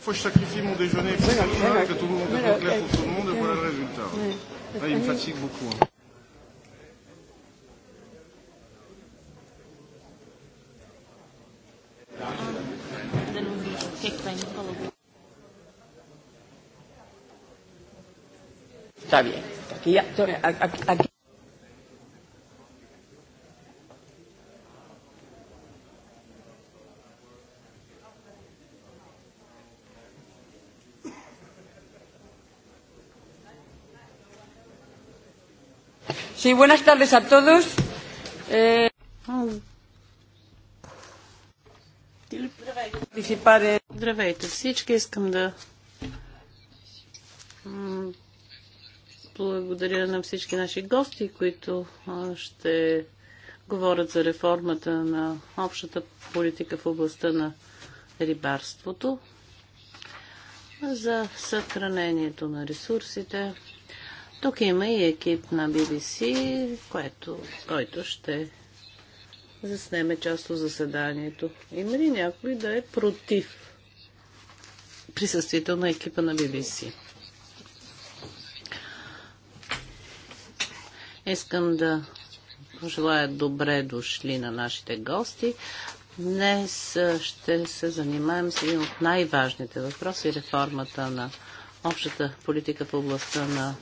Faut que je sacrifie mon déjeuner, que je mange, que tout le monde est clair pour tout le monde, et voilà le résultat. Là, il me fatigue beaucoup. Hein. Está bien. Aquí ya, aquí. Sí, buenas tardes a todos. Eh... Здравейте всички, искам да благодаря на всички наши гости, които ще говорят за реформата на общата политика в областта на рибарството, за съхранението на ресурсите. Тук има и екип на BBC, което, който ще заснеме част от заседанието. Има ли някой да е против присъствието на екипа на BBC? Искам да пожелая добре дошли на нашите гости. Днес ще се занимаем с един от най-важните въпроси реформата на общата политика в областта на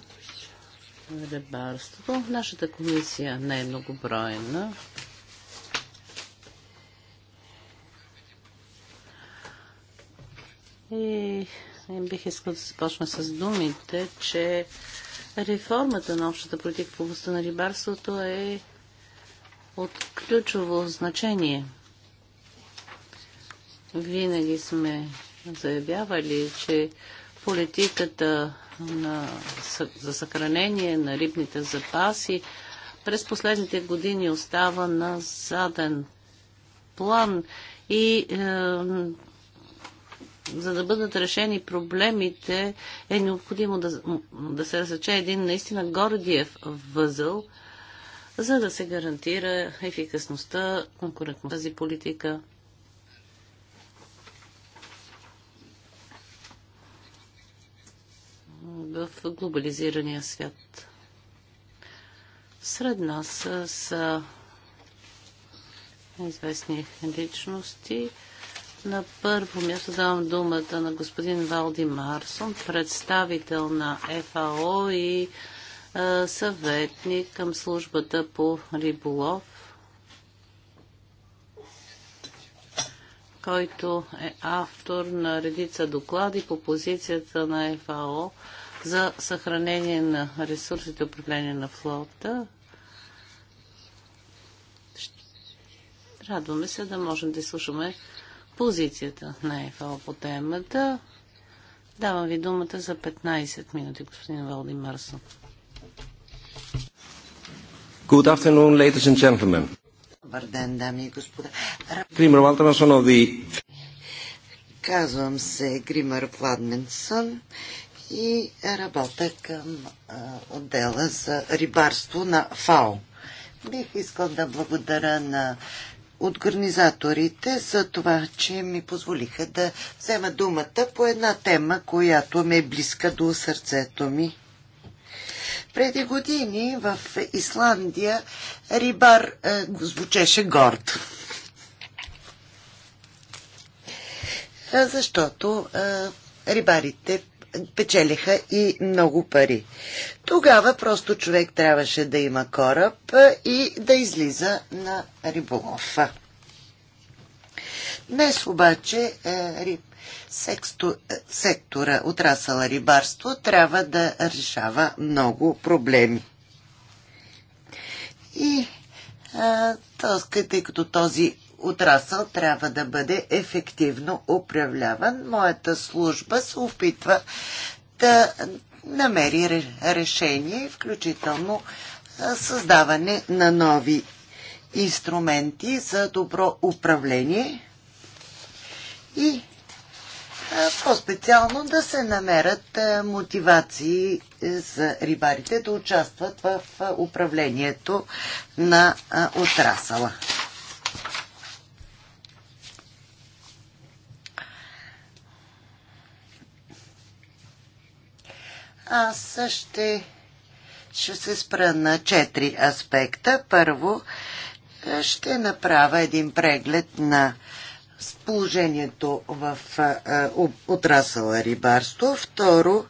рибарството. Нашата комисия не е многобройна. И бих искал да започна с думите, че реформата на общата политика в областта на рибарството е от ключово значение. Винаги сме заявявали, че политиката на, за съхранение на рибните запаси през последните години остава на заден план и е, за да бъдат решени проблемите е необходимо да, да се разрече един наистина гордиев възъл, за да се гарантира ефикасността, конкурентността тази политика в глобализирания свят. Сред нас са известни личности. На първо място давам думата на господин Валди Марсон, представител на ФАО и е, съветник към службата по риболов, който е автор на редица доклади по позицията на ФАО за съхранение на ресурсите, управление на флота. Радваме се да можем да слушаме позицията на ЕФА по темата. Давам ви думата за 15 минути, господин Валди Марсон. Good afternoon, ladies and gentlemen. Добър ден, дами и господа. Гримър Валтернсон Казвам се Гримър Владменсън и работя към отдела за рибарство на ФАО. Бих искал да благодаря на организаторите за това, че ми позволиха да взема думата по една тема, която ме е близка до сърцето ми. Преди години в Исландия рибар а, е, звучеше горд. Защото а, е, рибарите печелиха и много пари. Тогава просто човек трябваше да има кораб и да излиза на риболов. Днес обаче е, риб, сексту, е, сектора отрасъла рибарство трябва да решава много проблеми. И а, е, тъй като този отрасъл трябва да бъде ефективно управляван. Моята служба се опитва да намери решение, включително създаване на нови инструменти за добро управление и по-специално да се намерят мотивации е, за рибарите да участват в управлението на отрасала. Аз ще, ще се спра на четири аспекта. Първо, е, ще направя един преглед на положението в е, е, отрасъла рибарство. Второ,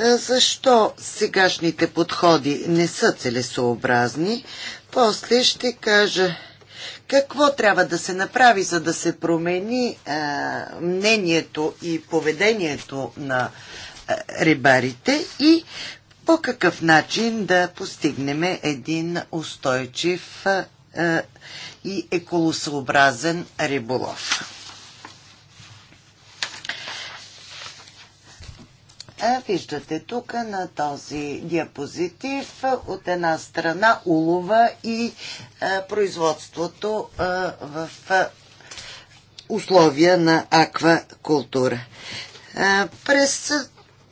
защо сегашните подходи не са целесообразни. После ще кажа какво трябва да се направи, за да се промени а, мнението и поведението на рибарите и по какъв начин да постигнем един устойчив и еколосообразен риболов. Виждате тук на този диапозитив от една страна улова и производството в условия на аквакултура. През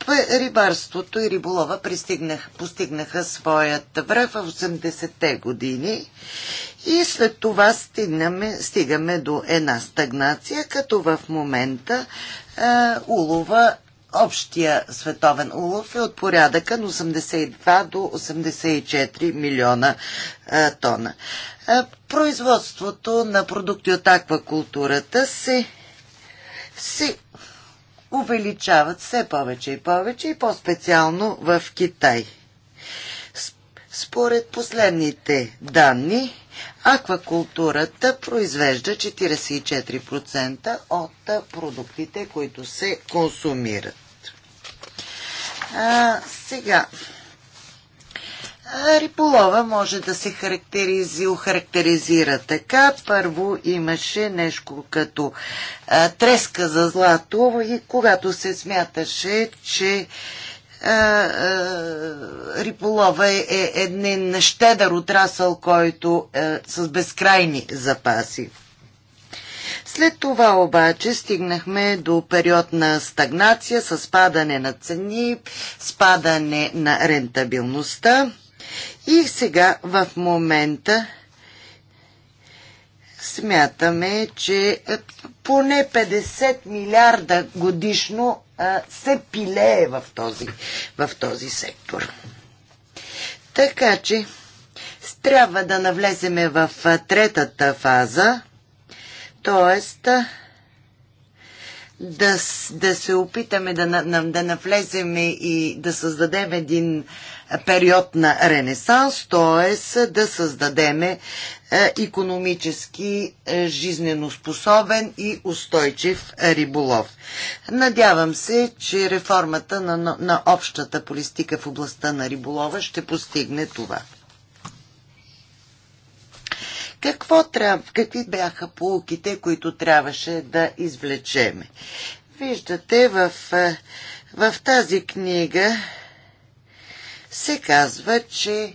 рибарството и риболова пристигнах, постигнаха своят връх в 80-те години и след това стигнаме, стигаме до една стагнация, като в момента е, улова Общия световен улов е от порядъка на 82 до 84 милиона а, е, тона. А, е, производството на продукти от аквакултурата се, се увеличават все повече и повече и по-специално в Китай. Според последните данни, аквакултурата произвежда 44% от продуктите, които се консумират. А, сега, Риполова може да се характеризи, охарактеризира така. Първо имаше нещо като а, треска за злато и когато се смяташе, че а, а, Риполова е, е, е един щедър отрасъл, който е, с безкрайни запаси. След това обаче стигнахме до период на стагнация с падане на цени, спадане на рентабилността и сега в момента смятаме, че е, поне 50 милиарда годишно е, се пилее в този, в този сектор. Така че трябва да навлеземе в е, третата фаза, т.е. Да, да се опитаме да, да навлеземе и да създадем един период на ренесанс, т.е. да създадеме економически е, жизненоспособен и устойчив риболов. Надявам се, че реформата на, на общата политика в областта на риболова ще постигне това. Какво трябва, какви бяха полуките, които трябваше да извлечеме? Виждате в, е, в тази книга се казва, че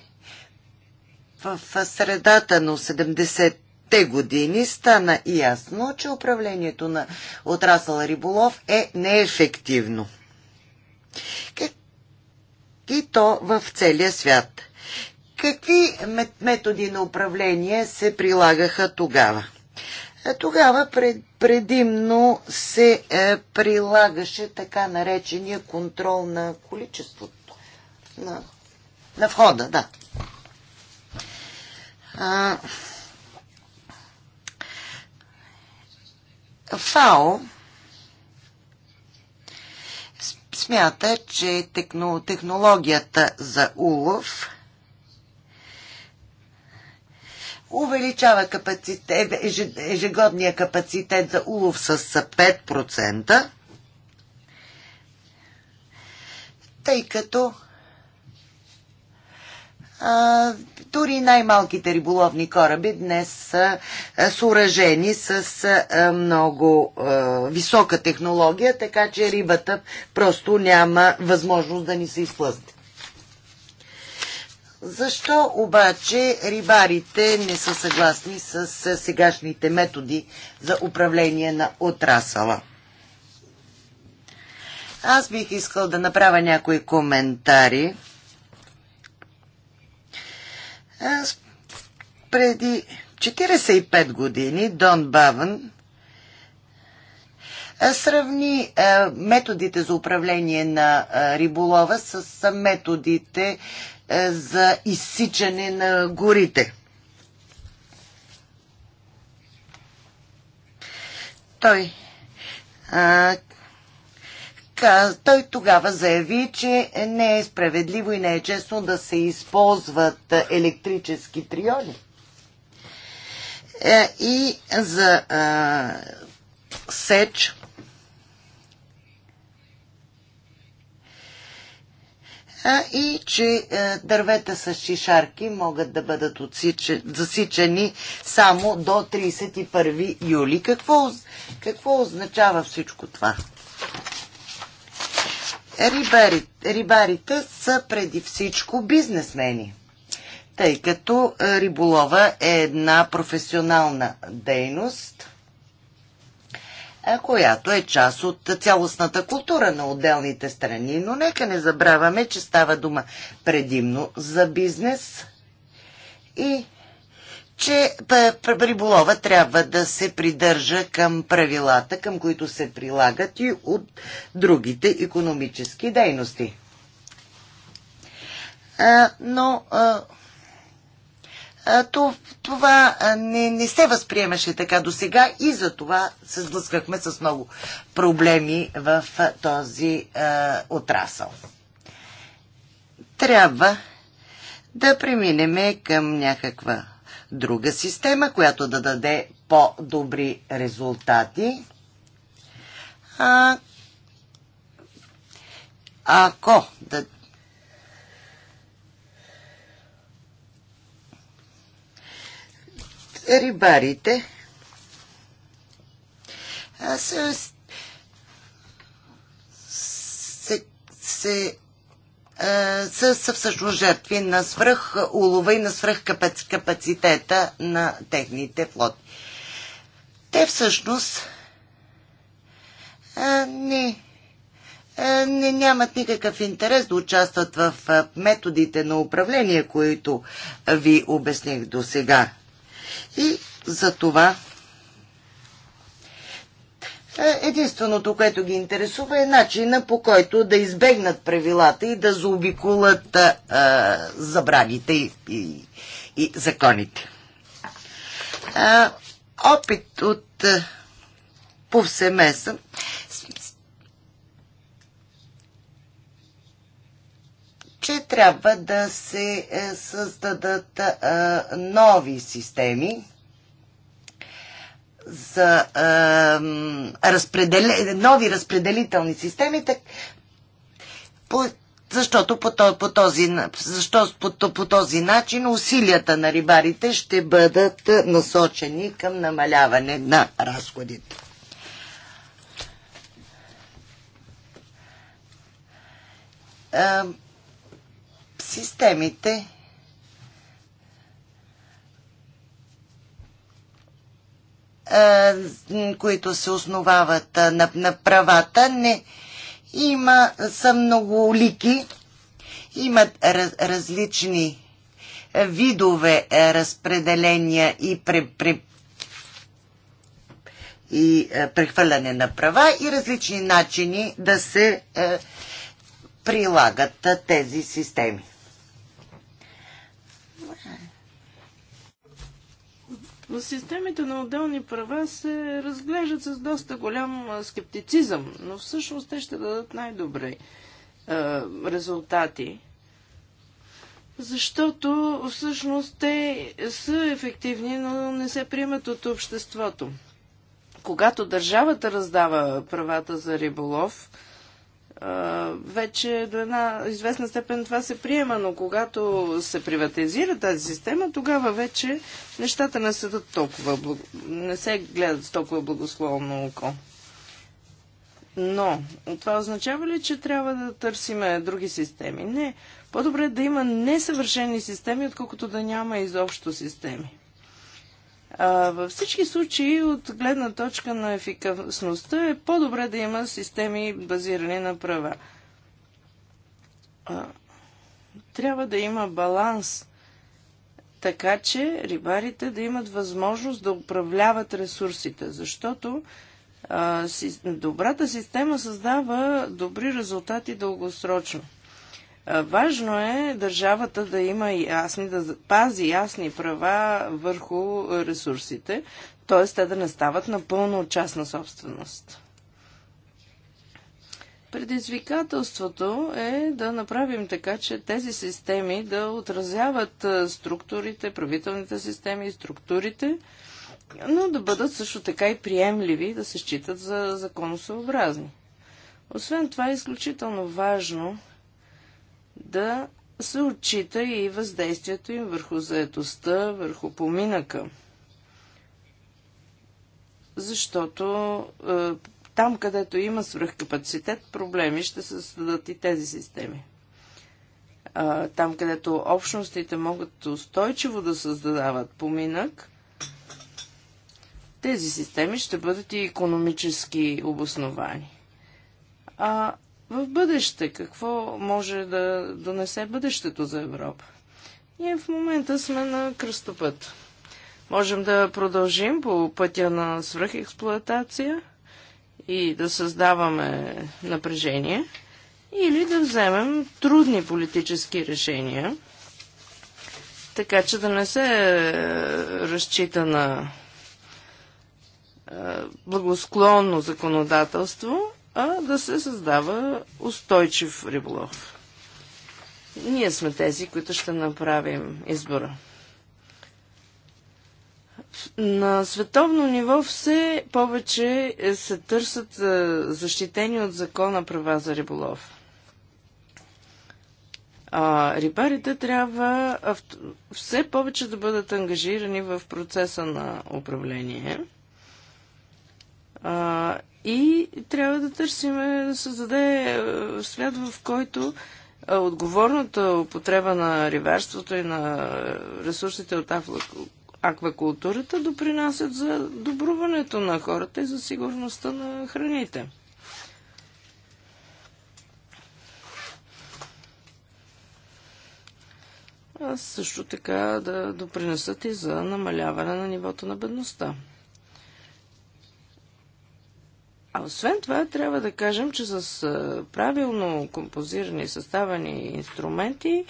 в средата на 70-те години стана ясно, че управлението на отрасъл риболов е неефективно. И то в целия свят. Какви методи на управление се прилагаха тогава? Е, тогава пред, предимно се е, прилагаше така наречения контрол на количеството на, на входа, да. А, ФАО смята, че технологията за улов увеличава капацитет, ежегодния капацитет за улов с 5%, тъй като а, дори най-малките риболовни кораби днес са съоръжени с много висока технология, така че рибата просто няма възможност да ни се изплъзне. Защо обаче рибарите не са съгласни с сегашните методи за управление на отрасала? Аз бих искал да направя някои коментари е, преди 45 години Дон Бавън е, сравни е, методите за управление на риболова с методите за изсичане на горите. Той той тогава заяви, че не е справедливо и не е честно да се използват електрически триони. Е, и за а, сеч а, и че а, е, дървета с шишарки могат да бъдат засичани само до 31 юли. Какво, какво означава всичко това? рибарите, рибарите са преди всичко бизнесмени, тъй като е, риболова е една професионална дейност, е, която е част от цялостната култура на отделните страни. Но нека не забравяме, че става дума предимно за бизнес и че риболова трябва да се придържа към правилата, към които се прилагат и от другите економически дейности. А, но а, това не, не се възприемаше така до сега и за това се сблъскахме с много проблеми в този а, отрасъл. Трябва да преминеме към някаква друга система, която да даде по-добри резултати. А, ако да, рибарите се, се, се е, са, са всъщност жертви на свръх улова и на свръх капацитета на техните флоти. Те всъщност а, е, не, а, е, не нямат никакъв интерес да участват в а, методите на управление, които ви обясних до сега. И за това е, единственото, което ги интересува е начина по който да избегнат правилата и да заобиколат а, забраните и, и, и законите. А, опит от а, повсеместен че трябва да се е, създадат а, нови системи, за е, разпределе, нови разпределителни системи, так, по, защото по, по, този, защо, по, по този начин усилията на рибарите ще бъдат насочени към намаляване на разходите. Е, системите които се основават на, на правата, не има, са много лики, имат раз, различни видове разпределения и пре, пре, и прехвърляне на права и различни начини да се е, прилагат тези системи. Но системите на отделни права се разглеждат с доста голям скептицизъм, но всъщност те ще дадат най-добри е, резултати. Защото всъщност те са ефективни, но не се приемат от обществото. Когато държавата раздава правата за риболов, вече до една известна степен това се приема, но когато се приватизира тази система, тогава вече нещата не се, толкова, не се гледат с толкова благословно око. Но това означава ли, че трябва да търсиме други системи? Не. По-добре е да има несъвършени системи, отколкото да няма изобщо системи. Във всички случаи, от гледна точка на ефикасността, е по-добре да има системи базирани на права. Трябва да има баланс, така че рибарите да имат възможност да управляват ресурсите, защото добрата система създава добри резултати дългосрочно. Важно е държавата да има ясни, да пази ясни права върху ресурсите, т.е. те да не стават напълно частна собственост. Предизвикателството е да направим така, че тези системи да отразяват структурите, правителните системи и структурите, но да бъдат също така и приемливи, да се считат за законосъобразни. Освен това е изключително важно да се отчита и въздействието им върху заедостта, върху поминъка. Защото е, там, където има свръхкапацитет, проблеми ще се създадат и тези системи. Е, там, където общностите могат устойчиво да създадават поминък, тези системи ще бъдат и економически обосновани. А в бъдеще, какво може да донесе бъдещето за Европа. Ние в момента сме на кръстопът. Можем да продължим по пътя на свръхексплуатация и да създаваме напрежение, или да вземем трудни политически решения, така че да не се е, разчита на е, благосклонно законодателство, а да се създава устойчив риболов. Ние сме тези, които ще направим избора. На световно ниво все повече се търсят е, защитени от закона права за риболов. А, рибарите трябва все повече да бъдат ангажирани в процеса на управление. А, и трябва да търсим е, да създаде е, свят, в който е, отговорната употреба на риварството и на ресурсите от аквакултурата допринасят за добруването на хората и за сигурността на храните. А също така да допринесат и за намаляване на нивото на бедността. А освен това, трябва да кажем, че с правилно композирани, съставени инструменти,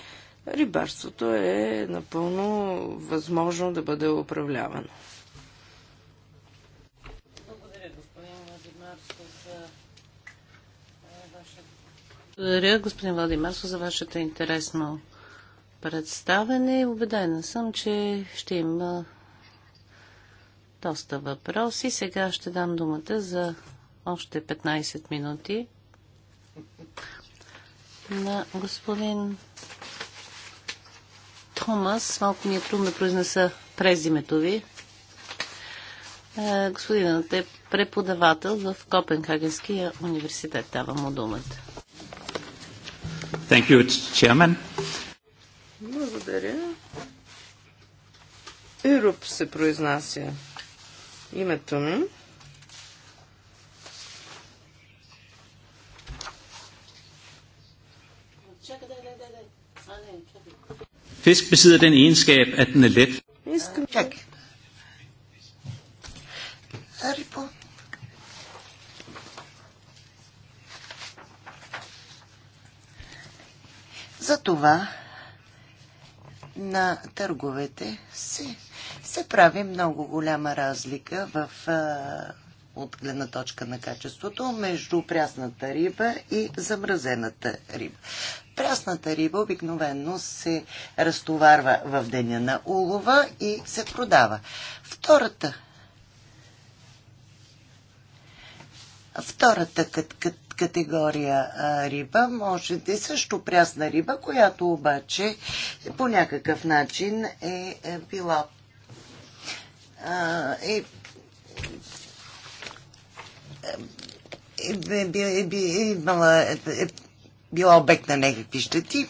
рибарството е напълно възможно да бъде управлявано. Благодаря, господин Владимирско, е, за вашето интересно представене. Убедена съм, че ще има доста въпроси. Сега ще дам думата за още 15 минути на господин Томас. Малко ми е трудно да произнеса презимето ви. Е, господинът е преподавател в Копенхагенския университет. Давам му думата. Thank you, chairman. Благодаря. Ируб се произнася името ми. Fisk besidder den egenskab, at den er let. Искам... Чакай. За Затова на търговете се, се прави много голяма разлика в, а, от гледна точка на качеството между прясната риба и замразената риба прясната риба обикновенно се разтоварва в деня на улова и се продава. Втората Втората категория а, риба може да е също прясна риба, която обаче по някакъв начин е, е била а, е, е, е, е, е, е, е, е, е, е, била обект на някакви щети.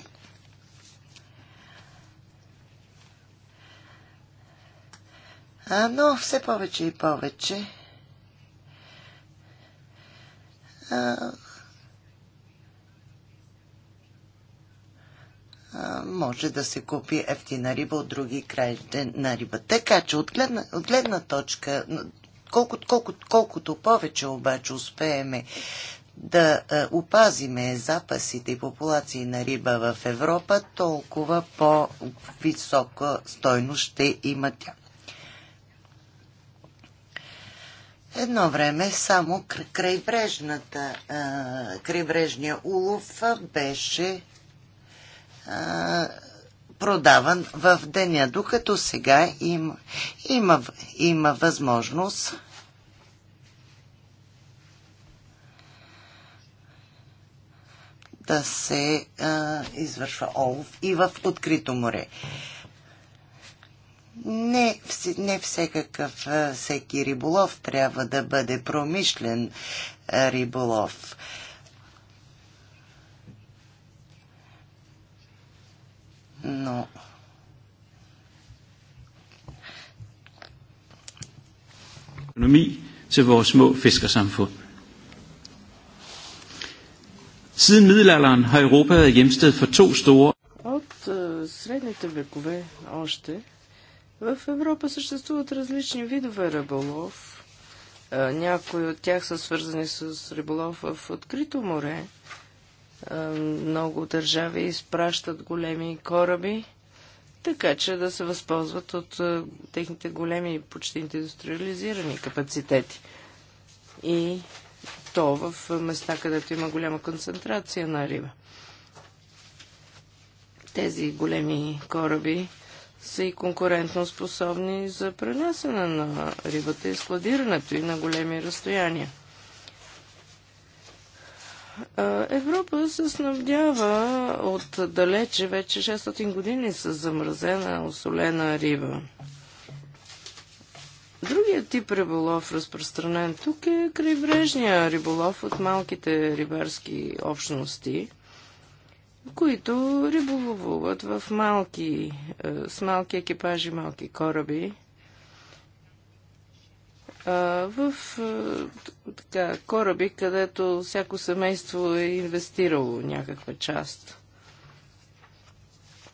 А, но все повече и повече а, може да се купи ефтина риба от други краища на риба. Така че от гледна, от гледна точка, колко, колко, колкото повече обаче успееме да е, опазиме запасите и популации на риба в Европа, толкова по-висока стойност ще има тя. Едно време само крайбрежната, е, крайбрежния улов беше е, продаван в деня, докато сега им, има, има възможност да се а, извършва олов и в открито море. Не, не всекакъв, всеки риболов трябва да бъде промишлен риболов. Но økonomi til vores små fiskersamfund. Siden middelalderen har Europa været hjemsted for to store... От е, средните векове още в Европа съществуват различни видове риболов. Е, някои от тях са свързани с риболов в открито море. Е, много държави изпращат големи кораби, така че да се възползват от техните големи, почти индустриализирани капацитети. И то в места, където има голяма концентрация на риба. Тези големи кораби са и конкурентно способни за пренасене на рибата и складирането и на големи разстояния. Европа се снабдява от далече вече 600 години с замразена, осолена риба. Другият тип риболов, разпространен тук, е крайбрежния риболов от малките рибарски общности, които риболовуват в малки, е, с малки екипажи, малки кораби, е, в е, така, кораби, където всяко семейство е инвестирало някаква част.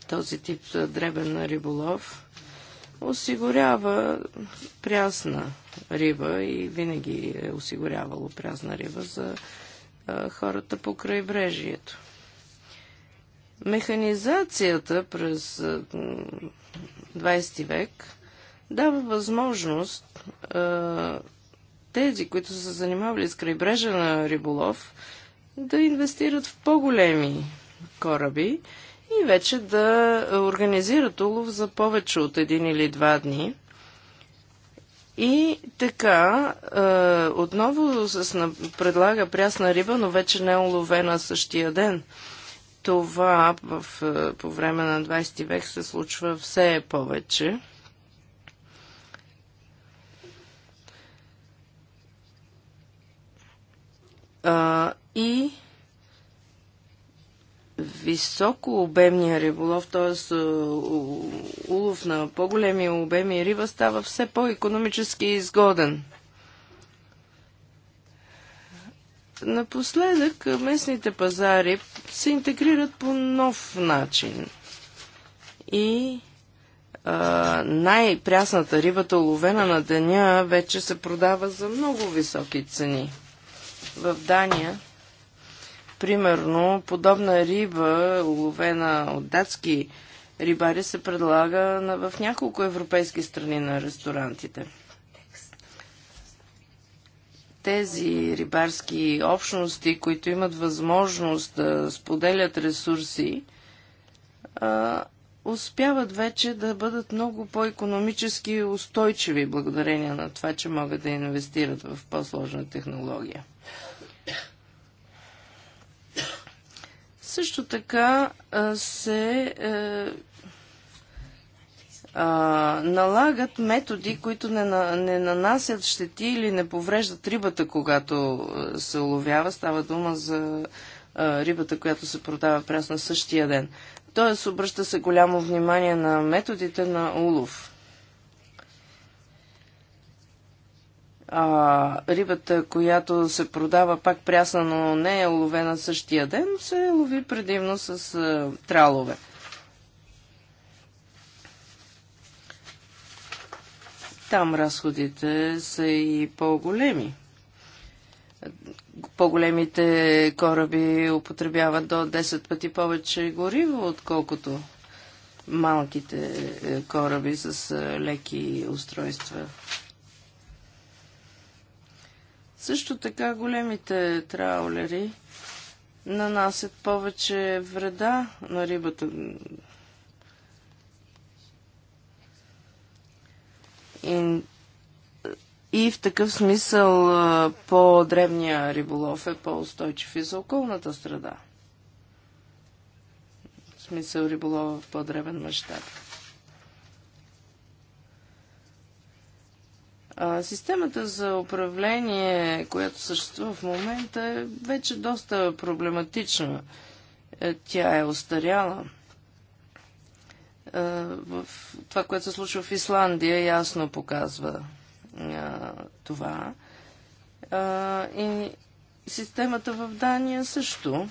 Този тип дребен риболов – осигурява прясна риба и винаги е осигурявало прясна риба за а, хората по крайбрежието. Механизацията през 20 век дава възможност а, тези, които са занимавали с крайбрежа на риболов, да инвестират в по-големи кораби, и вече да организират улов за повече от един или два дни. И така, е, отново с, предлага прясна риба, но вече не е уловена същия ден. Това в, е, по време на 20 век се случва все повече. А, и високо обемния риболов, т.е. улов на по-големи обеми риба става все по-економически изгоден. Напоследък местните пазари се интегрират по нов начин. И най-прясната рибата, уловена на деня, вече се продава за много високи цени. В Дания Примерно, подобна риба, уловена от датски рибари, се предлага в няколко европейски страни на ресторантите. Тези рибарски общности, които имат възможност да споделят ресурси, успяват вече да бъдат много по-економически устойчиви благодарение на това, че могат да инвестират в по-сложна технология. Също така се е, а, налагат методи, които не, на, не нанасят щети или не повреждат рибата, когато е, се уловява. Става дума за а, е, рибата, която се продава прясно същия ден. Тоест, обръща се голямо внимание на методите на улов. а, рибата, която се продава пак прясна, но не е уловена същия ден, се лови предимно с а, тралове. Там разходите са и по-големи. По-големите кораби употребяват до 10 пъти повече гориво, отколкото малките е, кораби с леки устройства. Също така големите траулери нанасят повече вреда на рибата. И, и в такъв смисъл по-древния риболов е по-устойчив и за околната среда. В смисъл риболова в по-древен мащаб. системата за управление, която съществува в момента, е вече доста проблематична. Е, тя е остаряла. в това, което се случва в Исландия, ясно показва това. И системата в Дания също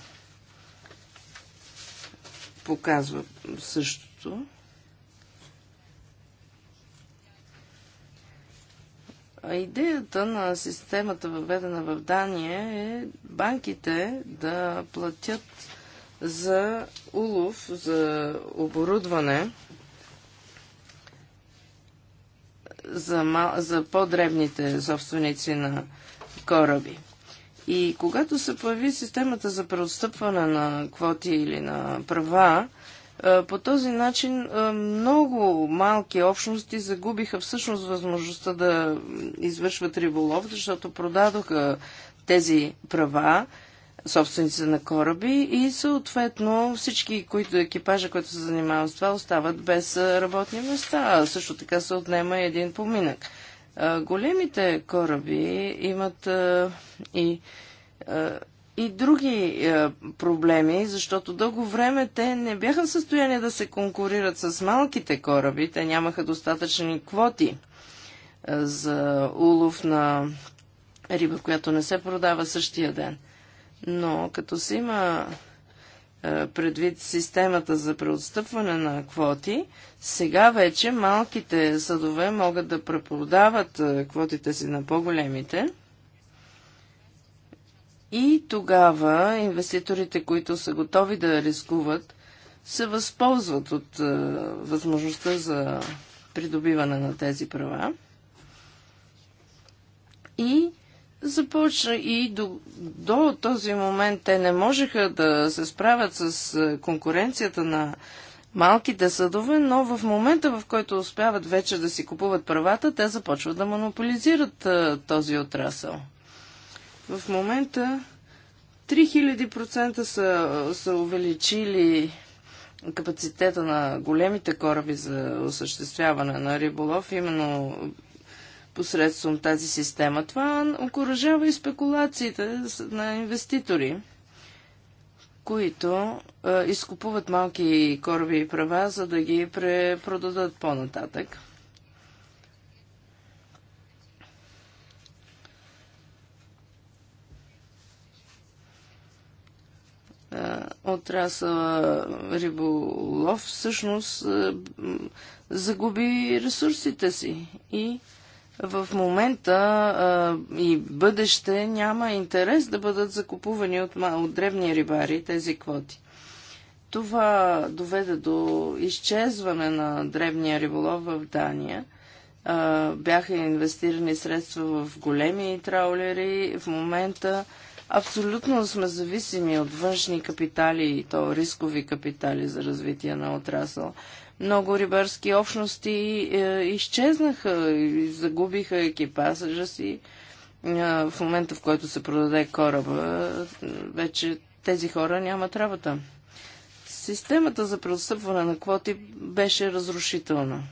показва същото. Идеята на системата, въведена в Дания, е банките да платят за улов, за оборудване, за, мал... за по-дребните собственици на кораби. И когато се появи системата за преотстъпване на квоти или на права, е, по този начин е, много малки общности загубиха всъщност възможността да извършват риболов, защото продадоха тези права собственици на кораби и съответно всички, които екипажа, който се занимава с това, остават без е, работни места. А също така се отнема един поминък. Големите кораби имат и и други е, проблеми, защото дълго време те не бяха в състояние да се конкурират с малките кораби. Те нямаха достатъчни квоти е, за улов на риба, която не се продава същия ден. Но като се има е, предвид системата за преотстъпване на квоти, сега вече малките съдове могат да препродават е, квотите си на по-големите – и тогава инвеститорите, които са готови да рискуват, се възползват от е, възможността за придобиване на тези права. И започна и до, до този момент те не можеха да се справят с е, конкуренцията на малките съдове, но в момента, в който успяват вече да си купуват правата, те започват да монополизират е, този отрасъл. В момента 3000% са, са увеличили капацитета на големите кораби за осъществяване на риболов, именно посредством тази система. Това окоръжава и спекулациите на инвеститори, които изкупуват малки кораби и права, за да ги препродадат по-нататък. Е, отрасъл е, риболов всъщност е, загуби ресурсите си и в момента а, и бъдеще няма интерес да бъдат закупувани от, от древни рибари тези квоти. Това доведе до изчезване на древния риболов в Дания. А, бяха инвестирани средства в големи траулери. В момента Абсолютно сме зависими от външни капитали и то рискови капитали за развитие на отрасъл. Много рибарски общности е, изчезнаха и загубиха екипажа си. Е, в момента, в който се продаде кораба, е, вече тези хора нямат работа. Системата за преотстъпване на квоти беше разрушителна.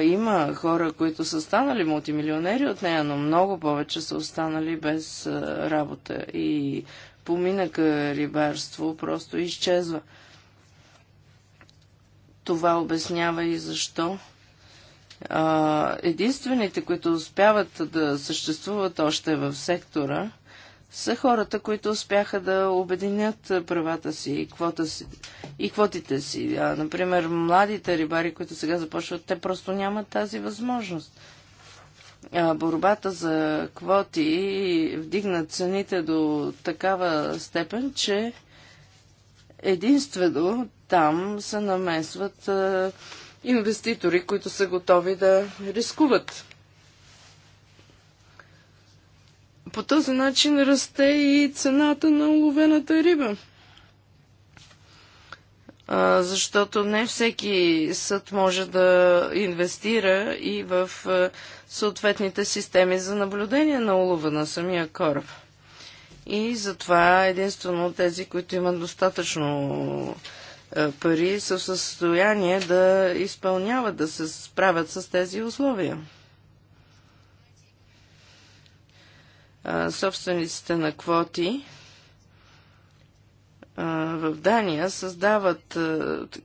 Има хора, които са станали мултимилионери от нея, но много повече са останали без работа и поминъка рибарство просто изчезва. Това обяснява и защо единствените, които успяват да съществуват още в сектора, са хората, които успяха да обединят правата си и, квота си, и квотите си. А, например, младите рибари, които сега започват, те просто нямат тази възможност. А, борбата за квоти вдигна цените до такава степен, че единствено там се намесват а, инвеститори, които са готови да рискуват. По този начин расте и цената на уловената риба. А, защото не всеки съд може да инвестира и в а, съответните системи за наблюдение на улова на самия кораб. И затова единствено тези, които имат достатъчно а, пари, са в състояние да изпълняват, да се справят с тези условия. собствениците на квоти в Дания създават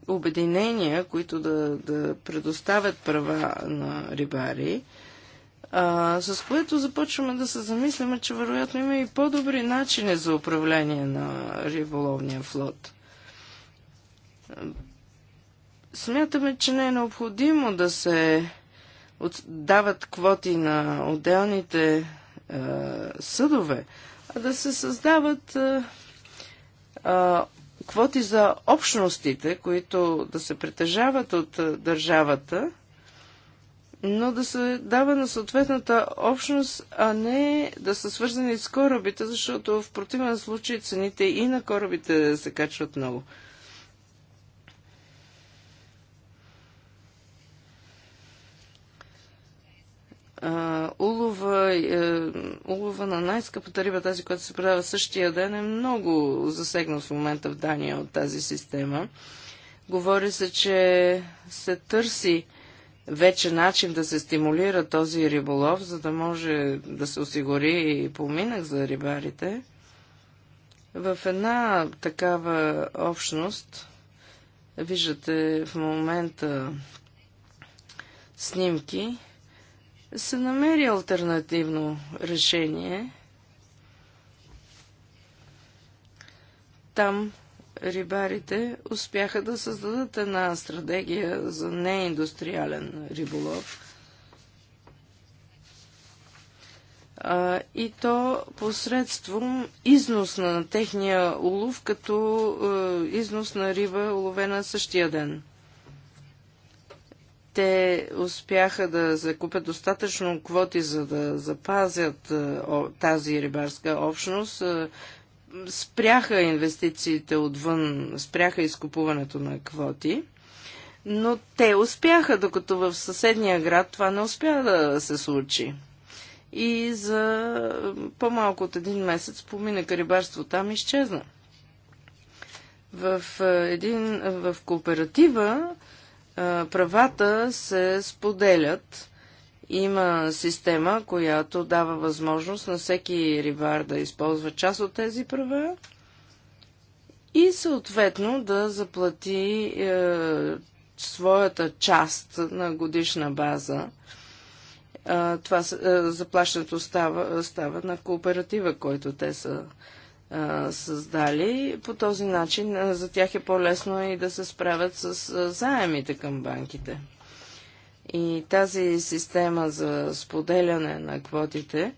обединения, които да, да предоставят права на рибари, с което започваме да се замисляме, че вероятно има и по-добри начини за управление на риболовния флот. Смятаме, че не е необходимо да се дават квоти на отделните е, съдове, а да се създават е, е, квоти за общностите, които да се притежават от държавата, но да се дава на съответната общност, а не да са свързани с корабите, защото в противен случай цените и на корабите се качват много. улова, е, улова на най-скъпата риба, тази, която се продава същия ден, е много засегнат в момента в Дания от тази система. Говори се, че се търси вече начин да се стимулира този риболов, за да може да се осигури и поминък за рибарите. В една такава общност, виждате в момента снимки, се намери альтернативно решение. Там рибарите успяха да създадат една стратегия за неиндустриален риболов. и то посредством износ на техния улов, като износ на риба, уловена същия ден. Те успяха да закупят достатъчно квоти, за да запазят тази рибарска общност. Спряха инвестициите отвън, спряха изкупуването на квоти. Но те успяха, докато в съседния град това не успя да се случи. И за по-малко от един месец помина рибарство там изчезна. В, един, в кооператива правата се споделят. Има система, която дава възможност на всеки рибар да използва част от тези права и съответно да заплати е, своята част на годишна база. Е, това е, заплащането става, става на кооператива, който те са създали. По този начин за тях е по-лесно и да се справят с заемите към банките. И тази система за споделяне на квотите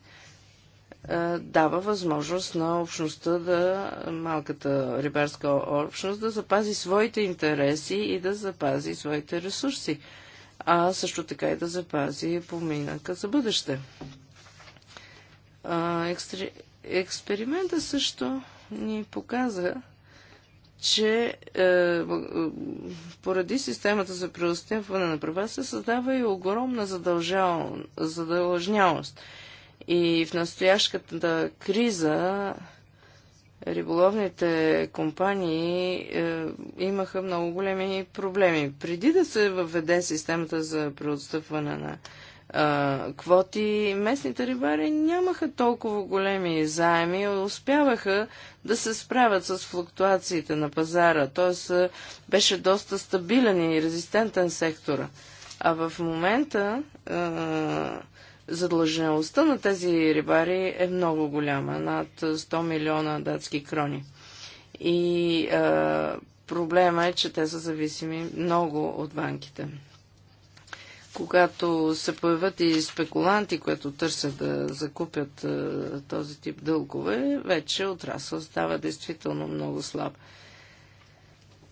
дава възможност на общността да, малката рибарска общност да запази своите интереси и да запази своите ресурси, а също така и да запази поминъка за бъдеще. Експеримента също ни показа, че е, поради системата за преостъпване на права се създава и огромна задължнялост. И в настоящата криза риболовните компании е, имаха много големи проблеми. Преди да се въведе системата за преотстъпване на квоти, местните рибари нямаха толкова големи заеми, успяваха да се справят с флуктуациите на пазара, т.е. беше доста стабилен и резистентен сектора. А в момента е, задлъжнялостта на тези рибари е много голяма, над 100 милиона датски крони. И а, проблема е, че те са зависими много от банките когато се появят и спекуланти, които търсят да закупят е, този тип дългове, вече отрасъл става действително много слаб.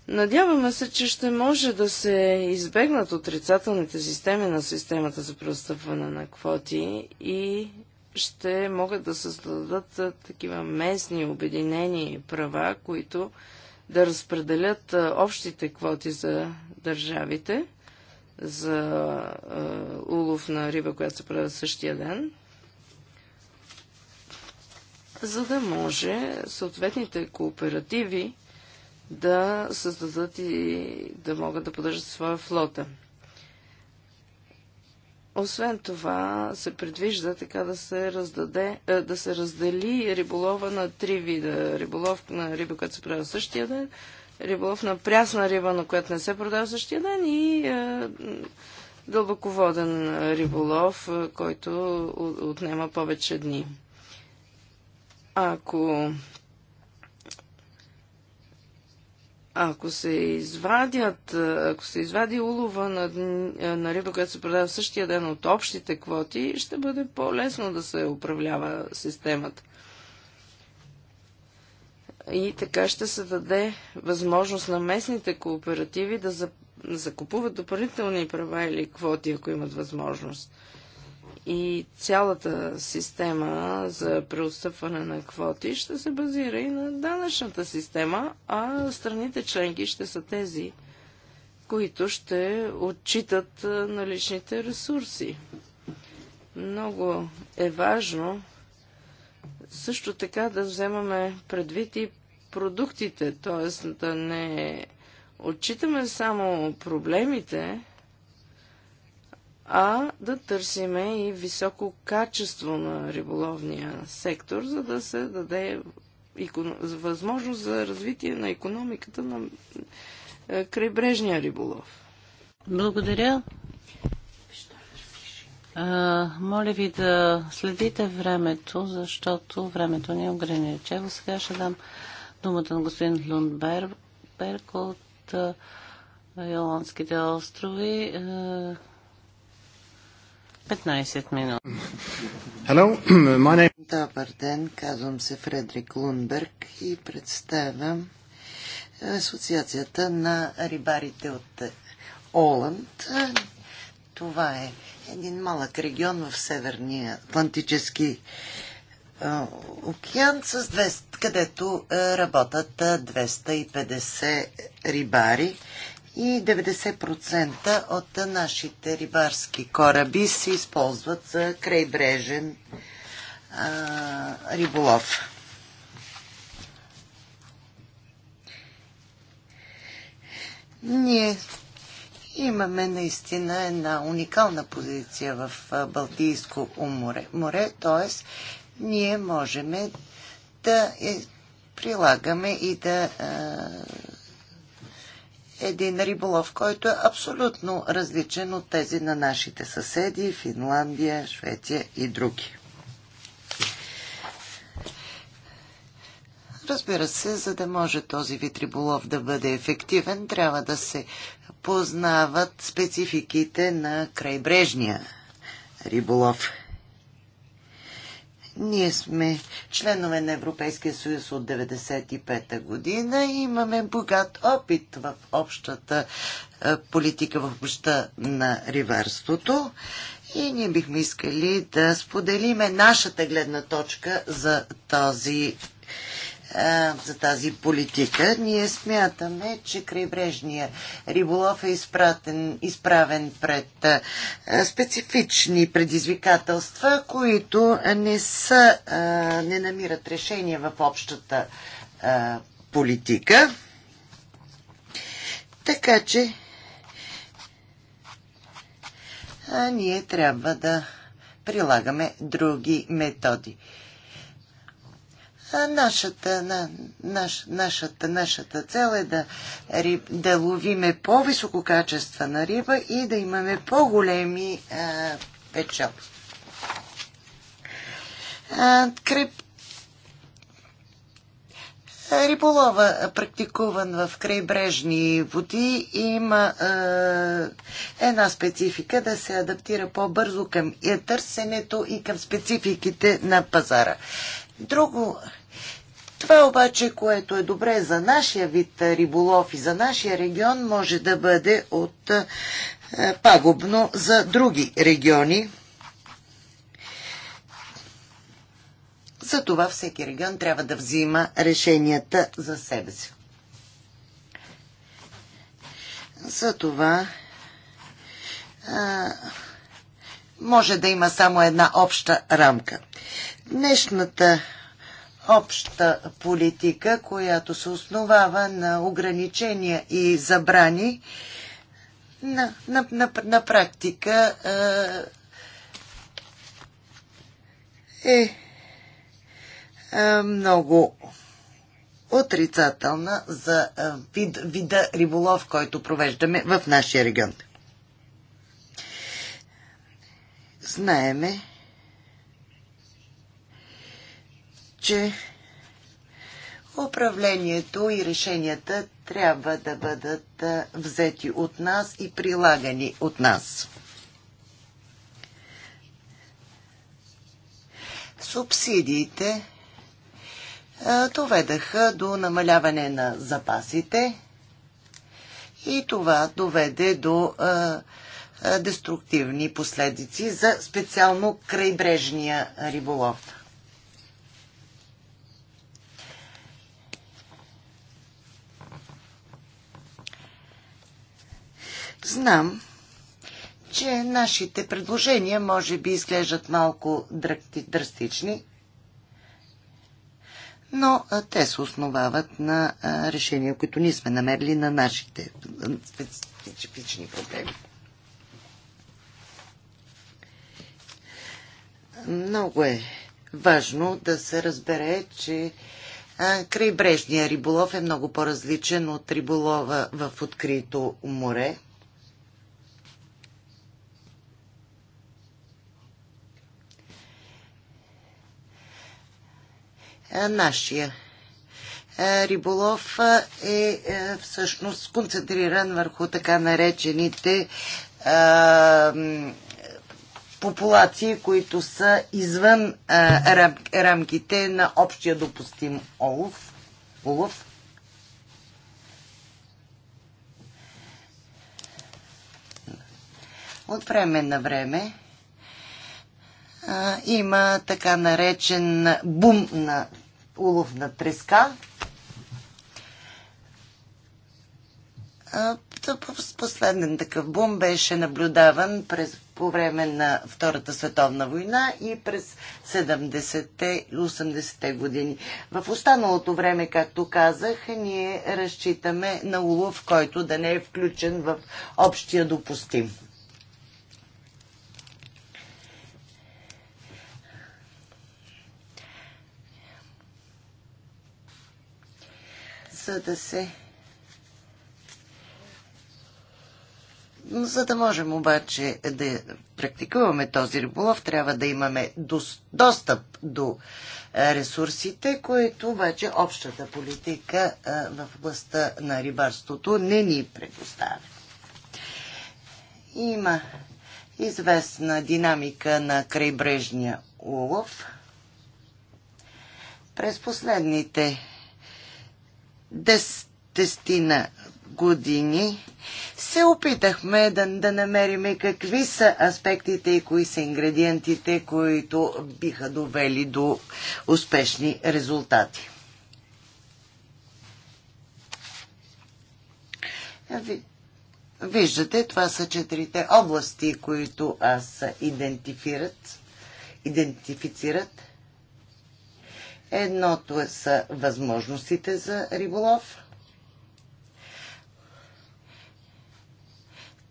Надяваме се, че ще може да се избегнат отрицателните системи на системата за преотстъпване на квоти и ще могат да създадат е, такива местни обединени права, които да разпределят е, общите квоти за държавите – за улов на риба, която се прави същия ден, за да може съответните кооперативи да създадат и да могат да поддържат своя флота. Освен това, се предвижда така да се, раздаде, да се раздели риболова на три вида. Риболов на риба, която се прави същия ден, риболов на прясна риба, на която не се продава същия ден и а, е, дълбоководен риболов, е, който отнема повече дни. Ако ако се извадят, е, ако се извади улова на, на риба, която се продава в същия ден от общите квоти, ще бъде по-лесно да се управлява системата и така ще се даде възможност на местните кооперативи да закупуват допълнителни права или квоти, ако имат възможност. И цялата система за преотстъпване на квоти ще се базира и на данъчната система, а страните членки ще са тези, които ще отчитат наличните ресурси. Много е важно също така да вземаме предвид и продуктите, т.е. да не отчитаме само проблемите, а да търсиме и високо качество на риболовния сектор, за да се даде възможност за развитие на економиката на е, крайбрежния риболов. Благодаря моля ви да следите времето, защото времето ни е ограничено. Сега ще дам думата на господин Лундберг от Йоландските острови. 15 минути. name... Добър ден, казвам се Фредрик Лунберг и представям Асоциацията на рибарите от Оланд. Това е един малък регион в Северния Атлантически океан, с 200, където работят 250 рибари и 90% от нашите рибарски кораби се използват за крайбрежен риболов. Ние Имаме наистина една уникална позиция в Балтийско море, море т.е. ние можем да е, прилагаме и да един риболов, който е абсолютно различен от тези на нашите съседи Финландия, Швеция и други. Разбира се, за да може този вид риболов да бъде ефективен, трябва да се познават спецификите на крайбрежния риболов. Ние сме членове на Европейския съюз от 1995-та година и имаме богат опит в общата е, политика в обща на риварството и ние бихме искали да споделиме нашата гледна точка за този за тази политика. Ние смятаме, че крайбрежния риболов е изпратен, изправен пред специфични предизвикателства, които не, са, не намират решение в общата политика. Така че а ние трябва да прилагаме други методи. Нашата, на, наш, нашата, нашата цел е да, риб, да ловиме по-високо качество на риба и да имаме по-големи печалби. Креп... Риболова, практикуван в крайбрежни води, има е, една специфика да се адаптира по-бързо към търсенето и към спецификите на пазара. Друго това обаче, което е добре за нашия вид риболов и за нашия регион, може да бъде от е, пагубно за други региони. За това всеки регион трябва да взима решенията за себе си. За това а, е, може да има само една обща рамка. Днешната обща политика, която се основава на ограничения и забрани, на, на, на, на практика е, е много отрицателна за е, вид, вида риболов, който провеждаме в нашия регион. Знаеме, че управлението и решенията трябва да бъдат взети от нас и прилагани от нас. Субсидиите доведаха до намаляване на запасите и това доведе до деструктивни последици за специално крайбрежния риболов. Знам, че нашите предложения може би изглеждат малко драстични, но те се основават на решения, които ние сме намерили на нашите специфични проблеми. Много е важно да се разбере, че крайбрежния риболов е много по-различен от риболова в открито море. Е, нашия е, риболов е, е всъщност концентриран върху така наречените популации, които са извън рамките на общия допустим олов. улов. От време на време а, има така наречен бум на уловна треска. Последен такъв бум беше наблюдаван през, по време на Втората световна война и през 70-те и 80-те години. В останалото време, както казах, ние разчитаме на улов, който да не е включен в общия допустим. за да се. За да можем обаче да практикуваме този риболов, трябва да имаме достъп до е, ресурсите, които обаче общата политика е, в областта на рибарството не ни предоставя. Има известна динамика на крайбрежния улов. През последните десетина години се опитахме да, да намерим какви са аспектите и кои са ингредиентите, които биха довели до успешни резултати. Виждате, това са четирите области, които аз идентифират, идентифицират. Едното е са възможностите за риболов,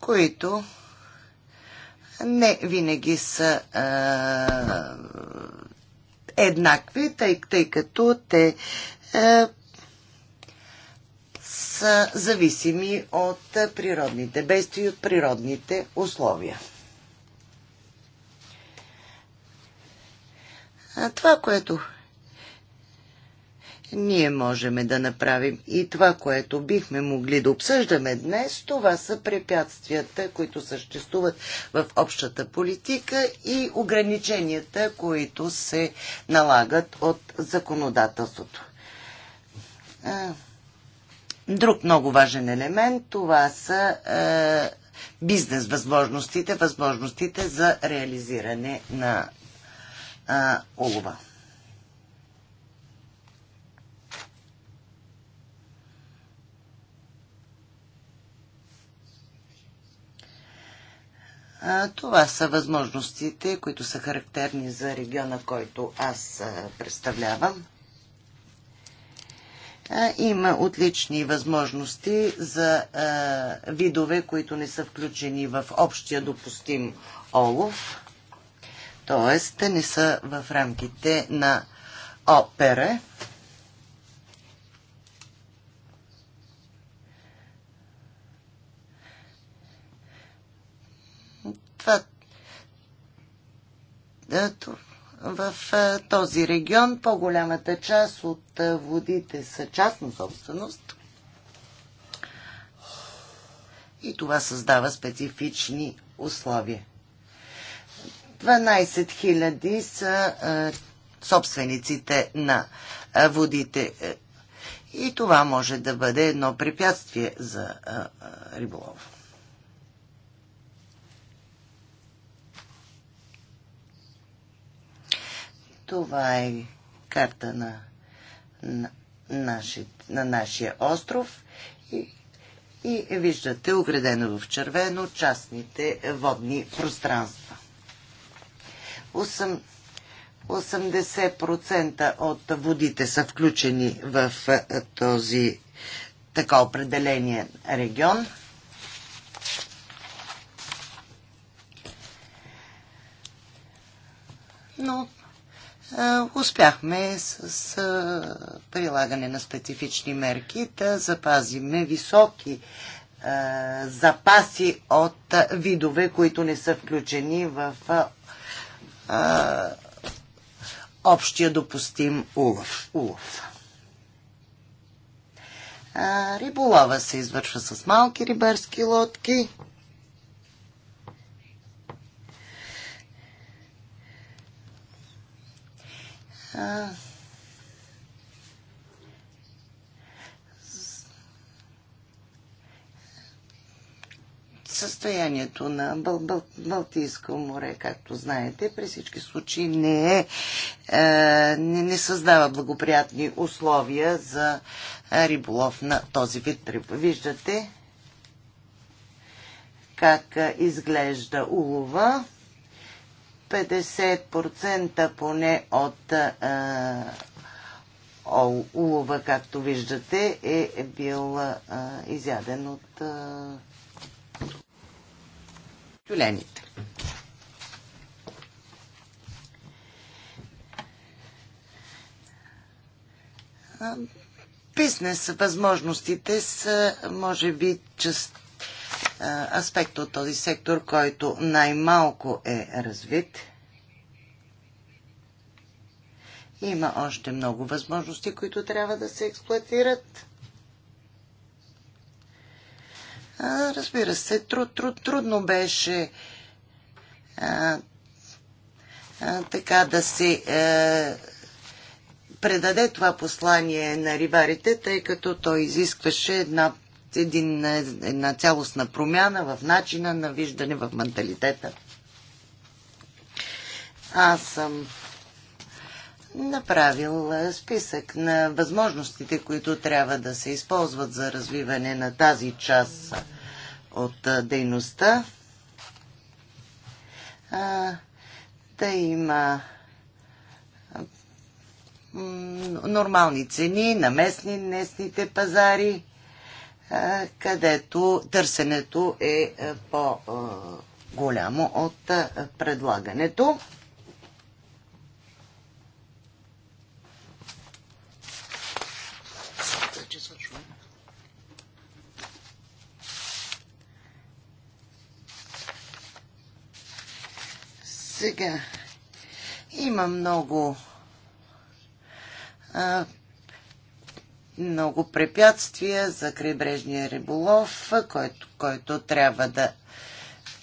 които не винаги са а, еднакви, тъй, тъй като те а, са зависими от природните бести и от природните условия. А това, което ние можем да направим. И това, което бихме могли да обсъждаме днес, това са препятствията, които съществуват в общата политика и ограниченията, които се налагат от законодателството. Друг много важен елемент, това са бизнес възможностите, възможностите за реализиране на улова. Това са възможностите, които са характерни за региона, който аз представлявам. Има отлични възможности за видове, които не са включени в общия допустим олов, т.е. не са в рамките на ОПЕРЕ. това, в този регион по-голямата част от водите са частна собственост. И това създава специфични условия. 12 000 са собствениците на водите. и това може да бъде едно препятствие за риболово. Това е карта на, на, наши, на нашия остров и, и виждате оградено в червено частните водни пространства. 80% от водите са включени в е, този така определения регион. Но успяхме с прилагане на специфични мерки да запазиме високи запаси от видове, които не са включени в общия допустим улов. улов. Риболова се извършва с малки рибарски лодки. А, състоянието на Бал- Бал- Балтийско море, както знаете, при всички случаи не, е, е, не, не създава благоприятни условия за е, риболов на този вид Виждате как е, изглежда улова. 50% поне от а, улова, както виждате, е, бил а, изяден от а, тюлените. Бизнес възможностите са, може би, част аспект от този сектор, който най-малко е развит. Има още много възможности, които трябва да се експлуатират. А, разбира се, труд, труд, трудно беше а, а, така да се е, предаде това послание на рибарите, тъй като той изискваше една един, една цялостна промяна в начина на виждане, в менталитета. Аз съм направил списък на възможностите, които трябва да се използват за развиване на тази част от дейността. А, да има нормални цени на местни, местните пазари, където търсенето е по-голямо от предлагането. Сега има много а, много препятствия за крайбрежния риболов, който, който трябва да,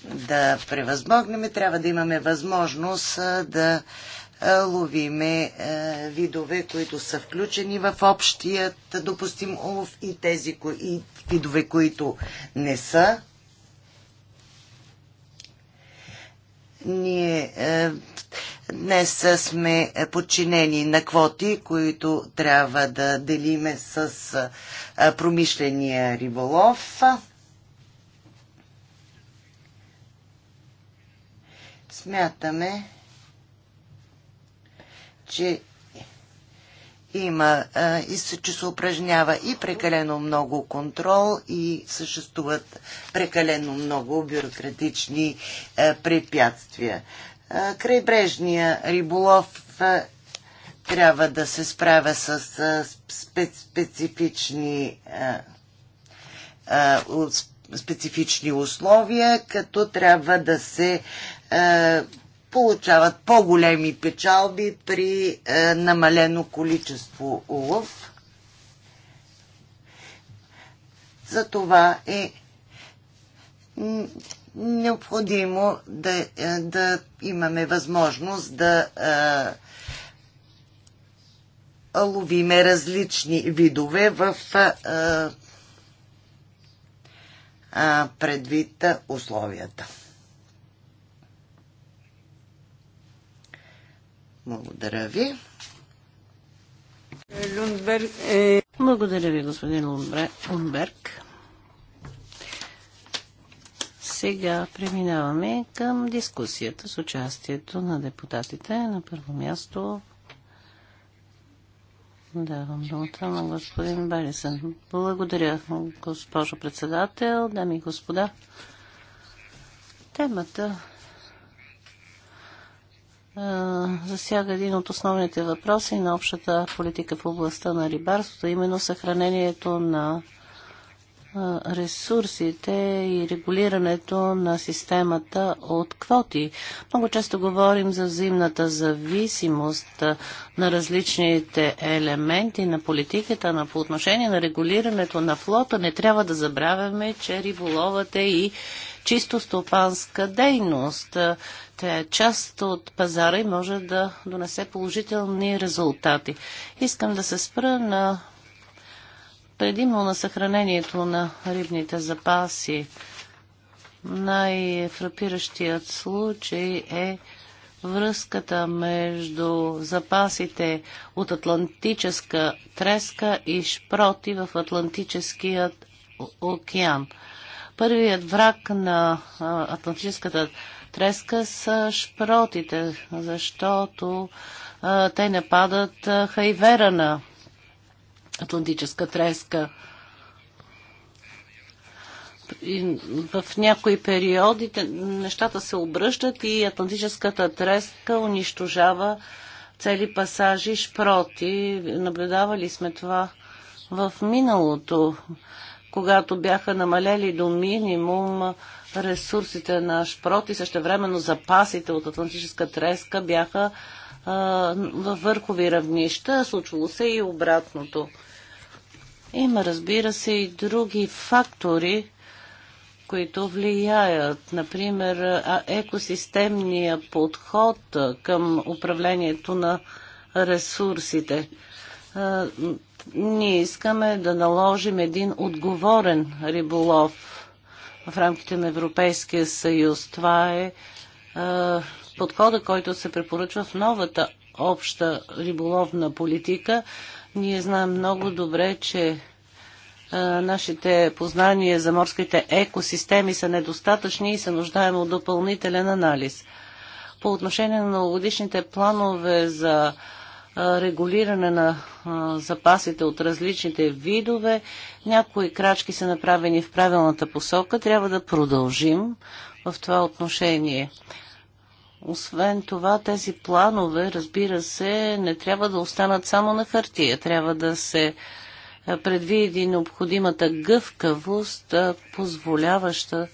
да превъзмогнем. Трябва да имаме възможност да ловиме видове, които са включени в общият допустим улов и тези и видове, които не са. Ние Днес сме подчинени на квоти, които трябва да делиме с промишления риболов. Смятаме, че има и се, че се упражнява и прекалено много контрол и съществуват прекалено много бюрократични препятствия крайбрежния риболов трябва да се справя с специфични специфични условия, като трябва да се получават по-големи печалби при намалено количество улов. Затова е необходимо да, е, да имаме възможност да а, е, ловиме различни видове в а, е, а, предвид условията. Благодаря ви. Благодаря ви, господин Лунберг. Сега преминаваме към дискусията с участието на депутатите. На първо място давам думата на господин Барисен. Благодаря, госпожо председател, дами и господа. Темата засяга един от основните въпроси на общата политика в областта на рибарството, именно съхранението на ресурсите и регулирането на системата от квоти. Много често говорим за взаимната зависимост на различните елементи на политиката, на по отношение на регулирането на флота. Не трябва да забравяме, че риболовът е и чисто стопанска дейност. Тя е част от пазара и може да донесе положителни резултати. Искам да се спра на предимно на съхранението на рибните запаси. Най-фрапиращият случай е връзката между запасите от Атлантическа треска и шпроти в Атлантическият океан. Първият враг на Атлантическата треска са шпротите, защото те нападат хайвера на Атлантическа треска. И в някои периоди нещата се обръщат и Атлантическата треска унищожава цели пасажи, шпроти. Наблюдавали сме това в миналото, когато бяха намалели до минимум ресурсите на шпрот и времено запасите от Атлантическа треска бяха във върхови равнища. Случвало се и обратното. Има, разбира се, и други фактори, които влияят. Например, екосистемния подход към управлението на ресурсите. Ние искаме да наложим един отговорен риболов в рамките на Европейския съюз. Това е подхода, който се препоръчва в новата обща риболовна политика. Ние знаем много добре, че нашите познания за морските екосистеми са недостатъчни и се нуждаем от допълнителен анализ. По отношение на новогодишните планове за регулиране на запасите от различните видове, някои крачки са направени в правилната посока. Трябва да продължим в това отношение. Освен това, тези планове, разбира се, не трябва да останат само на хартия. Трябва да се е, предвиди необходимата гъвкавост, е, позволяваща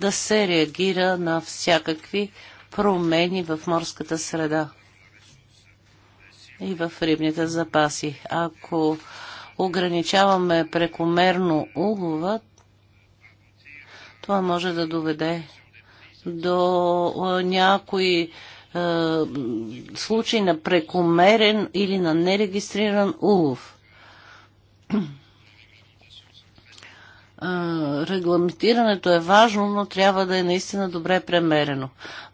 да се реагира на всякакви промени в морската среда и в рибните запаси. Ако ограничаваме прекомерно улова, това може да доведе до някои случай на прекомерен или на нерегистриран улов. Регламентирането е важно, но трябва да е наистина добре премерено.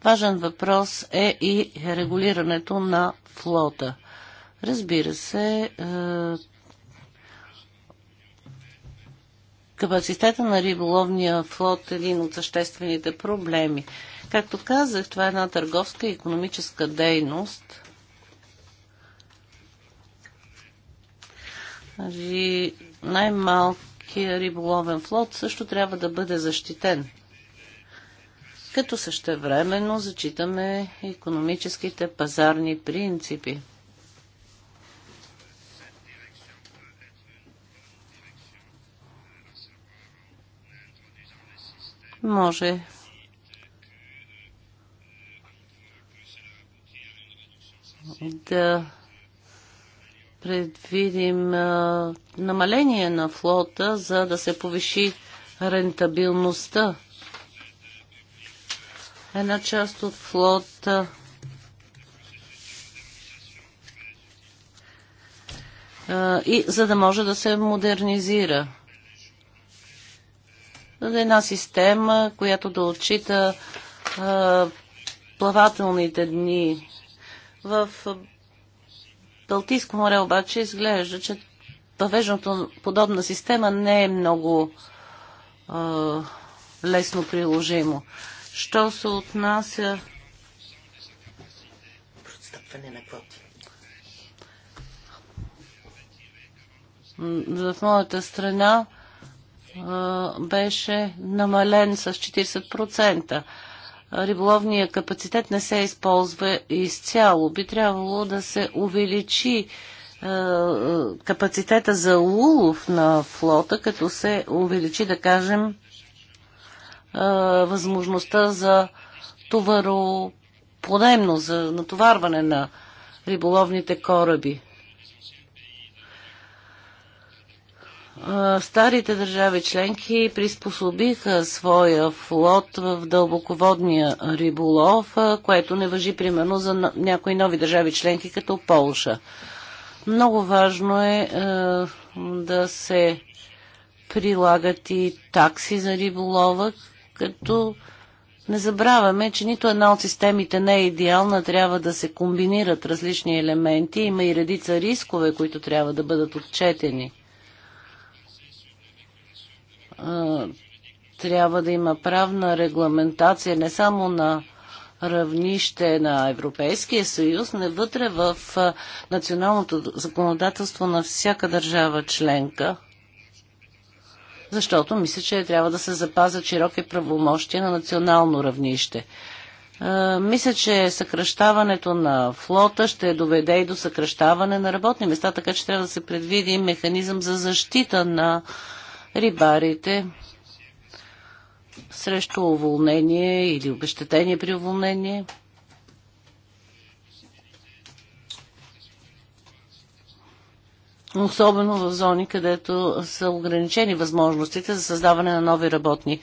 Важен въпрос е и регулирането на флота. Разбира се, Капацитета на риболовния флот е един от съществените проблеми. Както казах, това е една търговска и економическа дейност. Значи, най-малкият риболовен флот също трябва да бъде защитен като същевременно зачитаме економическите пазарни принципи. може да предвидим а, намаление на флота, за да се повиши рентабилността. Една част от флота а, и за да може да се модернизира една система, която да отчита плавателните дни. В Балтийско море обаче изглежда, че въвеждането подобна система не е много а, лесно приложимо. Що се отнася Простъпване на квоти. В моята страна беше намален с 40%. Риболовният капацитет не се използва изцяло. Би трябвало да се увеличи капацитета за улов на флота, като се увеличи, да кажем, възможността за товароподемно, за натоварване на риболовните кораби. старите държави членки приспособиха своя флот в дълбоководния риболов, което не въжи примерно за някои нови държави членки, като Полша. Много важно е, е да се прилагат и такси за риболова, като не забравяме, че нито една от системите не е идеална, трябва да се комбинират различни елементи, има и редица рискове, които трябва да бъдат отчетени трябва да има правна регламентация не само на равнище на Европейския съюз, не вътре в националното законодателство на всяка държава членка, защото мисля, че трябва да се запазят широки правомощия на национално равнище. Мисля, че съкръщаването на флота ще доведе и до съкръщаване на работни места, така че трябва да се предвиди механизъм за защита на рибарите срещу уволнение или обещетение при уволнение. Особено в зони, където са ограничени възможностите за създаване на нови работни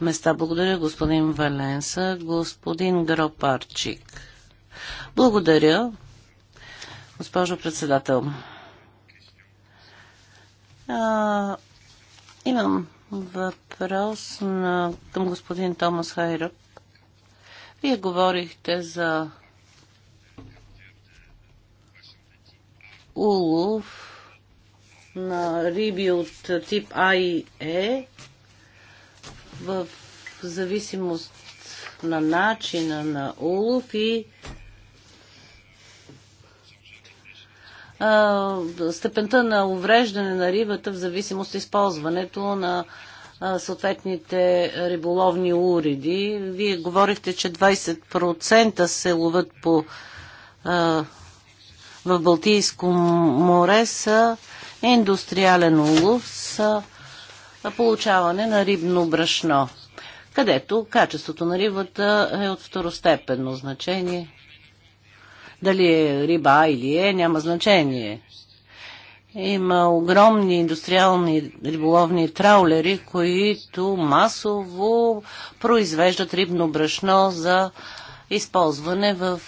места. Благодаря, господин Валенса. Господин Гропарчик. Благодаря, госпожо председател. Имам въпрос на, към господин Томас Хайръп. Вие говорихте за улов на риби от тип А и Е в зависимост на начина на улов и степента на увреждане на рибата в зависимост от използването на съответните риболовни уреди. Вие говорихте, че 20% се ловят по в Балтийско море са индустриален улов с получаване на рибно брашно, където качеството на рибата е от второстепенно значение. Дали е риба или е, няма значение. Има огромни индустриални риболовни траулери, които масово произвеждат рибно брашно за използване в,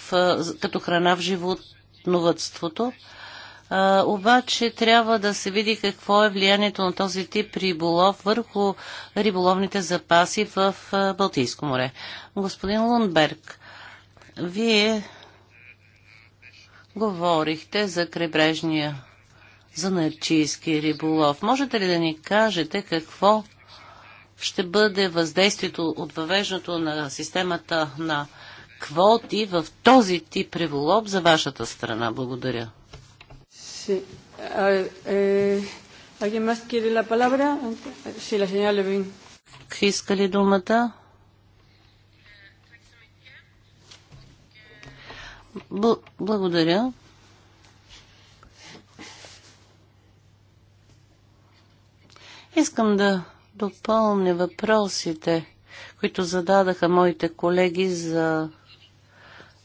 като храна в животновътството. А, обаче трябва да се види какво е влиянието на този тип риболов върху риболовните запаси в Балтийско море. Господин Лунберг, вие говорихте за крайбрежния занаячийски риболов. Можете ли да ни кажете какво ще бъде въздействието от въвеждането на системата на квоти в този тип риболов за вашата страна? Благодаря. Eh, Иска ли думата? Б- благодаря. Искам да допълня въпросите, които зададаха моите колеги за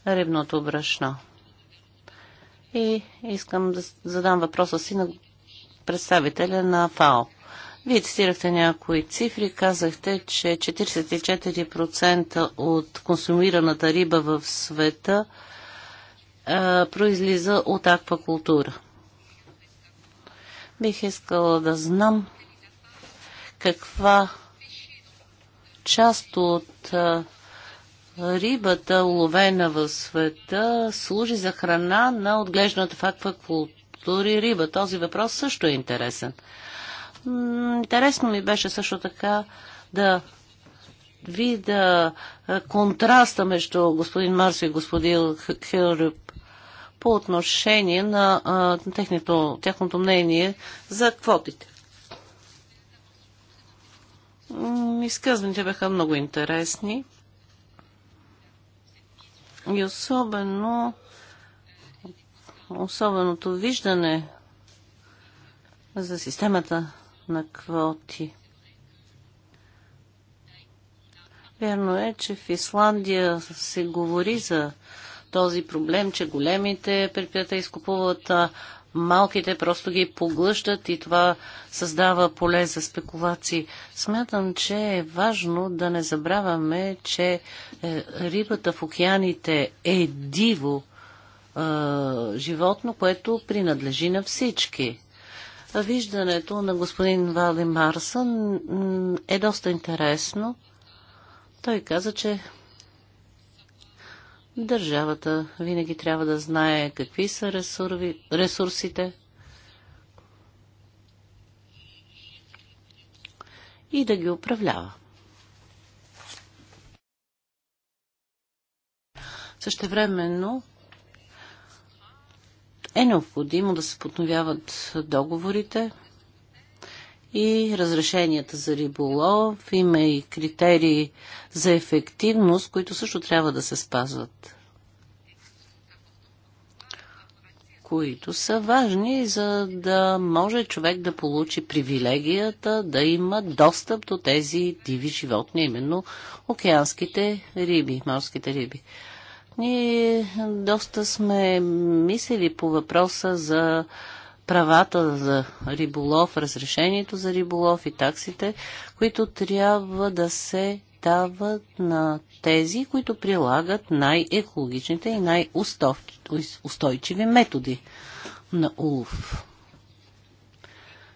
рибното брашно. И искам да задам въпроса си на представителя на ФАО. Вие цитирахте някои цифри, казахте, че 44% от консумираната риба в света произлиза от аквакултура. Бих искала да знам каква част от а, рибата, уловена в света, служи за храна на отглежданата в аквакултури риба. Този въпрос също е интересен. Интересно ми беше също така да вида контраста между господин Марс и господин Хилрюп по отношение на а, тяхното мнение за квотите. Изказваните бяха много интересни. И особено особеното виждане за системата на квоти. Вярно е, че в Исландия се говори за този проблем, че големите предприятия изкупуват а малките просто ги поглъщат и това създава поле за спекулации. Смятам, че е важно да не забравяме, че е, рибата в океаните е диво а, животно, което принадлежи на всички. Виждането на господин Вали Марсън е доста интересно. Той каза, че Държавата винаги трябва да знае какви са ресурви, ресурсите и да ги управлява. Същевременно е необходимо да се подновяват договорите, и разрешенията за риболов. Има и критерии за ефективност, които също трябва да се спазват. които са важни, за да може човек да получи привилегията да има достъп до тези диви животни, именно океанските риби, морските риби. Ние доста сме мислили по въпроса за правата за риболов, разрешението за риболов и таксите, които трябва да се дават на тези, които прилагат най-екологичните и най-устойчиви методи на улов.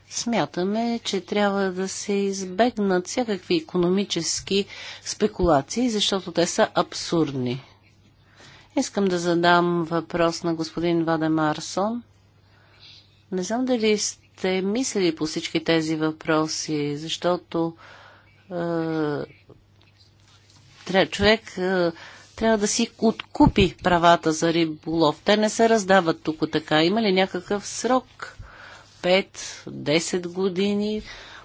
Смятаме, че трябва да се избегнат всякакви економически спекулации, защото те са абсурдни. Искам да задам въпрос на господин Вадемарсон не знам дали сте мислили по всички тези въпроси, защото е, човек е, трябва да си откупи правата за риболов. Те не се раздават тук така. Има ли някакъв срок? 5-10 години,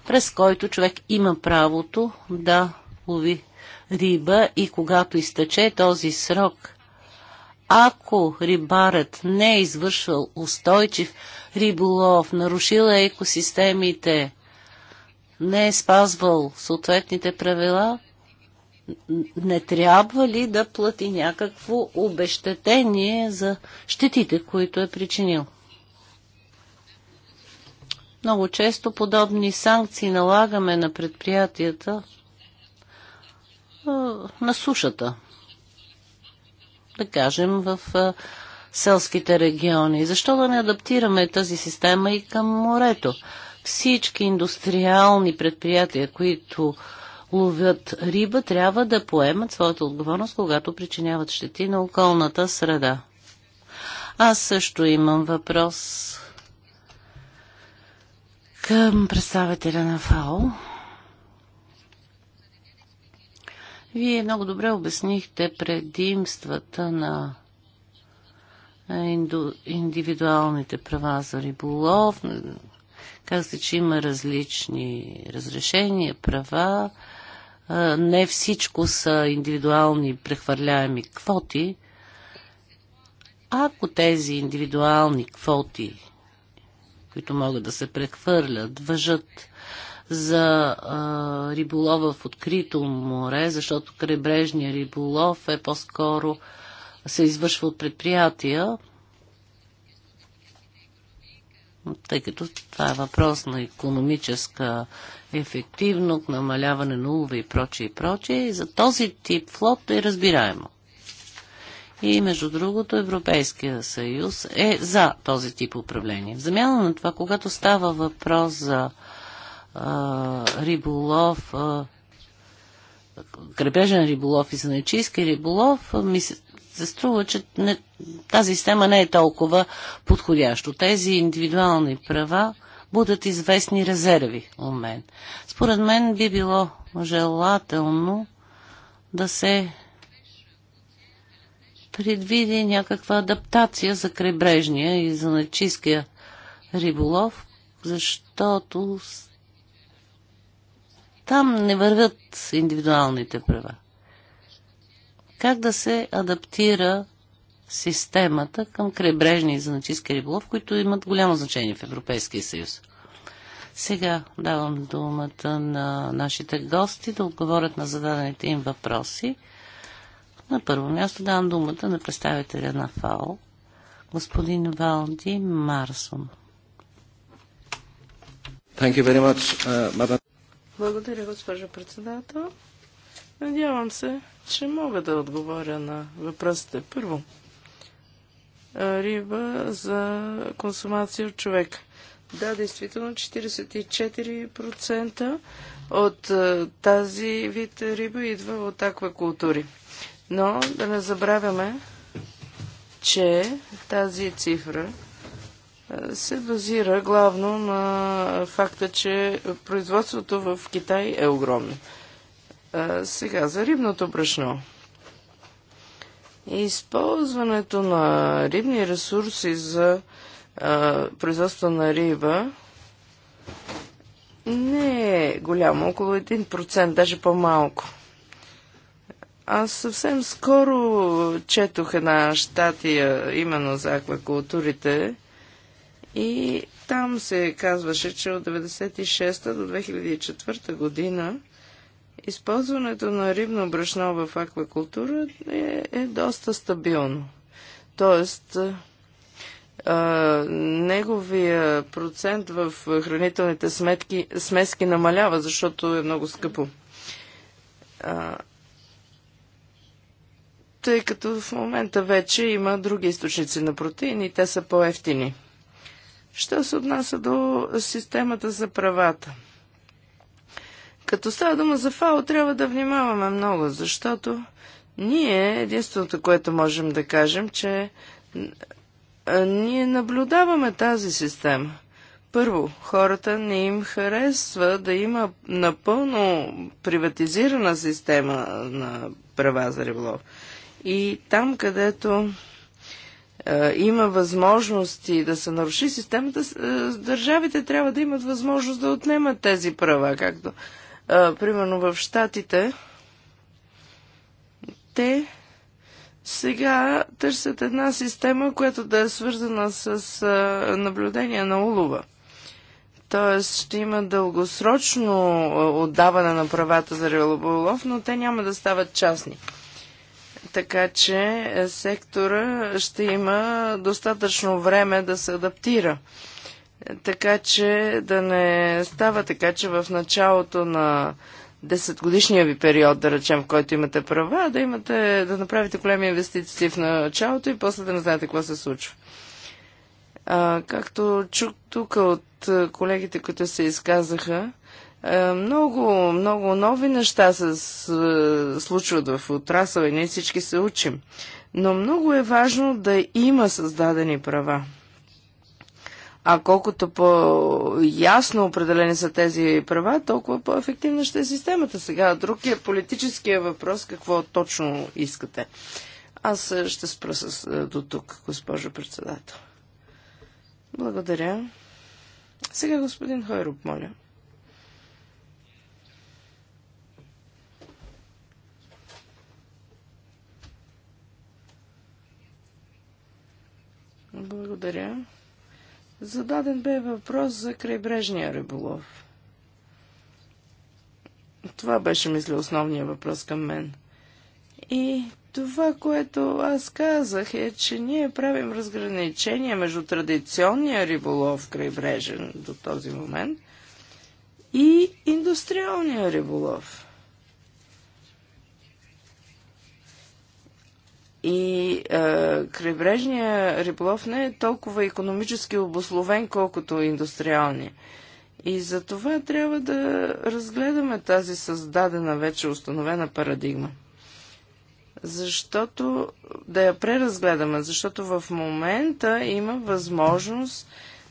през който човек има правото да лови риба и когато изтече този срок, ако рибарът не е извършвал устойчив риболов, нарушил е екосистемите, не е спазвал съответните правила, не трябва ли да плати някакво обещетение за щетите, които е причинил? Много често подобни санкции налагаме на предприятията на сушата да кажем, в селските региони. Защо да не адаптираме тази система и към морето? Всички индустриални предприятия, които ловят риба, трябва да поемат своята отговорност, когато причиняват щети на околната среда. Аз също имам въпрос към представителя на ФАО. Вие много добре обяснихте предимствата на индивидуалните права за риболов. Казахте, че има различни разрешения, права. Не всичко са индивидуални прехвърляеми квоти. Ако тези индивидуални квоти, които могат да се прехвърлят, въжат за а, риболова в открито море, защото крайбрежния риболов е по-скоро се извършва от предприятия, тъй като това е въпрос на економическа ефективност, намаляване на улове и прочее и прочее. За този тип флот е разбираемо. И между другото Европейския съюз е за този тип управление. В замяна на това, когато става въпрос за риболов, крепежен риболов и занечийски риболов, ми се, се струва, че не, тази система не е толкова подходящо. Тези индивидуални права будат известни резерви у мен. Според мен би било желателно да се предвиди някаква адаптация за крайбрежния и за начиския риболов, защото там не вървят индивидуалните права. Как да се адаптира системата към крайбрежни и занатиски риболов, които имат голямо значение в Европейския съюз? Сега давам думата на нашите гости да отговорят на зададените им въпроси. На първо място давам думата на представителя на ФАО, господин Валди Марсон. Much, uh, благодаря, госпожо председател. Надявам се, че мога да отговоря на въпросите. Първо, риба за консумация от човек. Да, действително 44% от тази вид риба идва от аквакултури. Но да не забравяме, че тази цифра се базира главно на факта, че производството в Китай е огромно. Сега за рибното брашно. Използването на рибни ресурси за а, производство на риба не е голямо, около 1%, даже по-малко. Аз съвсем скоро четох една щатия именно за аквакултурите, и там се казваше, че от 1996 до 2004 година използването на рибно брашно в аквакултура е, е доста стабилно. Тоест, а, неговия процент в хранителните сметки, смески намалява, защото е много скъпо. А, тъй като в момента вече има други източници на протеини, те са по-ефтини. Що се отнася до системата за правата? Като става дума за фао, трябва да внимаваме много, защото ние единственото, което можем да кажем, че ние наблюдаваме тази система. Първо, хората не им харесва да има напълно приватизирана система на права за риболов. И там, където е, има възможности да се наруши системата, е, държавите трябва да имат възможност да отнемат тези права, както е, примерно в Штатите. Те сега търсят една система, която да е свързана с наблюдение на улова. Тоест ще има дългосрочно отдаване на правата за риболов, но те няма да стават частни. Така че е, сектора ще има достатъчно време да се адаптира. Е, така че да не става така, че в началото на 10 годишния ви период, да речем, в който имате права, да имате, да направите големи инвестиции в началото и после да не знаете какво се случва. А, както чух тук от е, колегите, които се изказаха, е, много, много нови неща се е, случват в отрасъл и ние всички се учим. Но много е важно да има създадени права. А колкото по-ясно определени са тези права, толкова по-ефективна ще е системата. Сега друг е политическия въпрос, какво точно искате. Аз е, ще спра с, до тук, госпожо председател. Благодаря. Сега господин Хойруб, моля. Благодаря. Зададен бе въпрос за крайбрежния риболов. Това беше, мисля, основният въпрос към мен. И това, което аз казах е, че ние правим разграничение между традиционния риболов крайбрежен до този момент и индустриалния риболов. И е, крайбрежния риболов не е толкова економически обословен, колкото индустриалния. И за това трябва да разгледаме тази създадена, вече установена парадигма. Защото да я преразгледаме, защото в момента има възможност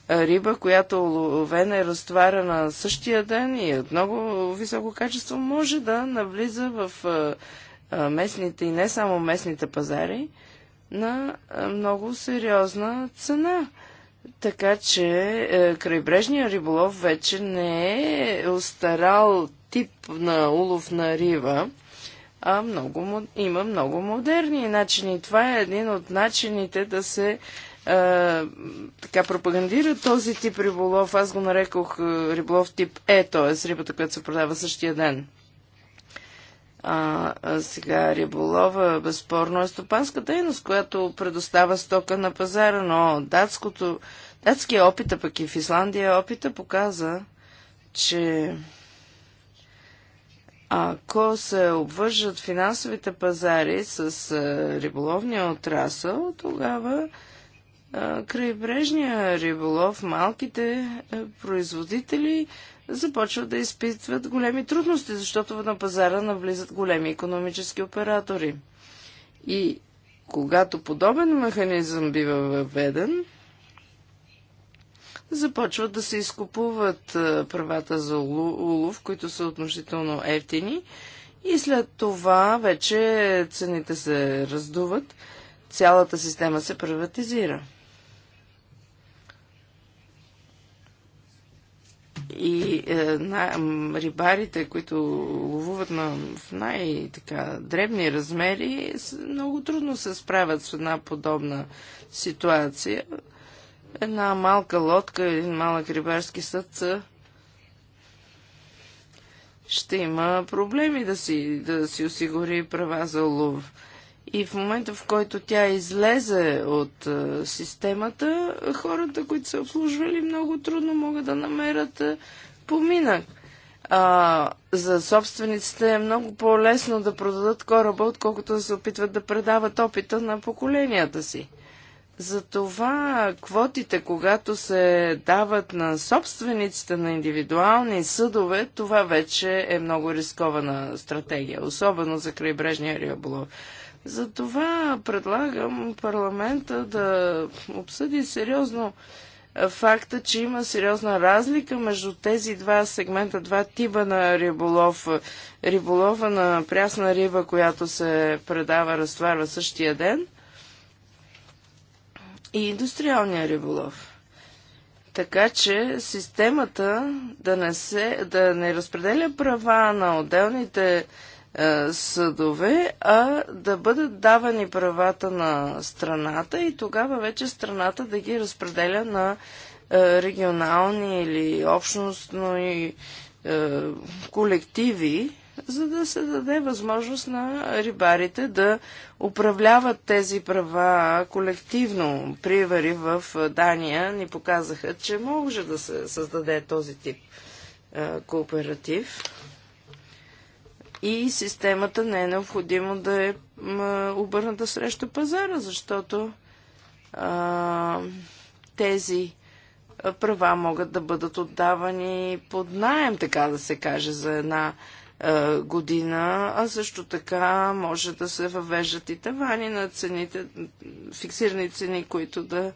е, риба, която е разтварена същия ден и е от много високо качество, може да навлиза в е, местните и не само местните пазари на много сериозна цена. Така че е, крайбрежния риболов вече не е остарал тип на улов на риба, а много, има много модерни начини. Това е един от начините да се а, така пропагандира този тип риболов. Аз го нарекох е, риболов тип Е, т.е. рибата, която се продава същия ден. А, а сега риболова безспорно е стопанска дейност, която предостава стока на пазара, но датското, датския опит, а пък и в Исландия опита показа, че ако се обвържат финансовите пазари с а, риболовния отрасъл, тогава а, крайбрежния риболов, малките а, производители започват да изпитват големи трудности, защото на пазара навлизат големи економически оператори. И когато подобен механизъм бива въведен, започват да се изкупуват правата за улов, които са относително ефтини, и след това вече цените се раздуват, цялата система се приватизира. И е, на, рибарите, които ловуват на, в най-дребни размери, много трудно се справят с една подобна ситуация. Една малка лодка, един малък рибарски съд е, ще има проблеми да си, да си осигури права за лов. И в момента, в който тя излезе от а, е, системата, хората, които са обслужвали, много трудно могат да намерят а, е, поминък. А, за собствениците е много по-лесно да продадат кораба, отколкото да се опитват да предават опита на поколенията си. Затова квотите, когато се дават на собствениците на индивидуални съдове, това вече е много рискована стратегия, особено за крайбрежния риболов. Затова предлагам парламента да обсъди сериозно факта, че има сериозна разлика между тези два сегмента, два типа на риболов. Риболова на прясна риба, която се предава, разтварва същия ден и индустриалния риболов. Така че системата да не, се, да не разпределя права на отделните е, съдове, а да бъдат давани правата на страната и тогава вече страната да ги разпределя на е, регионални или общностно и е, колективи, за да се даде възможност на рибарите да управляват тези права колективно. Привари в Дания ни показаха, че може да се създаде този тип кооператив и системата не е необходимо да е обърната срещу пазара, защото а, тези права могат да бъдат отдавани под найем, така да се каже, за една а, година, а също така може да се въвеждат и тавани на цените, фиксирани цени, които да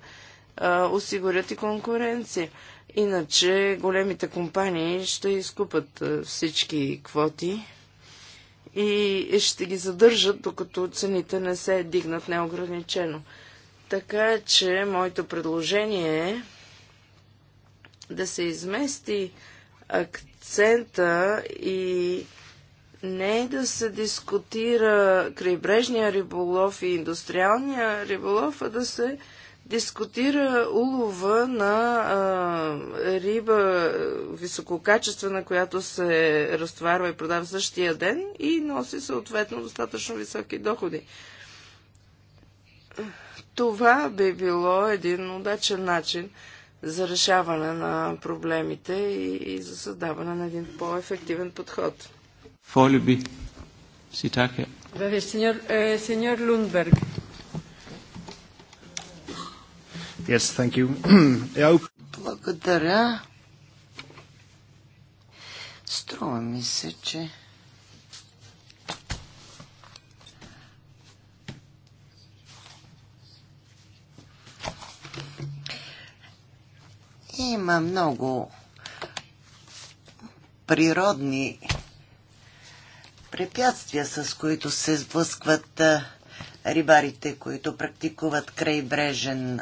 а, осигурят и конкуренция. Иначе големите компании ще изкупат всички квоти и ще ги задържат, докато цените не се дигнат неограничено. Така че моето предложение е да се измести акцента и не да се дискутира крайбрежния риболов и индустриалния риболов, а да се дискутира улова на а, риба висококачествена, която се разтоварва и продава същия ден и носи съответно достатъчно високи доходи. Това би било един удачен начин за решаване на проблемите и, и за създаване на един по-ефективен подход. Фолюби. Си така. Сеньор Лундберг. Yes, thank you. Yeah. Е, Благодаря. Струва ми се, че има много природни препятствия, с които се сблъскват рибарите, които практикуват крайбрежен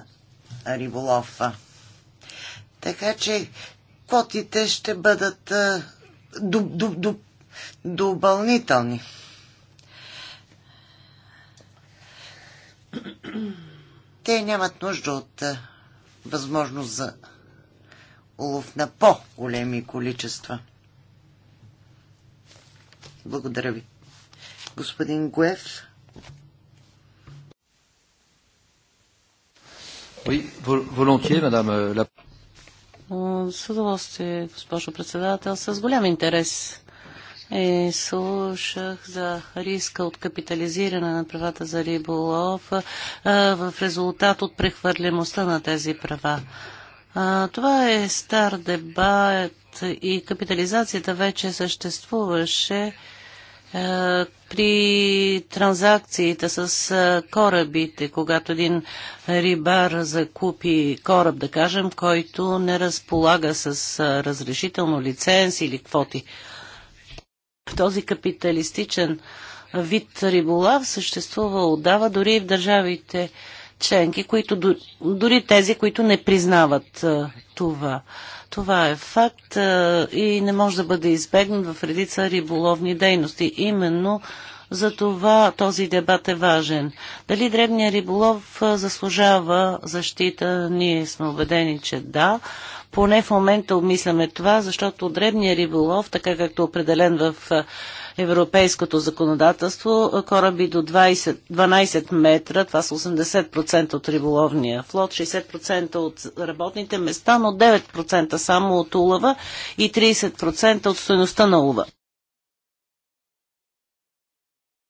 риболов. Така че квотите ще бъдат допълнителни. Те нямат нужда от възможност за улов на по-големи количества. Благодаря ви. Господин Гуев. Oui, volontiers, madame euh, la... С удоволствие, госпожо председател. С голям интерес е, слушах за риска от капитализиране на правата за риболов в резултат от прехвърлимостта на тези права. това е стар дебат и капитализацията вече съществуваше при транзакциите с корабите, когато един рибар закупи кораб, да кажем, който не разполага с разрешително лиценз или квоти. В този капиталистичен вид риболав съществува отдава дори и в държавите членки, които, дори тези, които не признават това. Това е факт и не може да бъде избегнат в редица риболовни дейности. Именно за това този дебат е важен. Дали дребния риболов заслужава защита? Ние сме убедени, че да. Поне в момента обмисляме това, защото дребния риболов, така както е определен в европейското законодателство. Кораби до 20, 12 метра, това са 80% от риболовния флот, 60% от работните места, но 9% само от улова и 30% от стоеността на улова.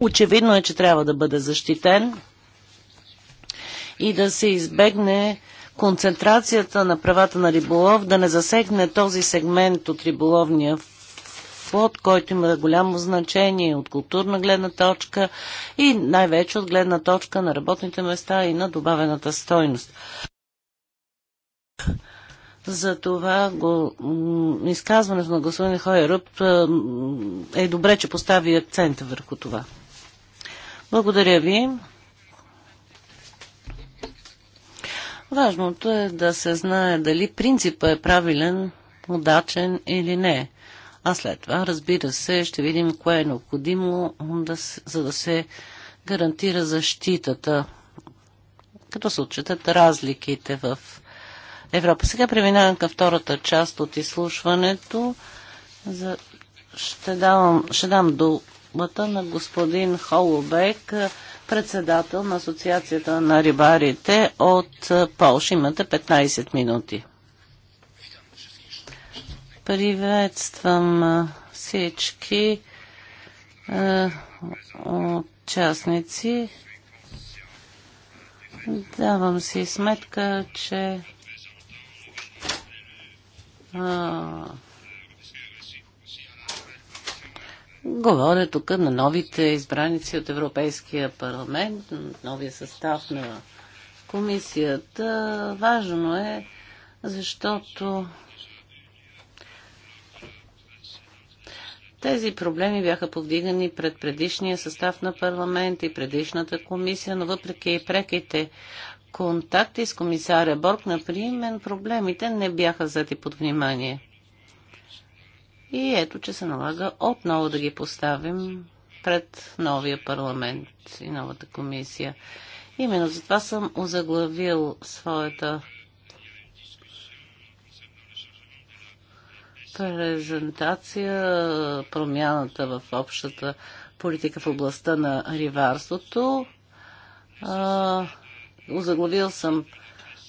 Очевидно е, че трябва да бъде защитен и да се избегне концентрацията на правата на риболов да не засегне този сегмент от риболовния флот, който има голямо значение от културна гледна точка и най-вече от гледна точка на работните места и на добавената стойност. За това го, изказването на господин Хойеръп е добре, че постави акцента върху това. Благодаря ви. Важното е да се знае дали принципът е правилен, удачен или не. А след това, разбира се, ще видим кое е необходимо, да, за да се гарантира защитата, като се отчитат разликите в Европа. Сега преминавам към втората част от изслушването. За... Ще, давам, ще дам думата на господин Холобек, председател на Асоциацията на рибарите от Полша. Имате 15 минути. Приветствам всички е, участници. Давам си сметка, че говоря тук на новите избраници от Европейския парламент, новия състав на комисията. Важно е, защото Тези проблеми бяха повдигани пред предишния състав на парламент и предишната комисия, но въпреки и преките контакти с комисаря Борг, например, проблемите не бяха взети под внимание. И ето, че се налага отново да ги поставим пред новия парламент и новата комисия. Именно затова съм озаглавил своята презентация промяната в общата политика в областта на риварството. Озаглавил съм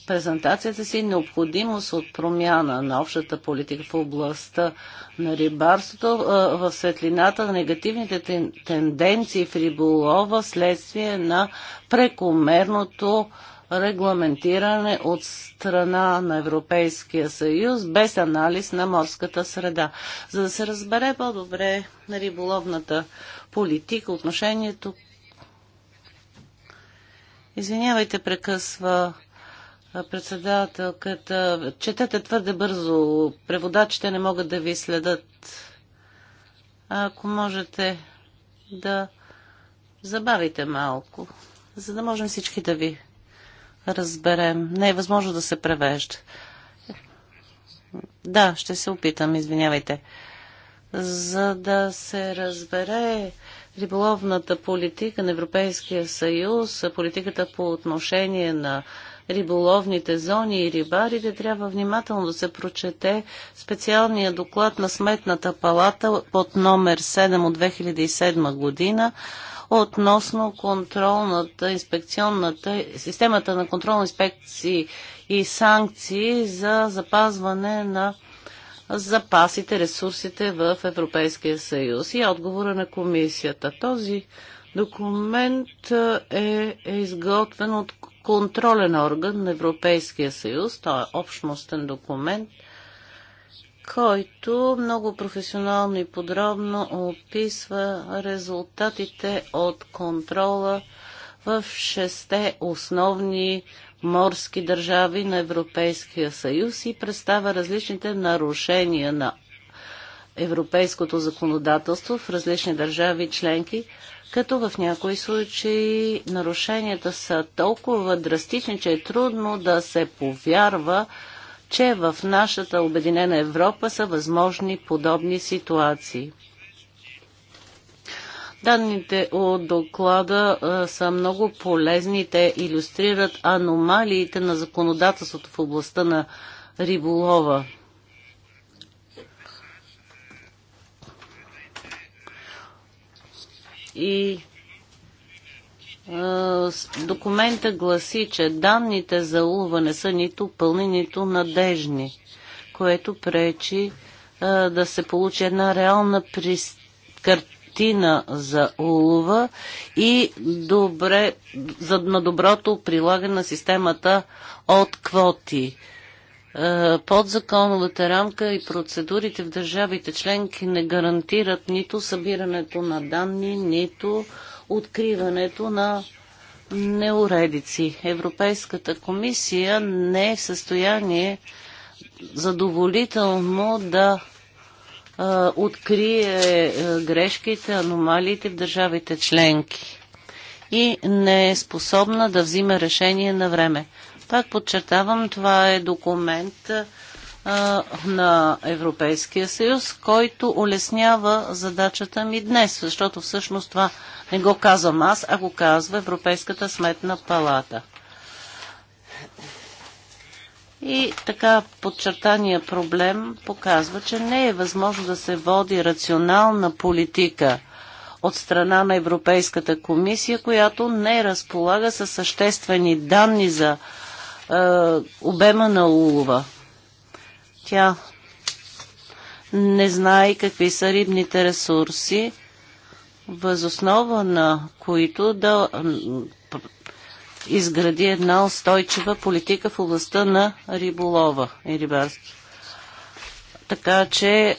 презентацията си необходимост от промяна на общата политика в областта на рибарството в светлината на негативните тенденции в риболова вследствие на прекомерното регламентиране от страна на Европейския съюз без анализ на морската среда. За да се разбере по-добре на риболовната политика, отношението. Извинявайте, прекъсва председателката. Четете твърде бързо. Преводачите не могат да ви следат. Ако можете да забавите малко, за да можем всички да ви разберем. Не е възможно да се превежда. Да, ще се опитам, извинявайте. За да се разбере риболовната политика на Европейския съюз, политиката по отношение на риболовните зони и рибарите, трябва внимателно да се прочете специалния доклад на Сметната палата под номер 7 от 2007 година относно контролната, инспекционната, системата на контролни инспекции и санкции за запазване на запасите, ресурсите в Европейския съюз и отговора на комисията. Този документ е, е изготвен от контролен орган на Европейския съюз. Той е общностен документ който много професионално и подробно описва резултатите от контрола в шесте основни морски държави на Европейския съюз и представя различните нарушения на европейското законодателство в различни държави членки, като в някои случаи нарушенията са толкова драстични, че е трудно да се повярва, че в нашата Обединена Европа са възможни подобни ситуации. Данните от доклада а, са много полезни. Те иллюстрират аномалиите на законодателството в областта на риболова. И е, документа гласи, че данните за улва не са нито пълни, нито надежни, което пречи е, да се получи една реална картина за Улва и добре, за, на доброто прилагане на системата от квоти. Е, подзаконовата рамка и процедурите в държавите членки не гарантират нито събирането на данни, нито откриването на неуредици. Европейската комисия не е в състояние задоволително да а, открие а, грешките, аномалиите в държавите членки и не е способна да взима решение на време. Пак подчертавам, това е документ а, на Европейския съюз, който улеснява задачата ми днес, защото всъщност това не го казвам аз, а го казва Европейската сметна палата. И така подчертания проблем показва, че не е възможно да се води рационална политика от страна на Европейската комисия, която не разполага със съществени данни за е, обема на улова. Тя не знае какви са рибните ресурси, възоснова на които да изгради една устойчива политика в областта на риболова и рибарство. Така че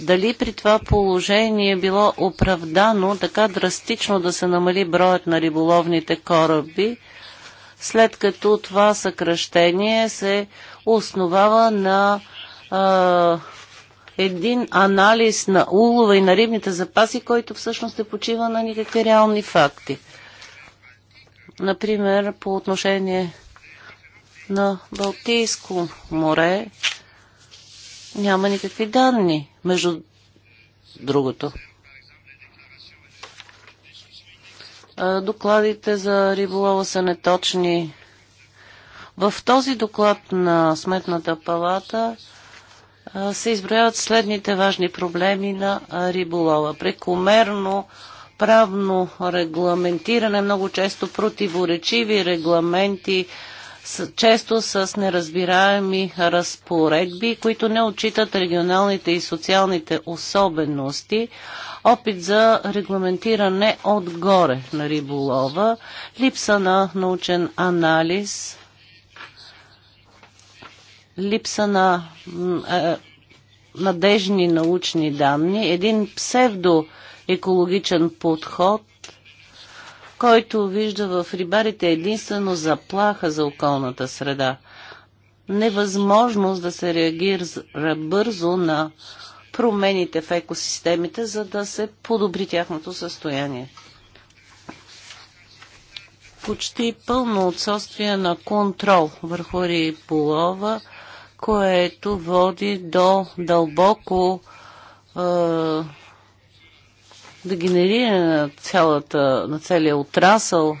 дали при това положение е било оправдано така драстично да се намали броят на риболовните кораби, след като това съкръщение се основава на един анализ на улова и на рибните запаси, който всъщност е почива на никакви реални факти. Например, по отношение на Балтийско море няма никакви данни, между другото. Докладите за риболова са неточни. В този доклад на Сметната палата се изброяват следните важни проблеми на риболова. Прекомерно правно регламентиране, много често противоречиви регламенти, често с неразбираеми разпоредби, които не отчитат регионалните и социалните особености, опит за регламентиране отгоре на риболова, липса на научен анализ липса на е, надежни научни данни, един псевдоекологичен подход, който вижда в рибарите единствено заплаха за околната среда. Невъзможност да се реагира бързо на промените в екосистемите, за да се подобри тяхното състояние. Почти пълно отсъствие на контрол върху риболова – което води до дълбоко е, генерира на, цялата, на целия отрасъл,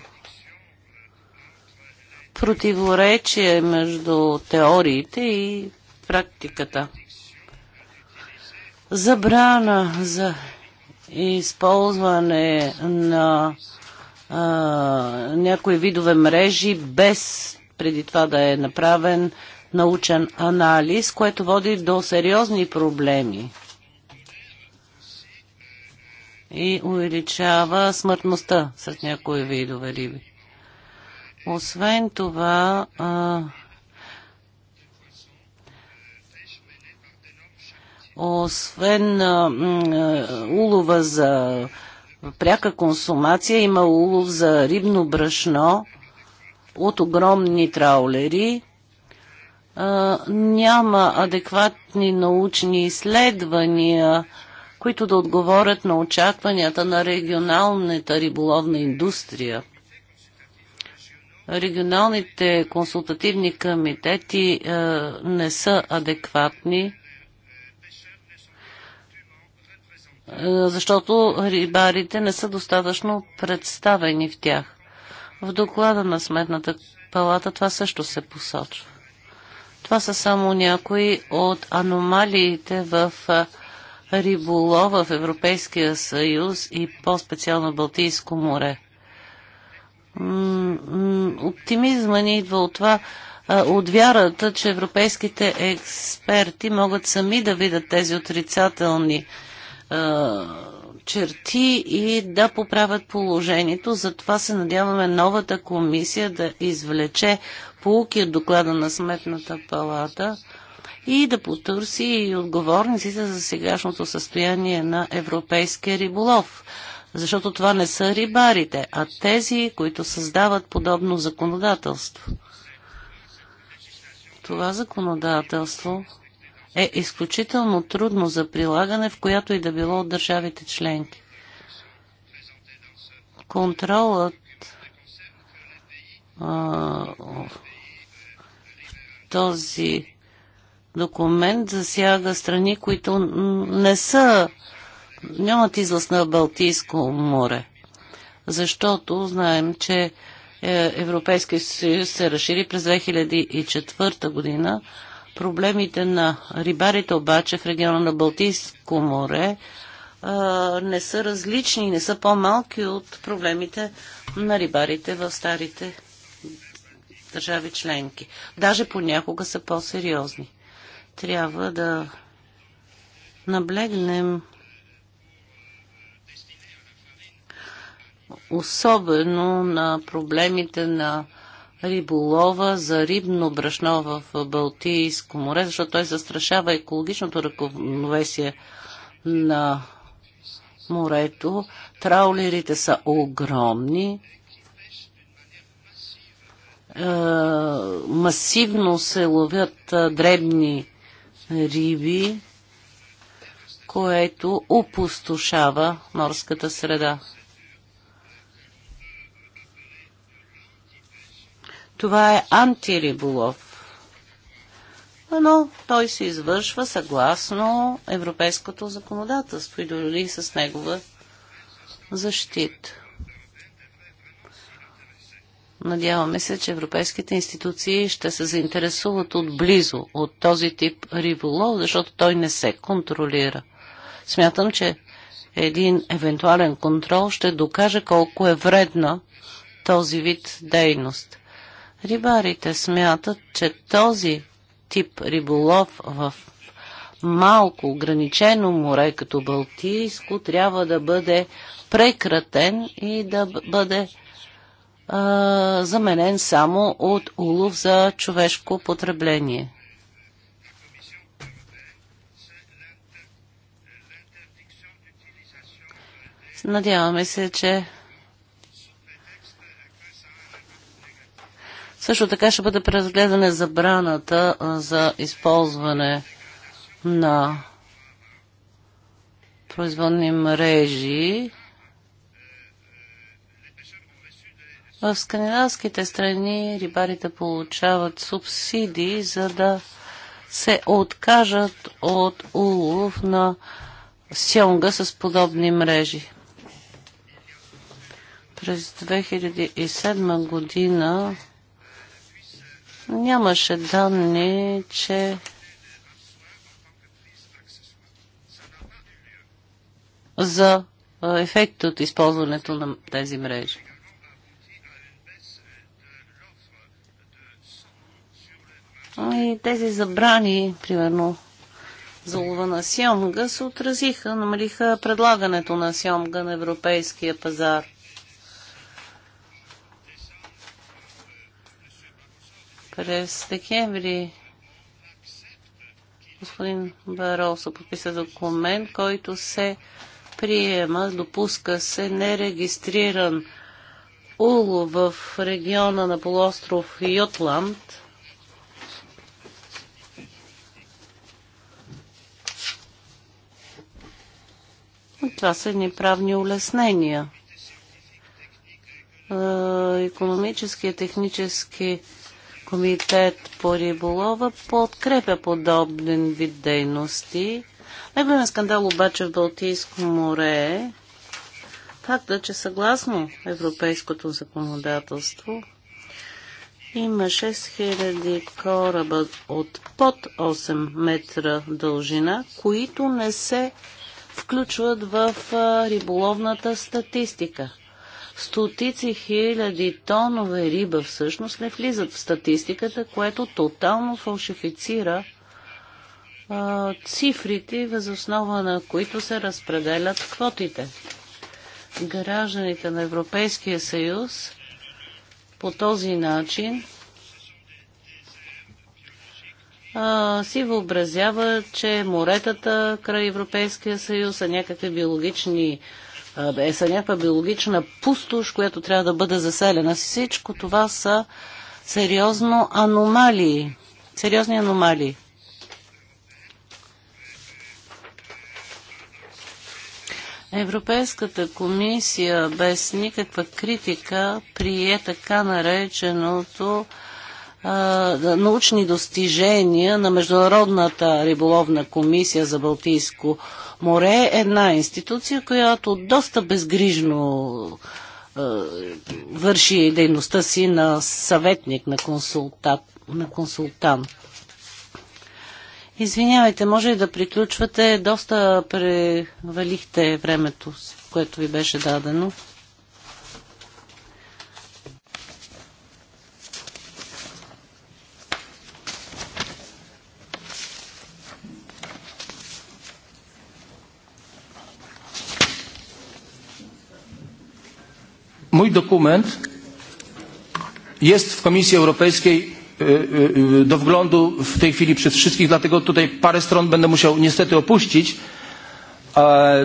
противоречие между теориите и практиката. Забрана за използване на а, някои видове мрежи без преди това да е направен научен анализ, което води до сериозни проблеми и увеличава смъртността сред някои видове риби. Освен това, а, освен а, а, улова за пряка консумация, има улов за рибно брашно от огромни траулери няма адекватни научни изследвания, които да отговорят на очакванията на регионалната риболовна индустрия. Регионалните консултативни комитети е, не са адекватни, е, защото рибарите не са достатъчно представени в тях. В доклада на Сметната палата това също се посочва. Това са само някои от аномалиите в риболова в Европейския съюз и по-специално Балтийско море. Оптимизма ни идва от това, от вярата, че европейските експерти могат сами да видят тези отрицателни черти и да поправят положението. Затова се надяваме новата комисия да извлече поуки от доклада на Сметната палата и да потърси и отговорниците за сегашното състояние на европейския риболов. Защото това не са рибарите, а тези, които създават подобно законодателство. Това законодателство е изключително трудно за прилагане, в която и да било от държавите членки. Контролът а, този документ засяга страни, които не са, нямат излъз на Балтийско море. Защото знаем, че е, Европейския съюз се разшири през 2004 година. Проблемите на рибарите обаче в региона на Балтийско море е, не са различни, не са по-малки от проблемите на рибарите в старите държави членки. Даже понякога са по-сериозни. Трябва да наблегнем особено на проблемите на риболова за рибно брашно в Балтийско море, защото той застрашава екологичното ръковновесие на морето. Траулерите са огромни е, масивно се ловят е, дребни риби, което опустошава морската среда. Това е антириболов. Но той се извършва съгласно европейското законодателство и дори с негова защита. Надяваме се, че европейските институции ще се заинтересуват отблизо от този тип риболов, защото той не се контролира. Смятам, че един евентуален контрол ще докаже колко е вредна този вид дейност. Рибарите смятат, че този тип риболов в малко ограничено море като Балтийско трябва да бъде прекратен и да бъде а, заменен само от улов за човешко потребление. Надяваме се, че също така ще бъде преразгледане забраната за използване на производни мрежи В скандинавските страни рибарите получават субсидии, за да се откажат от улов на сьонга с подобни мрежи. През 2007 година нямаше данни, че за ефект от използването на тези мрежи. И тези забрани, примерно, за лова на сьомга се отразиха, намалиха предлагането на сьомга на европейския пазар. През декември господин Баросо подписа документ, който се приема, допуска се нерегистриран улов в региона на полуостров Йотланд – Това са едни правни улеснения. Економически и технически комитет по риболова подкрепя подобен вид дейности. Най-големият скандал обаче в Балтийско море е факта, че съгласно европейското законодателство има 6000 кораба от под 8 метра дължина, които не се включват в риболовната статистика. Стотици хиляди тонове риба всъщност не влизат в статистиката, което тотално фалшифицира а, цифрите, възоснова на които се разпределят квотите. Гражданите на Европейския съюз по този начин а, си въобразява, че моретата край Европейския съюз са някакви биологични е, са някаква биологична пустош, която трябва да бъде заселена. Всичко това са сериозно аномалии. Сериозни аномалии. Европейската комисия без никаква критика прие така нареченото научни достижения на Международната риболовна комисия за Балтийско море. е Една институция, която доста безгрижно върши дейността си на съветник, на, консултат, на консултант. Извинявайте, може и да приключвате? Доста превалихте времето, което ви беше дадено. mój dokument jest w Komisji Europejskiej do wglądu w tej chwili przez wszystkich, dlatego tutaj parę stron będę musiał niestety opuścić.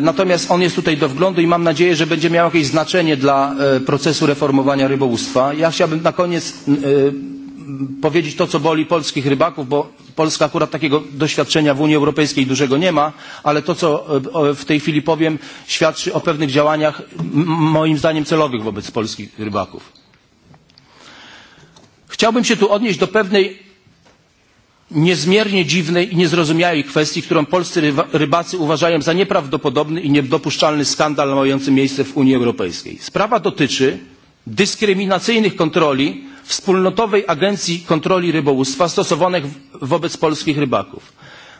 Natomiast on jest tutaj do wglądu i mam nadzieję, że będzie miał jakieś znaczenie dla procesu reformowania rybołówstwa. Ja chciałbym na koniec powiedzieć to, co boli polskich rybaków, bo Polska akurat takiego doświadczenia w Unii Europejskiej dużego nie ma, ale to, co w tej chwili powiem, świadczy o pewnych działaniach, moim zdaniem, celowych wobec polskich rybaków. Chciałbym się tu odnieść do pewnej niezmiernie dziwnej i niezrozumiałej kwestii, którą polscy rybacy uważają za nieprawdopodobny i niedopuszczalny skandal mający miejsce w Unii Europejskiej. Sprawa dotyczy dyskryminacyjnych kontroli Wspólnotowej Agencji Kontroli Rybołówstwa stosowanych wobec polskich rybaków.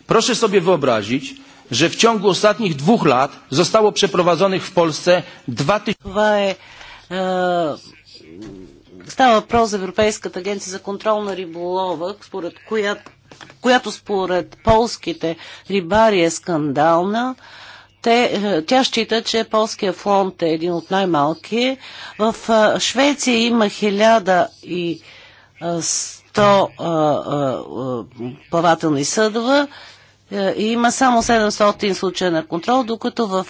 Proszę sobie wyobrazić, że w ciągu ostatnich dwóch lat zostało przeprowadzonych w Polsce dwa Става въпрос за Европейската агенция за контрол на риболова, според която, която според полските рибари е скандална. Uh, те, е, тя счита, че полския фронт е един от най-малки. В е, Швеция има 1100 е, плавателни съдове и има само 700 случая на контрол, докато в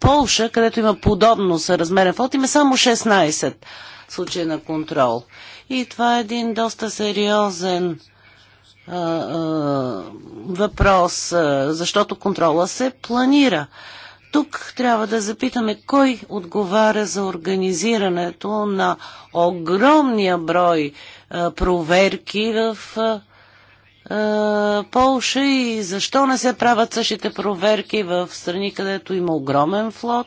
Полша, където има подобно съразмерен флот, има само 16 случая на контрол. И това е един доста сериозен въпрос, защото контрола се планира. Тук трябва да запитаме кой отговаря за организирането на огромния брой проверки в Полша и защо не се правят същите проверки в страни, където има огромен флот.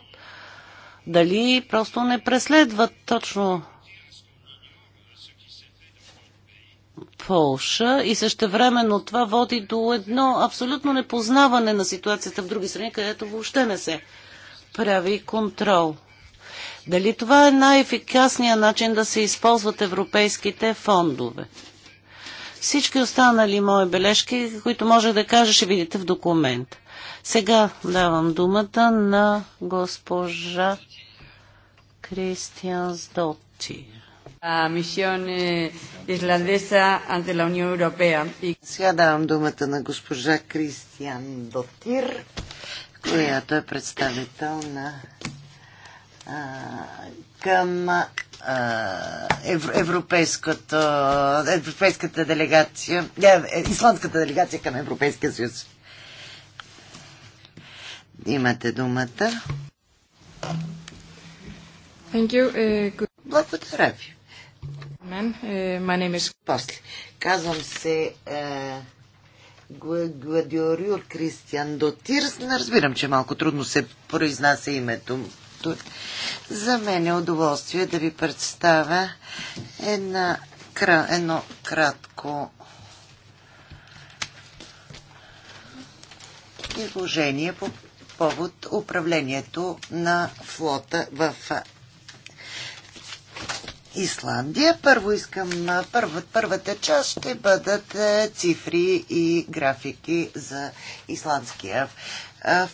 Дали просто не преследват точно Полша и същевременно това води до едно абсолютно непознаване на ситуацията в други страни, където въобще не се прави контрол. Дали това е най-ефикасният начин да се използват европейските фондове? Всички останали мои бележки, които може да кажа, ще видите в документ. Сега давам думата на госпожа Кристиан Сдотти. Мисион е, Сега давам думата на госпожа Кристиан Дотир, която е представител на а, към а, евро, европейската делегация, е, е, исландската делегация към Европейския съюз. Имате думата. Thank you. Благодаря ви. Е, is... После. Казвам се е, Гладиорио Кристиан Дотирс. Не разбирам, че малко трудно се произнася името. За мен е удоволствие да ви представя една, едно кратко изложение по повод управлението на флота в Исландия. Първо искам, първа, първата част ще бъдат цифри и графики за исландския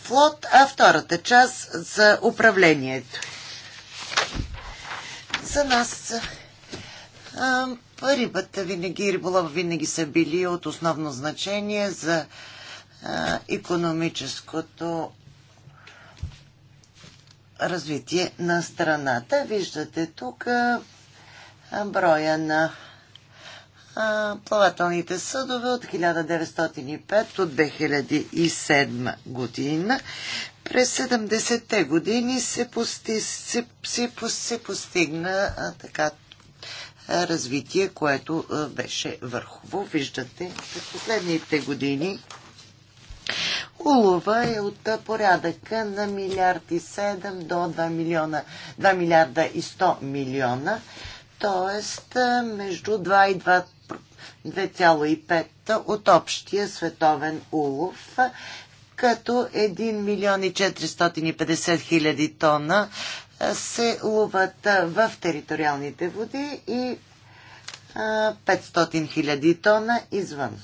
флот, а втората част за управлението. За нас рибата винаги, риболов винаги са били от основно значение за економическото развитие на страната. Виждате тук броя на плавателните съдове от 1905 до 2007 година. През 70-те години се, пости, се, се, се постигна а, така развитие, което а, беше върхово. Виждате, през последните години улова е от порядъка на милиарди 7 до 2 милиона, 2 милиарда и 100 милиона т.е. между 2 и 2,5 от общия световен улов, като 1 милион и 450 хиляди тона е, се ловат е, в териториалните води и 500 е, хиляди тона извън.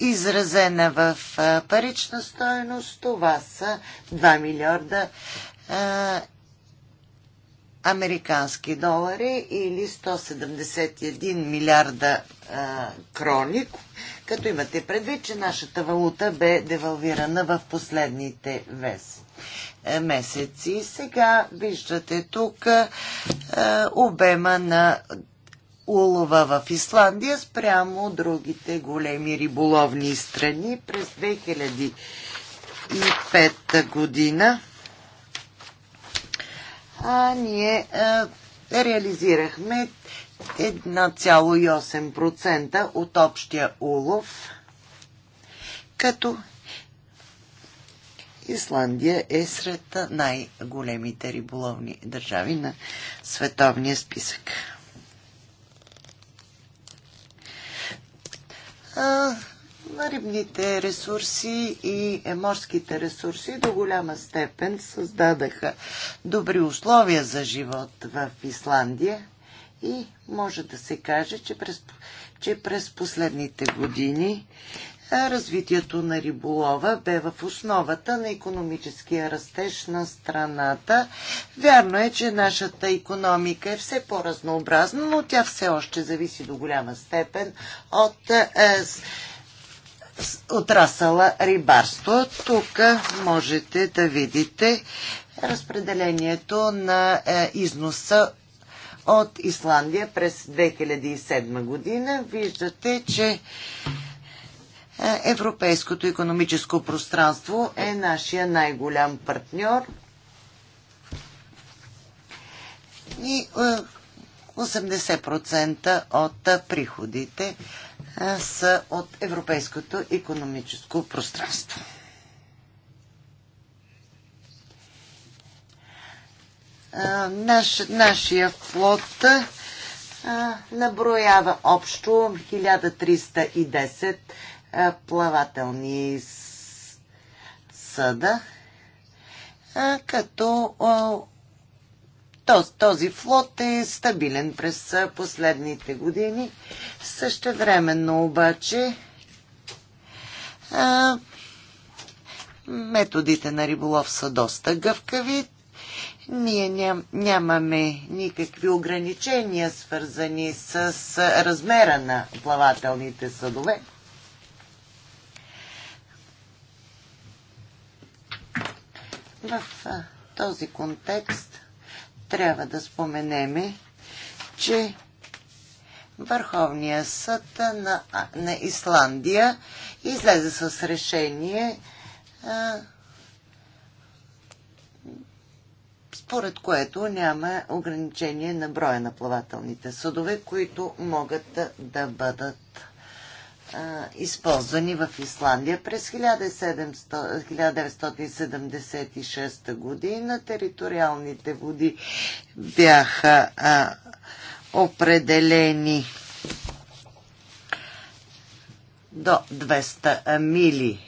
Изразена в парична стоеност, това са 2 милиарда американски долари или 171 милиарда а, крони, като имате предвид, че нашата валута бе девалвирана в последните вес, е, месеци. Сега виждате тук а, е, обема на улова в Исландия спрямо другите големи риболовни страни през 2005 година а ние а, е, реализирахме 1,8% от общия улов, като Исландия е сред най-големите риболовни държави на световния списък. На рибните ресурси и е, морските ресурси до голяма степен създадаха добри условия за живот в Исландия и може да се каже, че през, че през последните години развитието на риболова бе в основата на економическия растеж на страната. Вярно е, че нашата економика е все по-разнообразна, но тя все още зависи до голяма степен от е, отрасъла рибарство. Тук можете да видите разпределението на е, износа от Исландия през 2007 година. Виждате, че е, Европейското економическо пространство е нашия най-голям партньор. И 80% е, от приходите са от Европейското економическо пространство. Наш, нашия флот наброява общо 1310 плавателни съда, като този, този флот е стабилен през последните години. Същевременно обаче а, методите на риболов са доста гъвкави. Ние ням, нямаме никакви ограничения, свързани с размера на плавателните съдове. В този контекст трябва да споменеме, че Върховния съд на, на Исландия излезе с решение, а, според което няма ограничение на броя на плавателните съдове, които могат да бъдат използвани в Исландия. През 1700, 1976 година териториалните води бяха а, определени до 200 мили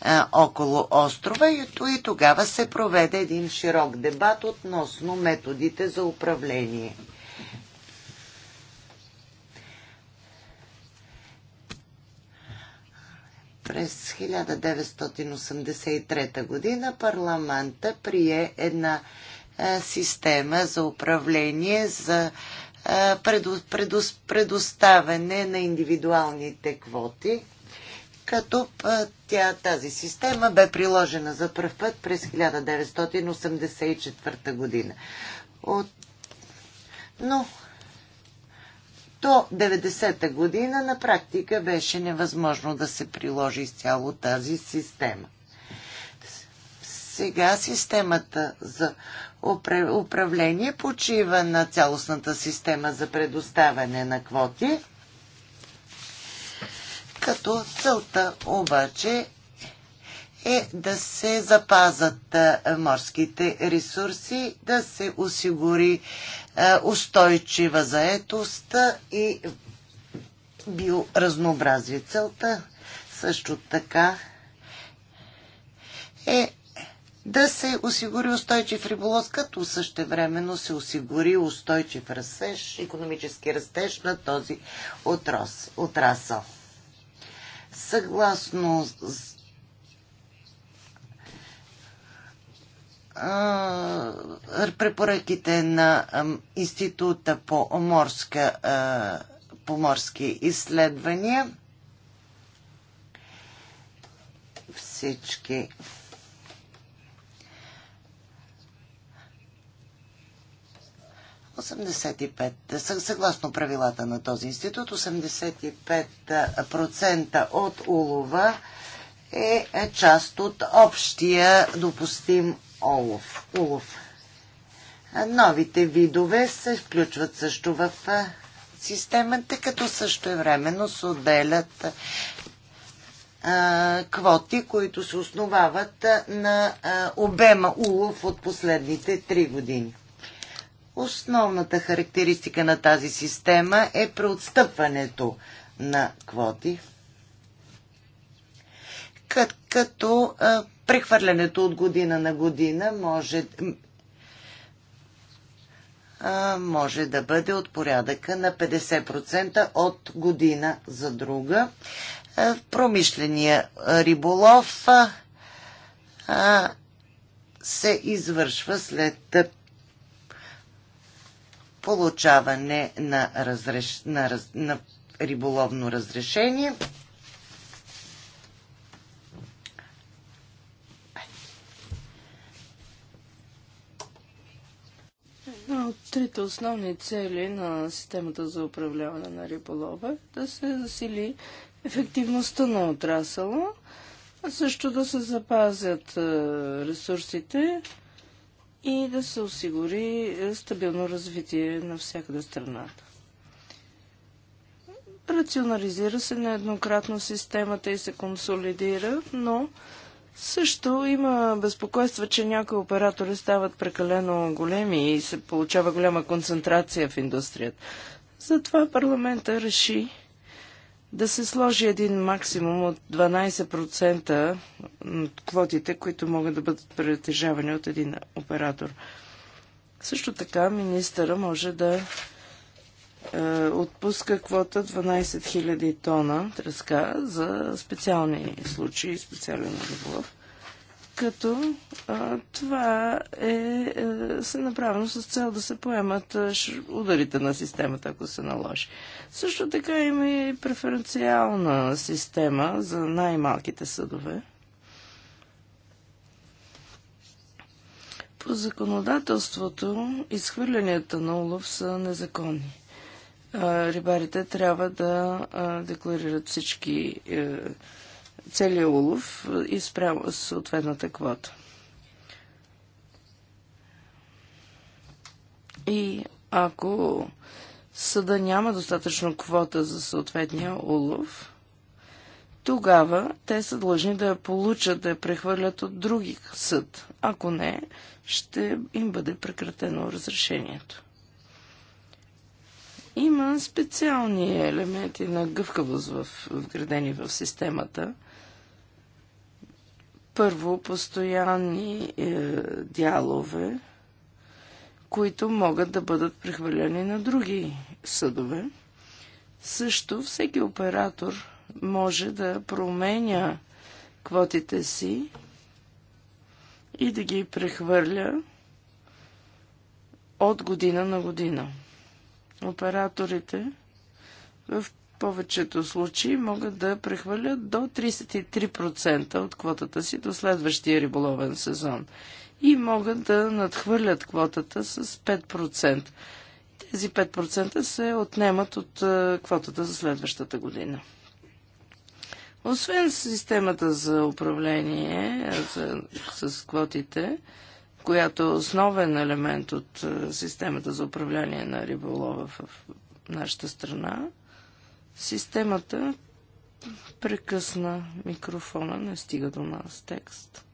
а, около острова и, и тогава се проведе един широк дебат относно методите за управление. През 1983 година парламента прие една е, система за управление за е, предоставяне на индивидуалните квоти, като е, тя, тази система бе приложена за пръв път през 1984 година. От... Но до 90-та година на практика беше невъзможно да се приложи изцяло тази система. Сега системата за управление почива на цялостната система за предоставяне на квоти, като целта обаче е да се запазат е, морските ресурси, да се осигури е, устойчива заетост и биоразнообразие. Целта също така е да се осигури устойчив риболов, като същевременно се осигури устойчив растеж, економически растеж на този отрасъл. Съгласно препоръките на Института по, морска, по морски изследвания. Всички Съгласно правилата на този институт, 85% от улова е, е част от общия допустим олов. олов. Новите видове се включват също в системата, като също времено се отделят квоти, които се основават на обема улов от последните три години. Основната характеристика на тази система е преотстъпването на квоти, като прехвърлянето от година на година може, може да бъде от порядъка на 50% от година за друга. В промишления риболов се извършва след получаване на, разреш... на, раз... на риболовно разрешение. от трите основни цели на системата за управляване на риболова е да се засили ефективността на отрасъла, а също да се запазят е, ресурсите и да се осигури е, стабилно развитие на всякъде страната. Рационализира се нееднократно системата и се консолидира, но също има безпокойства, че някои оператори стават прекалено големи и се получава голяма концентрация в индустрията. Затова парламента реши да се сложи един максимум от 12% от квотите, които могат да бъдат притежавани от един оператор. Също така министъра може да е, отпуска квота 12 000 тона треска за специални случаи, специален риболов. Като а, е, това е, е, се направено с цел да се поемат е, ударите на системата, ако се наложи. Също така има и преференциална система за най-малките съдове. По законодателството изхвърлянията на улов са незаконни рибарите трябва да декларират всички е, целият улов е, и спрямо съответната квота. И ако съда няма достатъчно квота за съответния улов, тогава те са длъжни да я получат, да я прехвърлят от други съд. Ако не, ще им бъде прекратено разрешението. Има специални елементи на гъвкавост в, вградени в системата. Първо, постоянни е, дялове, които могат да бъдат прехвърляни на други съдове. Също всеки оператор може да променя квотите си и да ги прехвърля от година на година. Операторите в повечето случаи могат да прехвърлят до 33% от квотата си до следващия риболовен сезон и могат да надхвърлят квотата с 5%. Тези 5% се отнемат от е, квотата за следващата година. Освен системата за управление с, е, с квотите, която е основен елемент от е, системата за управление на риболова в нашата страна, системата прекъсна микрофона, не стига до нас текст.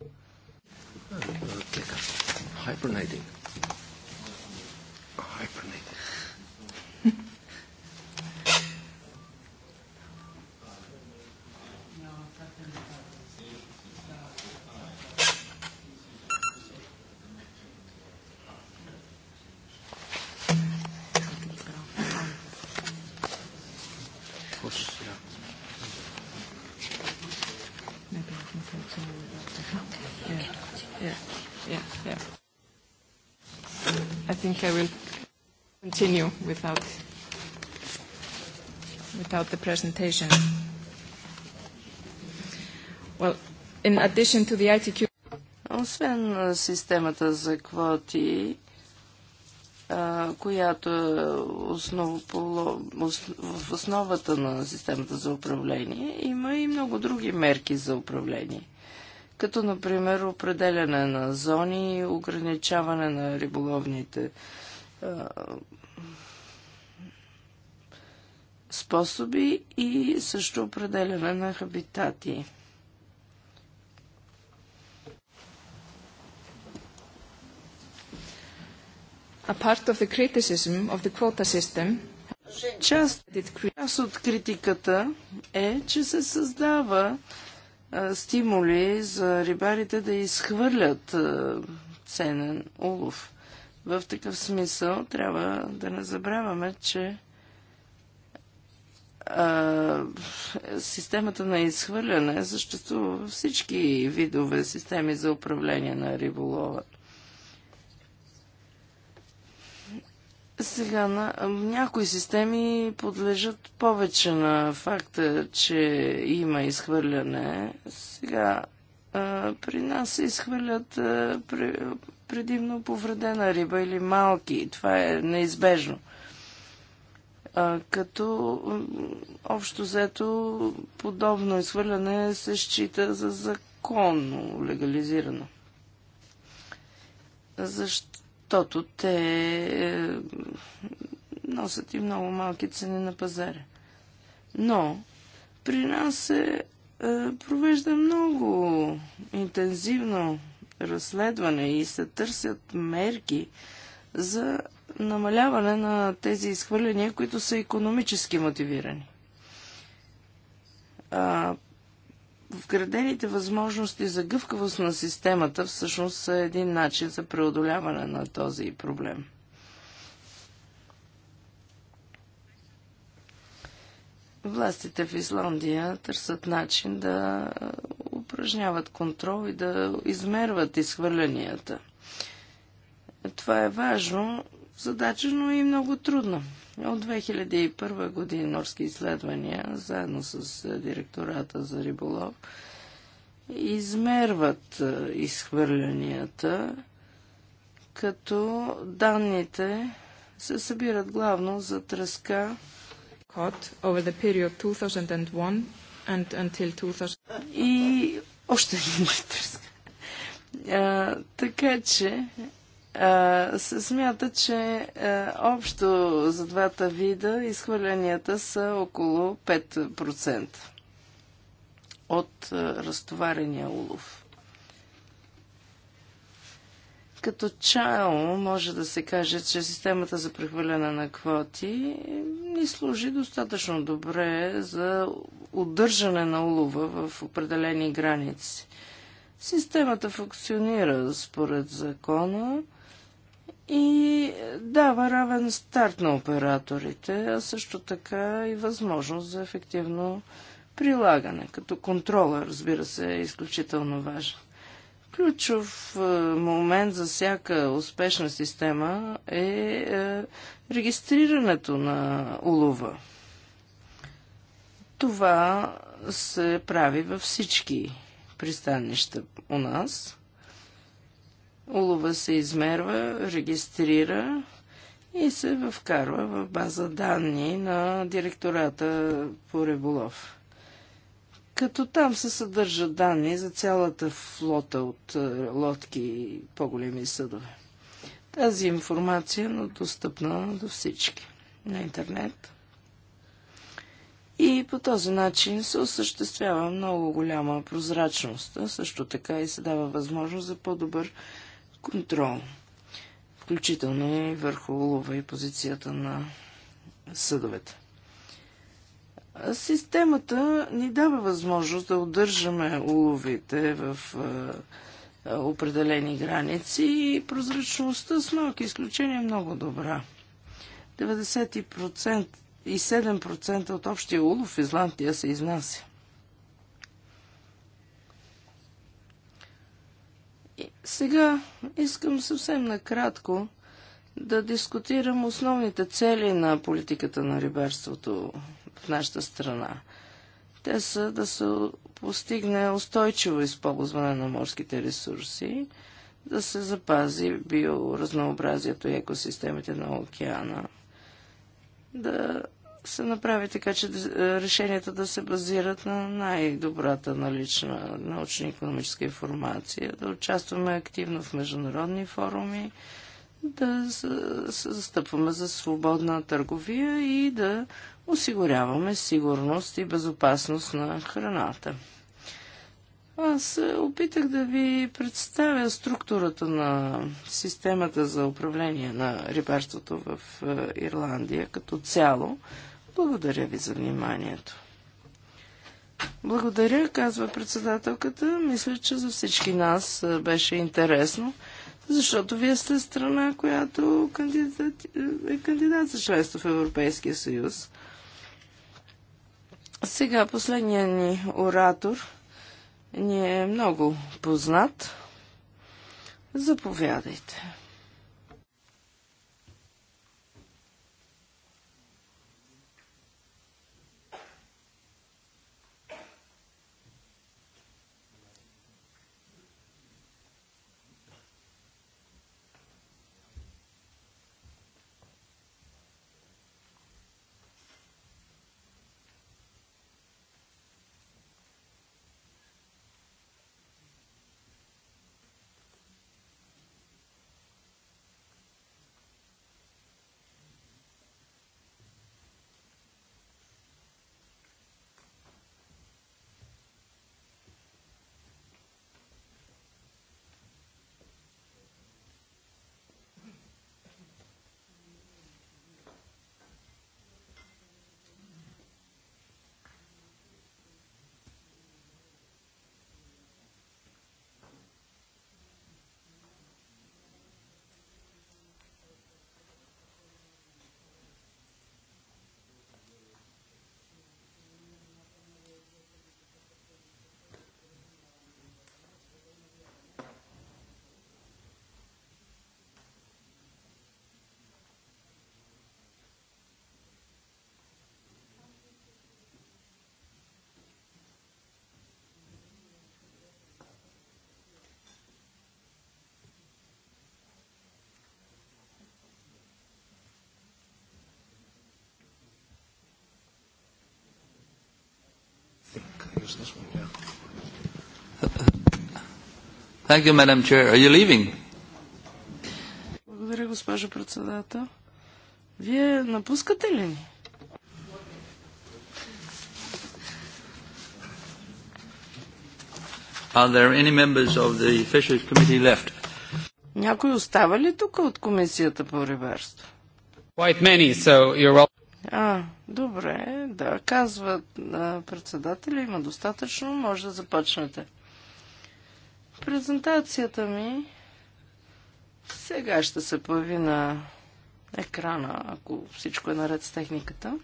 Е, е, Hibernating. I will continue without, without the presentation. Well, in addition to the ITQ... Освен системата за квоти, която е в основата на системата за управление, има и много други мерки за управление – като например определяне на зони, ограничаване на риболовните а, способи и също определяне на хабитати. A part of the criticism of the quota system част от критиката е, че се създава стимули за рибарите да изхвърлят ценен улов. В такъв смисъл трябва да не забравяме, че а, системата на изхвърляне съществува във всички видове системи за управление на риболова. Сега на някои системи подлежат повече на факта, че има изхвърляне. Сега а, при нас се изхвърлят а, при, предимно повредена риба или малки. Това е неизбежно. А, като общо взето подобно изхвърляне се счита за законно легализирано. Защо? защото те е, носят и много малки цени на пазара. Но при нас се е, провежда много интензивно разследване и се търсят мерки за намаляване на тези изхвърления, които са економически мотивирани вградените възможности за гъвкавост на системата всъщност са един начин за преодоляване на този проблем. Властите в Исландия търсят начин да упражняват контрол и да измерват изхвърлянията. Това е важно, задача, но и много трудна. От 2001 година морски изследвания, заедно с е, директората за риболов, измерват е, изхвърлянията, като данните се събират главно за тръска и още един тръска. А, е, така че се смята, че общо за двата вида изхвърленията са около 5% от разтоварения улов. Като чао може да се каже, че системата за прехвърляне на квоти ни служи достатъчно добре за удържане на улова в определени граници. Системата функционира според закона, и дава равен старт на операторите, а също така и възможност за ефективно прилагане, като контрола, разбира се, е изключително важен. Ключов е, момент за всяка успешна система е, е регистрирането на улова. Това се прави във всички пристанища у нас – Улова се измерва, регистрира и се вкарва в база данни на директората по риболов. Като там се съдържат данни за цялата флота от е, лодки и по-големи съдове. Тази информация е достъпна до всички на интернет. И по този начин се осъществява много голяма прозрачност, също така и се дава възможност за по-добър контрол, включително и върху улова и позицията на съдовете. Системата ни дава възможност да удържаме уловите в е, определени граници и прозрачността с малки изключения е много добра. 97% от общия улов в Изландия се изнася. Сега искам съвсем накратко да дискутирам основните цели на политиката на рибарството в нашата страна. Те са да се постигне устойчиво използване на морските ресурси, да се запази биоразнообразието и екосистемите на океана, да се направи така, че е, решенията да се базират на най-добрата налична научно-економическа информация, да участваме активно в международни форуми, да се застъпваме за свободна търговия и да осигуряваме сигурност и безопасност на храната. Аз опитах да ви представя структурата на системата за управление на рибарството в е, Ирландия като цяло, благодаря ви за вниманието. Благодаря, казва председателката. Мисля, че за всички нас е, беше интересно, защото вие сте страна, която кандидат, е кандидат за членство в Европейския съюз. Сега последният ни оратор ни е много познат. Заповядайте. Christmas Thank you, Madam Chair. Are you leaving? Благодаря, госпожо председател. Вие напускате ли ни? Are there any members of the Fisheries Committee left? Някой остава ли тук от комисията по рибарство? Quite many, so you're all... А, добре, да, казват на председателя, има достатъчно, може да започнете. Презентацията ми сега ще се появи на екрана, ако всичко е наред с техниката.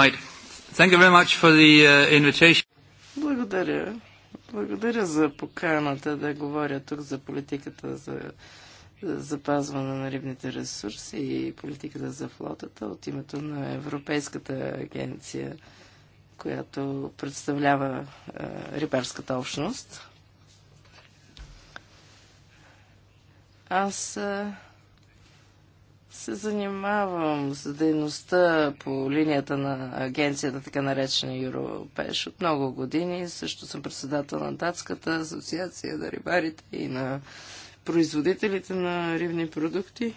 Right. Thank you very much for the uh, invitation. Благодаря. Благодаря за поканата да говоря тук за политиката за запазване на рибните ресурси и политиката за флотата от името на Европейската агенция, която представлява а, рибарската общност. Аз а, се занимавам с дейността по линията на агенцията, така наречена Европеш, от много години. Също съм председател на Датската асоциация на рибарите и на производителите на рибни продукти,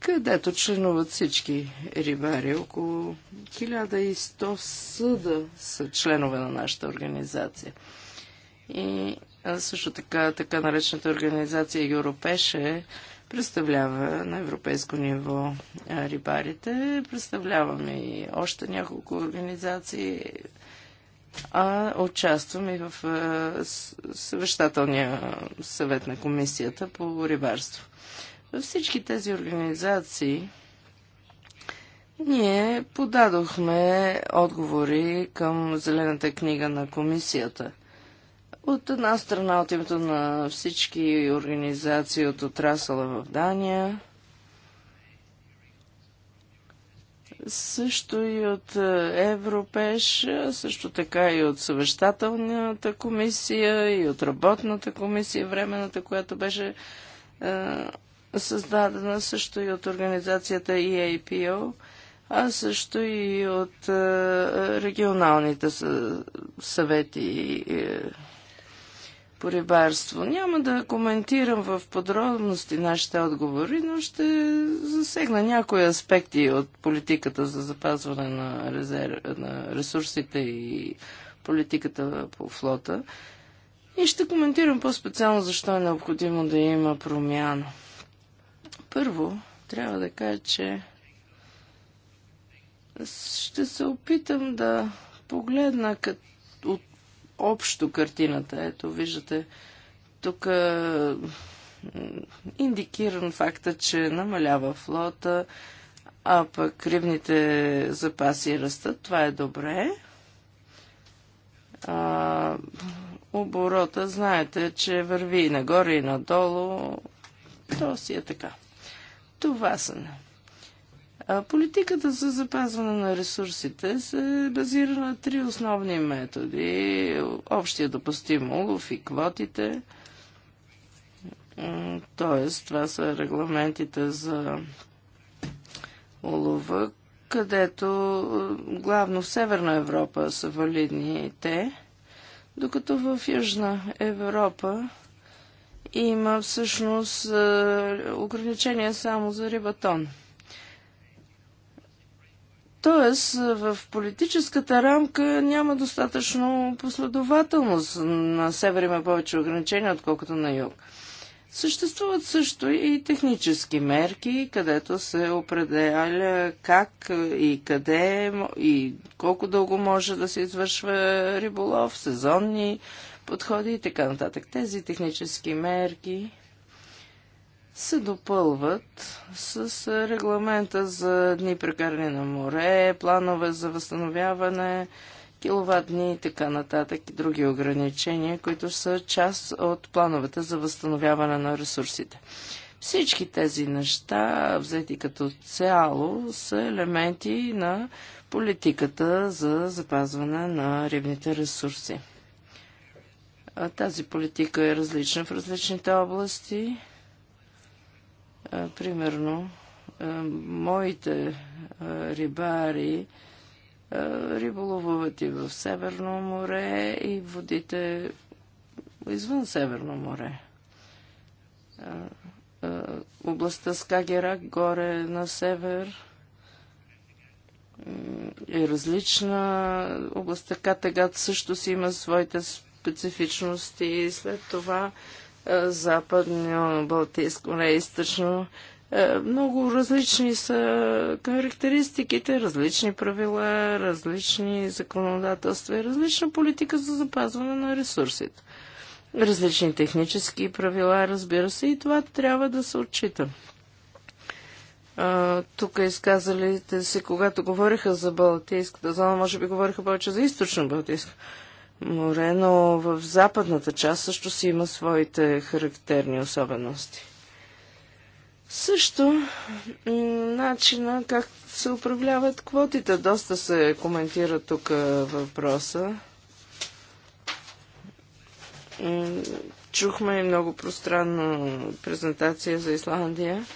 където членуват всички рибари. Около 1100 съда са членове на нашата организация. И също така, така наречената организация Европеш е представлява на европейско ниво рибарите. Представляваме и още няколко организации, а участваме и в съвещателния съвет на комисията по рибарство. Във всички тези организации ние подадохме отговори към Зелената книга на комисията – от една страна от името на всички организации от отрасъла в Дания, също и от е, Европеш, също така и от съвещателната комисия, и от работната комисия, времената, която беше е, създадена, също и от организацията EAPO, а също и от е, регионалните съвети. Е, по рибарство. Няма да коментирам в подробности нашите отговори, но ще засегна някои аспекти от политиката за запазване на, резерв... на ресурсите и политиката по флота. И ще коментирам по-специално защо е необходимо да има промяна. Първо, трябва да кажа, че ще се опитам да погледна като от общо картината. Ето, виждате, тук е индикиран факта, че намалява флота, а пък рибните запаси растат. Това е добре. А, оборота, знаете, че върви и нагоре и надолу. То си е така. Това са а политиката за запазване на ресурсите се базира на три основни методи. Общия допустим улов и квотите. Тоест, това са регламентите за улова, където главно в Северна Европа са валидни те, докато в Южна Европа има всъщност ограничения само за рибатон. Тоест, в политическата рамка няма достатъчно последователност. На север има повече ограничения, отколкото на юг. Съществуват също и технически мерки, където се определя как и къде и колко дълго може да се извършва риболов, сезонни подходи и така нататък. Тези технически мерки се допълват с регламента за дни прекарани на море, планове за възстановяване, киловатни и така нататък и други ограничения, които са част от плановете за възстановяване на ресурсите. Всички тези неща, взети като цяло, са елементи на политиката за запазване на рибните ресурси. Тази политика е различна в различните области примерно, моите рибари риболовуват и в Северно море и водите извън Северно море. Областта Скагерак горе на север е различна. Областта Катагат също си има своите специфичности. След това западно, балтийско, не източно. Е, много различни са характеристиките, различни правила, различни законодателства и различна политика за запазване на ресурсите. Различни технически правила, разбира се, и това трябва да се отчита. Тук изказалите се, когато говориха за Балтийската зона, може би говориха повече за източно Балтийска море, но в западната част също си има своите характерни особености. Също начина как се управляват квотите. Доста се коментира тук въпроса. Чухме и много пространна презентация за Исландия.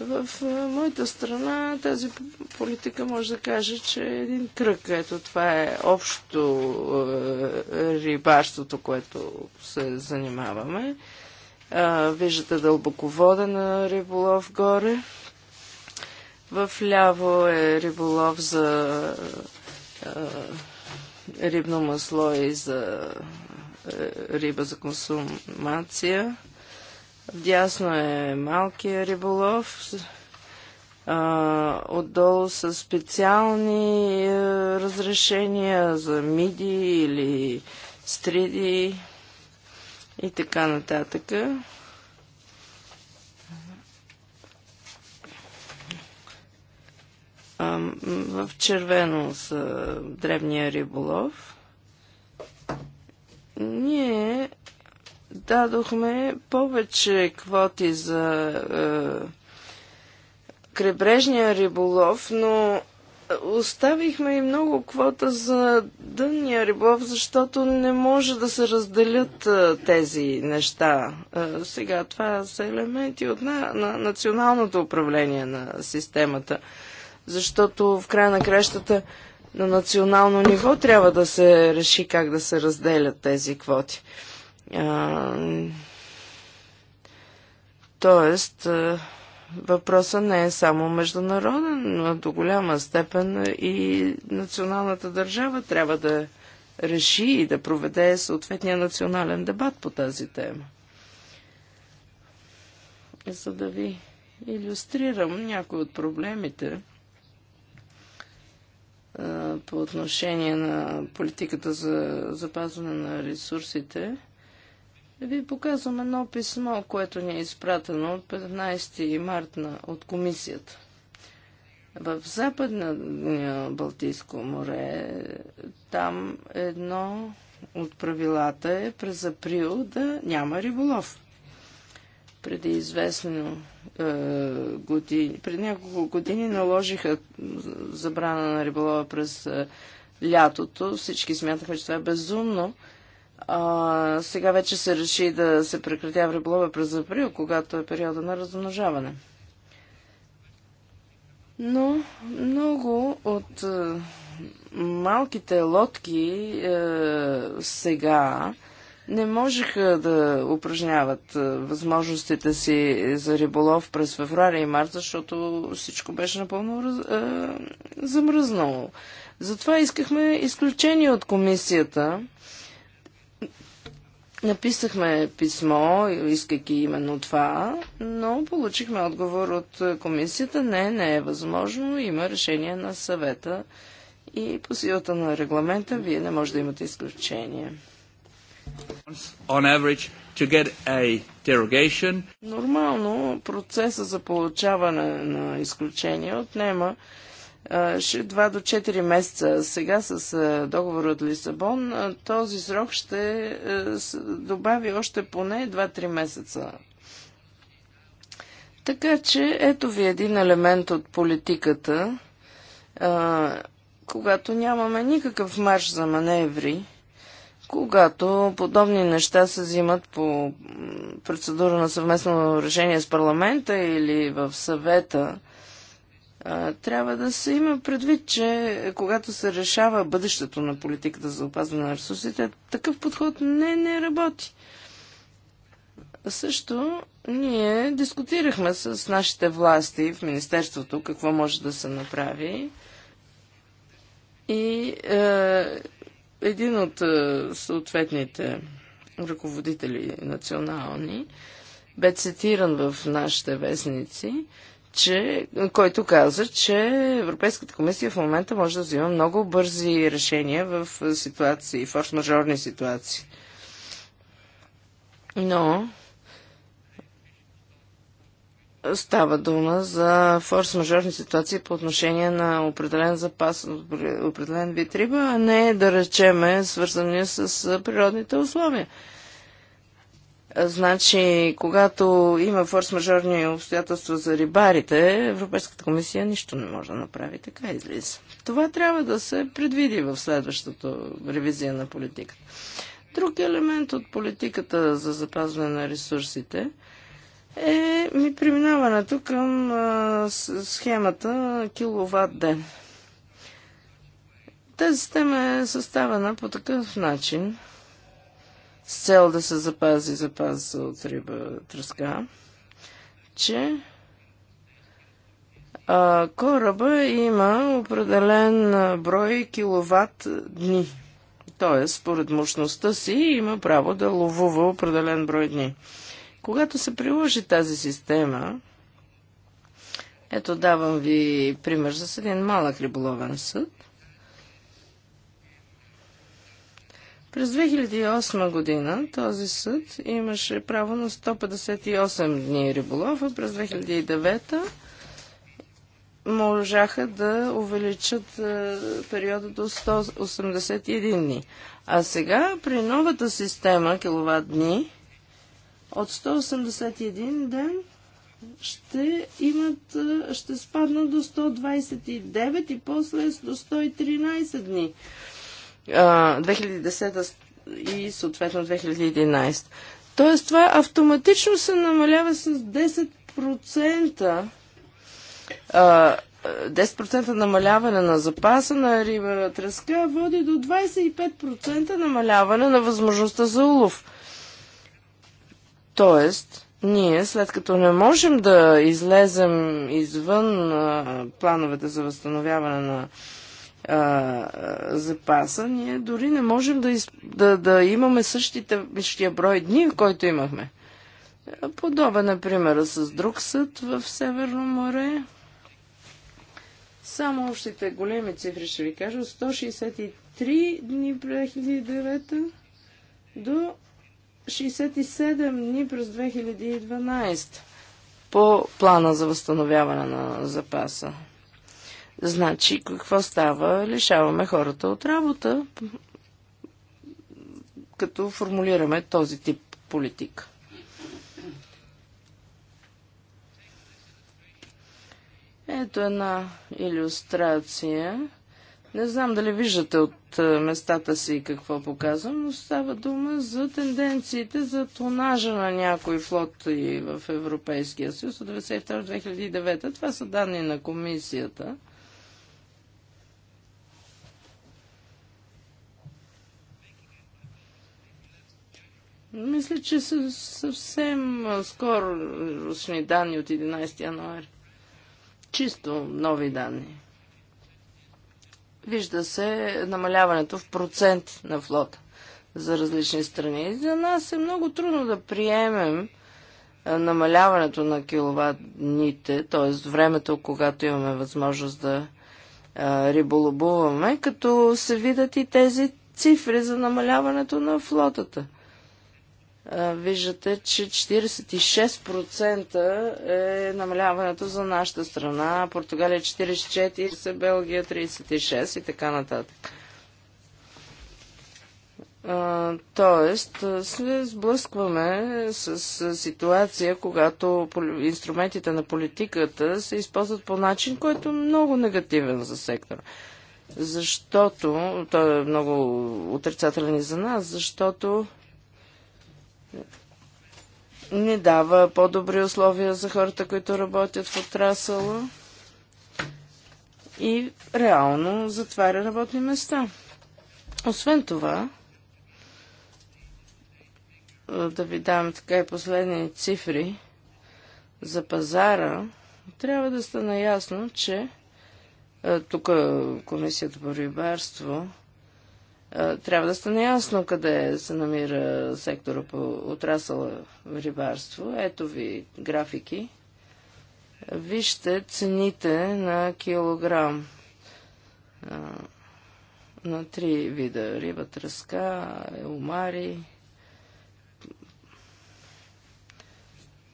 В моята страна тази политика може да каже, че е един кръг. Ето това е общото е, рибарството, което се занимаваме. Е, виждате дълбоковода на риболов горе. В ляво е риболов за е, рибно масло и за е, риба за консумация. Вдясно е малкия риболов, а, отдолу са специални е, разрешения за миди или стриди и така нататък. в червено са древния риболов. Ние дадохме повече квоти за е, крайбрежния риболов, но оставихме и много квота за дънния риболов, защото не може да се разделят е, тези неща. Е, сега това са елементи от на, на националното управление на системата, защото в края на кращата на национално ниво трябва да се реши как да се разделят тези квоти. Тоест, въпросът не е само международен, но до голяма степен и националната държава трябва да реши и да проведе съответния национален дебат по тази тема. За да ви иллюстрирам някои от проблемите по отношение на политиката за запазване на ресурсите – ви показвам едно писмо, което ни е изпратено от 15 март на, от комисията. В Западна е, Балтийско море, там едно от правилата е през април да няма риболов. Преди известно е, години, преди няколко години наложиха забрана на риболова през е, лятото. Всички смятахме, че това е безумно а, сега вече се реши да се прекратява риболова през април, когато е периода на размножаване. Но много от а, е, малките лодки а, е, сега не можеха да упражняват а, е, възможностите си за риболов през февруари и март, защото всичко беше напълно а, замръзнало. Затова искахме изключение от комисията Написахме писмо, искайки именно това, но получихме отговор от комисията. Не, не е възможно. Има решение на съвета и по силата на регламента вие не може да имате изключение. Нормално процеса за получаване на изключение отнема 2 до 4 месеца. Сега с договор от Лисабон този срок ще добави още поне 2-3 месеца. Така че ето ви един елемент от политиката, когато нямаме никакъв марш за маневри, когато подобни неща се взимат по процедура на съвместно решение с парламента или в съвета, трябва да се има предвид, че когато се решава бъдещето на политиката за опазване на ресурсите, такъв подход не, не работи. Също ние дискутирахме с нашите власти в Министерството какво може да се направи. И е, един от е, съответните ръководители национални бе цитиран в нашите вестници, че, който каза, че Европейската комисия в момента може да взима много бързи решения в ситуации, форс-мажорни ситуации. Но става дума за форс-мажорни ситуации по отношение на определен запас, определен вид риба, а не да речеме свързани с природните условия. Значи, когато има форс-мажорни обстоятелства за рибарите, Европейската комисия нищо не може да направи. Така излиза. Това трябва да се предвиди в следващата ревизия на политиката. Друг елемент от политиката за запазване на ресурсите е ми преминаването към схемата киловатт ден. Тази система е съставена по такъв начин, с цел да се запази запас от риба тръска, че а, кораба има определен брой киловатт дни. Т.е. според мощността си има право да ловува определен брой дни. Когато се приложи тази система, ето давам ви пример с един малък риболовен съд – През 2008 година този съд имаше право на 158 дни риболов, а през 2009 можаха да увеличат е, периода до 181 дни. А сега при новата система киловатт дни от 181 ден ще имат, е, ще спаднат до 129 и после до 113 дни. 2010 и съответно 2011. Тоест това автоматично се намалява с 10%. 10% намаляване на запаса на риба тръска води до 25% намаляване на възможността за улов. Тоест, ние, след като не можем да излезем извън а, плановете за възстановяване на а, запаса, ние дори не можем да, изп... да, да имаме същите, същия брой дни, който имахме. Подобен например, с друг съд в Северно море. Само общите големи цифри ще ви кажа. 163 дни през 2009 до 67 дни през 2012 по плана за възстановяване на запаса. Значи, какво става? Лишаваме хората от работа, като формулираме този тип политика. Ето една иллюстрация. Не знам дали виждате от е, местата си какво показвам, но става дума за тенденциите за тонажа на някои флоти в Европейския съюз от 1992-2009. Това са данни на комисията. Мисля, че са съвсем скорошни данни от 11 януари. Чисто нови данни. Вижда се намаляването в процент на флота за различни страни. за нас е много трудно да приемем намаляването на киловатните, т.е. времето, когато имаме възможност да риболобуваме, като се видят и тези цифри за намаляването на флотата – виждате, че 46% е намаляването за нашата страна, Португалия 44%, Белгия 36% и така нататък. Тоест, се сблъскваме с, с ситуация, когато инструментите на политиката се използват по начин, който е много негативен за сектора. Защото, той е много отрицателен и за нас, защото не дава по-добри условия за хората, които работят в отрасъла и реално затваря работни места. Освен това, да ви дам така и последни цифри за пазара, трябва да стане ясно, че е, тук Комисията по рибарство е, трябва да стане ясно къде се намира сектора по отрасъл рибарство. Ето ви графики. Вижте цените на килограм е, на три вида. Риба тръска, умари.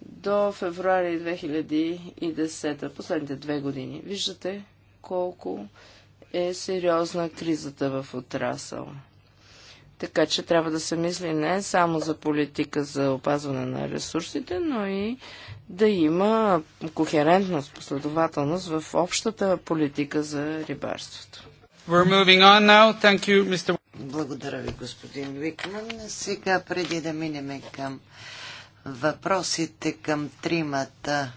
До февруари 2010, последните две години. Виждате колко е сериозна кризата в отрасъл. Така че трябва да се мисли не само за политика за опазване на ресурсите, но и да има кохерентност, последователност в общата политика за рибарството. You, Благодаря ви, господин Викман. Сега, преди да минем към въпросите към тримата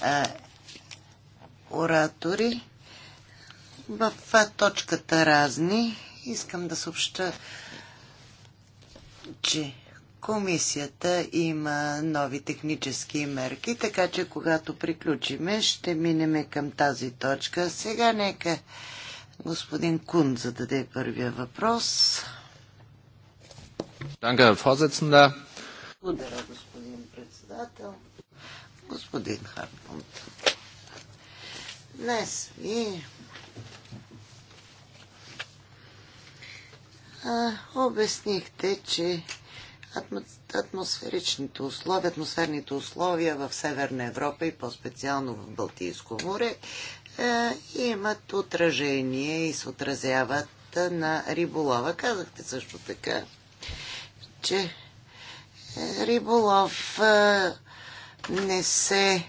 а, оратори, в точката разни искам да съобща, че комисията има нови технически мерки, така че когато приключиме, ще минеме към тази точка. Сега нека господин Кун зададе първия въпрос. Благодаря, господин председател. Господин Харпунт. Днес ви а, обяснихте, че атмосферичните условия, атмосферните условия в Северна Европа и по-специално в Балтийско море а, е, имат отражение и се отразяват на риболова. Казахте също така, че е, риболов а, е, не се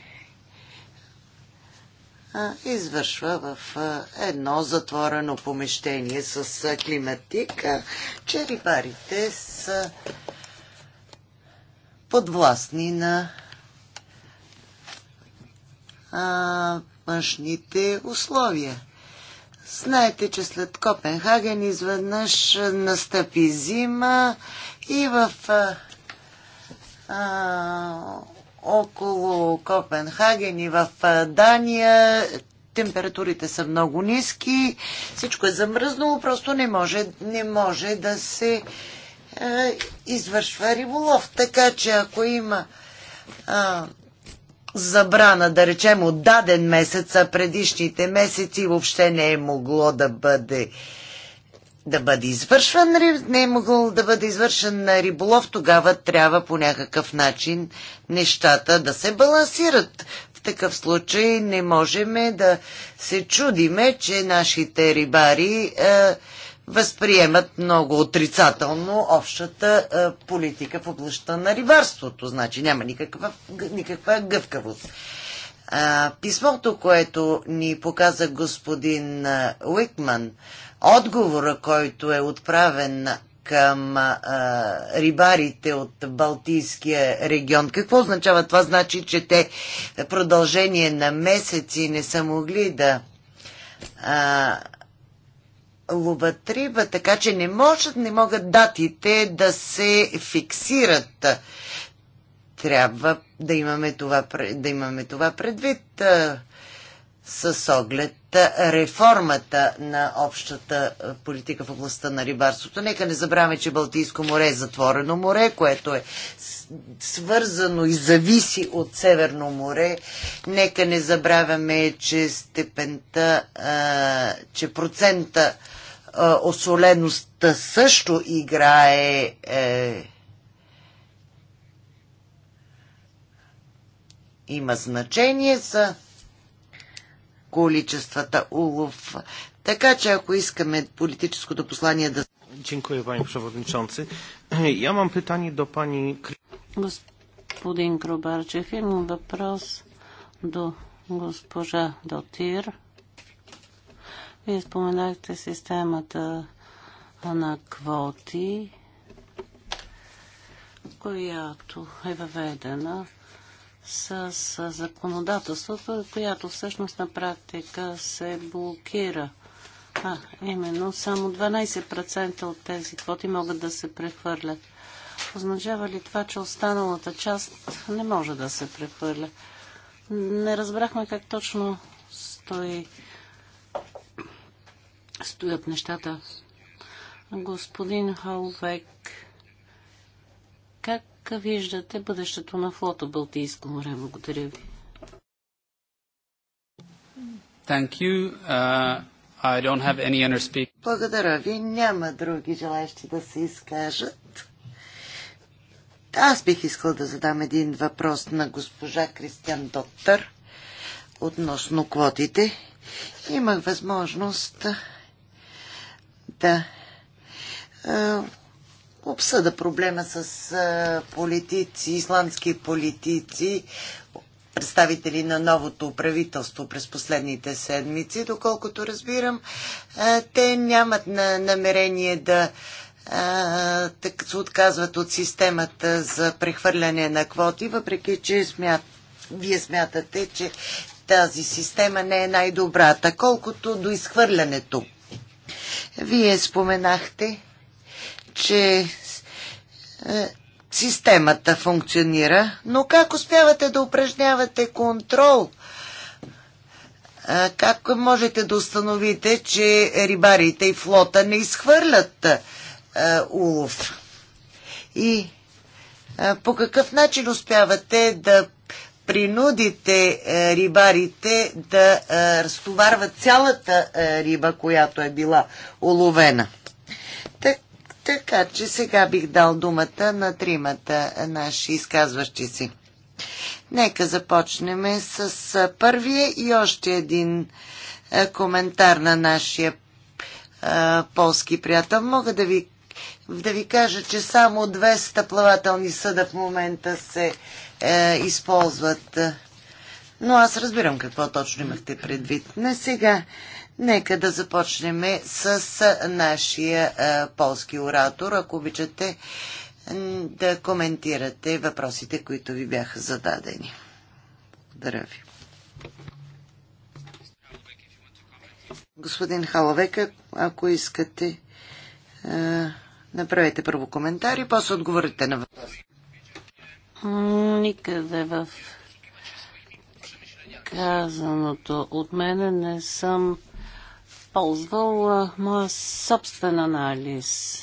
извършва в едно затворено помещение с климатика. Черепарите са подвластни на външните условия. Знаете, че след Копенхаген изведнъж настъпи зима и в а, а, около Копенхаген и в Дания температурите са много ниски, всичко е замръзнало, просто не може, не може да се е, извършва риболов. Така че ако има е, забрана, да речем, от даден месец, а предишните месеци въобще не е могло да бъде е, да бъде извършван, не е могъл да бъде извършен на риболов, тогава трябва по някакъв начин нещата да се балансират. В такъв случай не можем да се чудиме, че нашите рибари е, възприемат много отрицателно общата е, политика в областта на рибарството. Значи няма никаква, никаква гъвкавост. А, писмото, което ни показа господин е, Уикман, отговора, който е отправен към а, рибарите от Балтийския регион. Какво означава това? Значи, че те продължение на месеци не са могли да а, ловат риба, така че не, можат, не могат датите да се фиксират. Трябва да имаме това, да имаме това предвид. А, с оглед реформата на общата политика в областта на рибарството. Нека не забравяме, че Балтийско море е затворено море, което е свързано и зависи от Северно море. Нека не забравяме, че степента, а, че процента а, осолеността също играе е, има значение за количествата улов. Така че ако искаме политическото послание да... Дякую, пани przewodniczący. Я mam питание до пани... Господин Грубарчев, имам въпрос до госпожа Дотир. Вие споменахте системата на квоти, която е въведена с, законодателството, която всъщност на практика се блокира. А, именно, само 12% от тези квоти могат да се прехвърлят. Означава ли това, че останалата част не може да се прехвърля? Не разбрахме как точно стои, стоят нещата. Господин Халвек, как как виждате бъдещето на флота Балтийско море? Благодаря ви. Thank you. Uh, I don't have any other speak. Благодаря ви. Няма други желащи да се изкажат. Аз бих искал да задам един въпрос на госпожа Кристиан Доктор относно квотите. Имах възможност да обсъда проблема с политици, исландски политици, представители на новото правителство през последните седмици. Доколкото разбирам, те нямат на намерение да се отказват от системата за прехвърляне на квоти, въпреки че смят, вие смятате, че тази система не е най-добрата. Колкото до изхвърлянето, вие споменахте че е, системата функционира, но как успявате да упражнявате контрол? Е, как можете да установите, че рибарите и флота не изхвърлят е, улов? И по какъв начин успявате да принудите рибарите да разтоварват цялата риба, която е била уловена? Така че сега бих дал думата на тримата наши изказващи си. Нека започнем с първия и още един коментар на нашия а, полски приятел. Мога да ви, да ви кажа, че само 200 плавателни съда в момента се е, използват. Но аз разбирам какво точно имахте предвид. Не сега. Нека да започнем с нашия полски оратор, ако обичате да коментирате въпросите, които ви бяха зададени. Благодаря ви. Господин Халовека, ако искате, направете първо коментари, после отговорите на въпроса. Никъде в казаното от мене не съм използвал моя собствен анализ.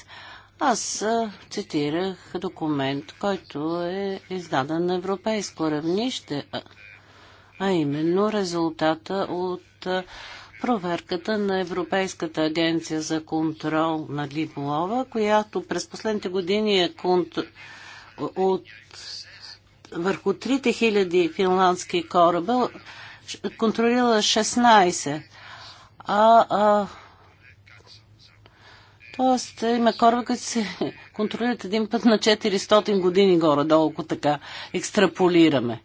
Аз цитирах документ, който е издаден на европейско равнище, а именно резултата от проверката на Европейската агенция за контрол на риболова, която през последните години е конт... от върху 3000 финландски кораба контролира 16 а, а Тоест, има кораби, които се контролират един път на 400 години горе-долу, така екстраполираме.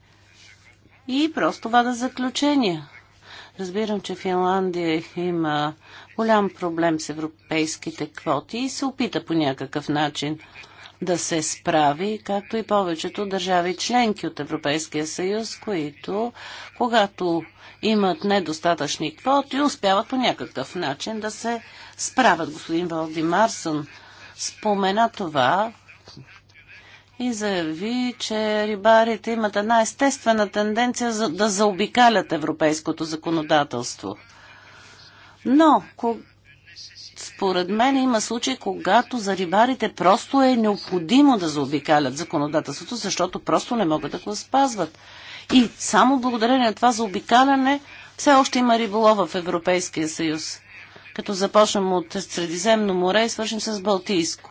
И просто вада заключения. Разбирам, че Финландия има голям проблем с европейските квоти и се опита по някакъв начин да се справи, както и повечето държави членки от Европейския съюз, които, когато имат недостатъчни квоти, успяват по някакъв начин да се справят. Господин Валди Марсън спомена това и заяви, че рибарите имат една естествена тенденция да заобикалят европейското законодателство. Но, според мен има случаи, когато за рибарите просто е необходимо да заобикалят законодателството, защото просто не могат да го спазват. И само благодарение на това заобикаляне все още има риболов в Европейския съюз. Като започнем от Средиземно море и свършим с Балтийско.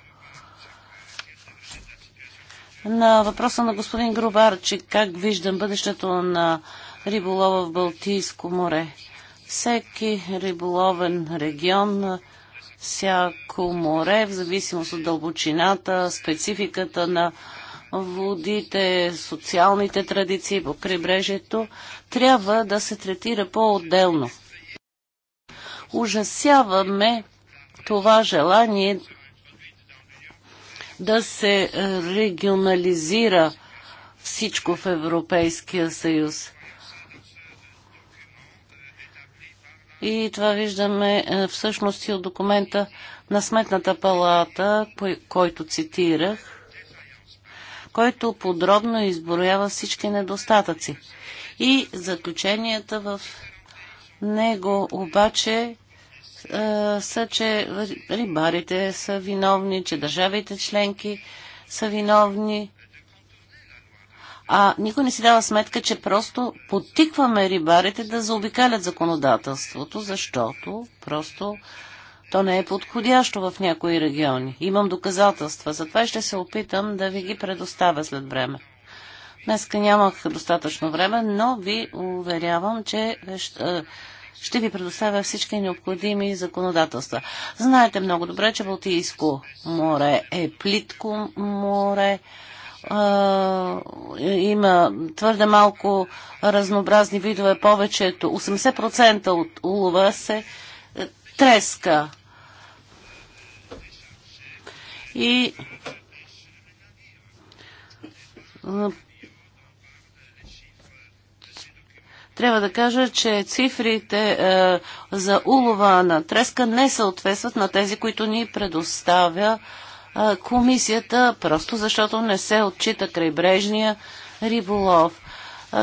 На въпроса на господин че как виждам бъдещето на риболова в Балтийско море. Всеки риболовен регион всяко море, в зависимост от дълбочината, спецификата на водите, социалните традиции по крайбрежието, трябва да се третира по-отделно. Ужасяваме това желание да се регионализира всичко в Европейския съюз. И това виждаме е, всъщност и от документа на Сметната палата, който цитирах, който подробно изброява всички недостатъци. И заключенията в него обаче е, са, че рибарите са виновни, че държавите членки са виновни, а никой не си дава сметка, че просто потикваме рибарите да заобикалят законодателството, защото просто то не е подходящо в някои региони. Имам доказателства, затова ще се опитам да ви ги предоставя след време. Днеска нямах достатъчно време, но ви уверявам, че ще ви предоставя всички необходими законодателства. Знаете много добре, че Балтийско море е плитко море има твърде малко разнообразни видове, повечето, 80% от улова се е, треска. И трябва да кажа, че цифрите е, за улова на треска не съответстват на тези, които ни предоставя е, комисията, просто защото не се отчита крайбрежния риболов.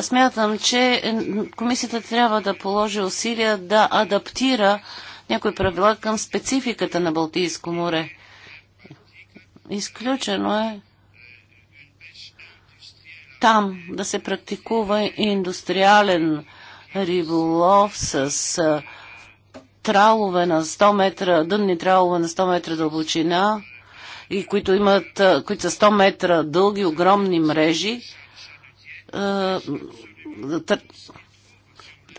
смятам, че комисията трябва да положи усилия да адаптира някои правила към спецификата на Балтийско море. Изключено е там да се практикува индустриален риболов с тралове на 100 метра, дънни тралове на 100 метра дълбочина и които, имат, които са 100 метра дълги, огромни мрежи.